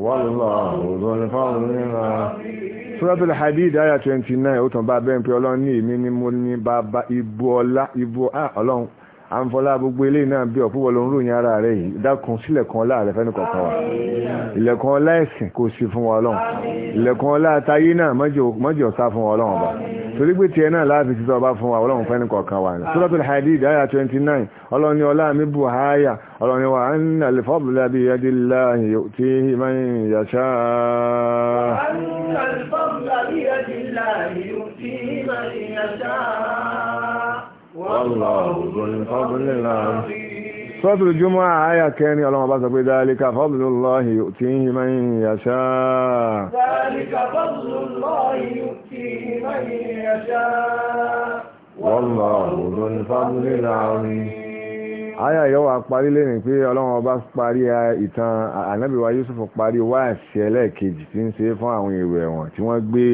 wọ́lọ́lọ́ suratul hadid aya 29 ó tàn bá 29. pé ọlọ́run ní èmi ni mo ní bàbá ibu ọlá ibu ọlọ́run àǹfọlá gbogbo ilé náà bí ọ̀púpọ̀ ló ń ròyìn ara rẹ̀ yìí dákun sí ilẹ̀kùn ọlá rẹ̀ fẹ́ni kọ̀ọ̀kan wa ilẹ̀kùn ọlá ẹ̀sìn kò sí fún wa ọlọ́run ilẹ̀kùn ọlá tayé náà mọ́jọ̀ sá fún wa ọlọ́run ọba torí pé tiẹ̀ náà láti ti fún wa ọlọ́run fẹ́ni kọ̀ọ̀kan wa ní ah. suratul hadid aya 29 ọlọ́ni ọlá mi bù háyà ọlọ́ni wa anna al-fadla bi yadillahi yu'tihi man yasha anna al-fadla bi yadillahi yu'tihi man yasha wallahu dhul fadli sọ́tù jùmọ́ àyà kẹrin ọlọ́mọ bá sọ pé dáríkà fọ́bùlùlọ́hì tí ń hìmọ́ ìyàṣá àyà yọ́wà parí lè ní pé ọlọ́mọ bá parí ìtàn ànábìwá Yusuf parí wáàsí ẹlẹ́ẹ̀kejì tí ń ṣe fún àwọn èrò ẹ̀wọ̀n tí wọ́n gbé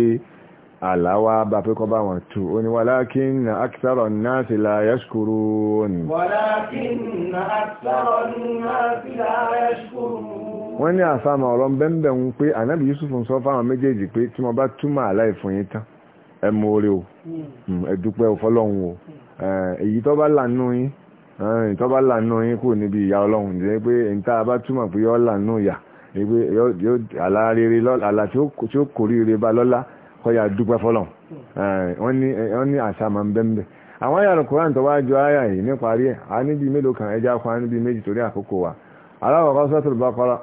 àláwá bá pé kọ́ bá wọn tù ó ní walakin akthara an-nasi la yashkurun walakin akthara an-nasi la yashkurun wọ́n ní àfàmà ọ̀rọ̀ bẹ́ẹ̀bẹ̀ ń pé ànábì Yusuf ń sọ fáwọn méjèèjì pé tí wọ́n bá túmọ̀ àláì fún yín tán ẹ mú orí o hmm. Hmm, ẹ dúpẹ́ òfọlọ́hún o hmm. èyí tó bá lànú yín kọ́yà dúpẹ́ fọ́lọ̀ wọ́n ní àṣà máa ń bẹ́m̀bẹ̀ àwọn àyà Al-Qur'an tó wá ju àyà yìí ní parí ẹ̀ a níbi mélòó kan ẹja kọ́ a níbi méjì torí àkókò wa aláwọ̀kọ́ Suratul Baqara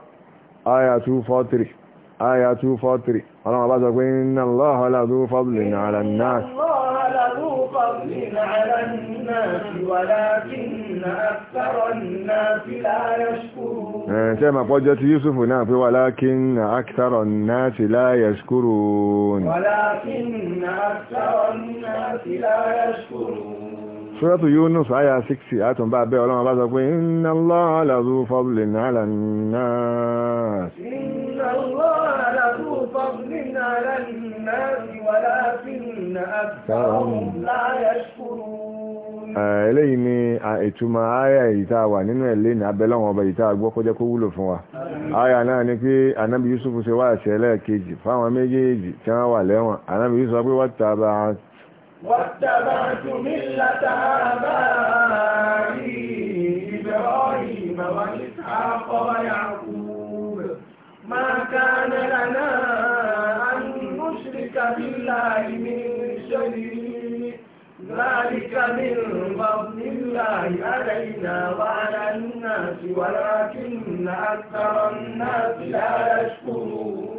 àyà 243 آية 243 اللهم بارك إن الله لذو فضل على الناس الله لذو فضل على الناس ولكن أكثر الناس لا يشكرون كما قلت يوسف نافي ولكن أكثر الناس لا يشكرون ولكن أكثر الناس لا يشكرون suratu yunus aya 60 àtún bá bẹ́ ọlọ́run bá sọ pé inna Allaha lazu fadlin ala nnas inna Allaha lazu fadlin ala nnas walakinna aktharahum la yashkurun eléyìí ni ìtumọ̀ aya ìta wà nínú ẹ̀lẹ́ ní abẹ́lọ́wọ̀n ọba ìta gbọ́ kó jẹ́ kó wúlò fún wa aya náà ni pé anábi yusuf ṣe wá àṣẹ ẹlẹ́ẹ̀kejì fáwọn méjèèjì tí wọ́n wà lẹ́wọ̀n anábi yusuf sọ pé wọ́n tàbí واتبعت ملة آبائي إبراهيم وإسحاق ويعقوب ما كان لنا أن نشرك بالله من شيء ذلك من فضل الله علينا وعلى الناس ولكن أكثر الناس لا يشكرون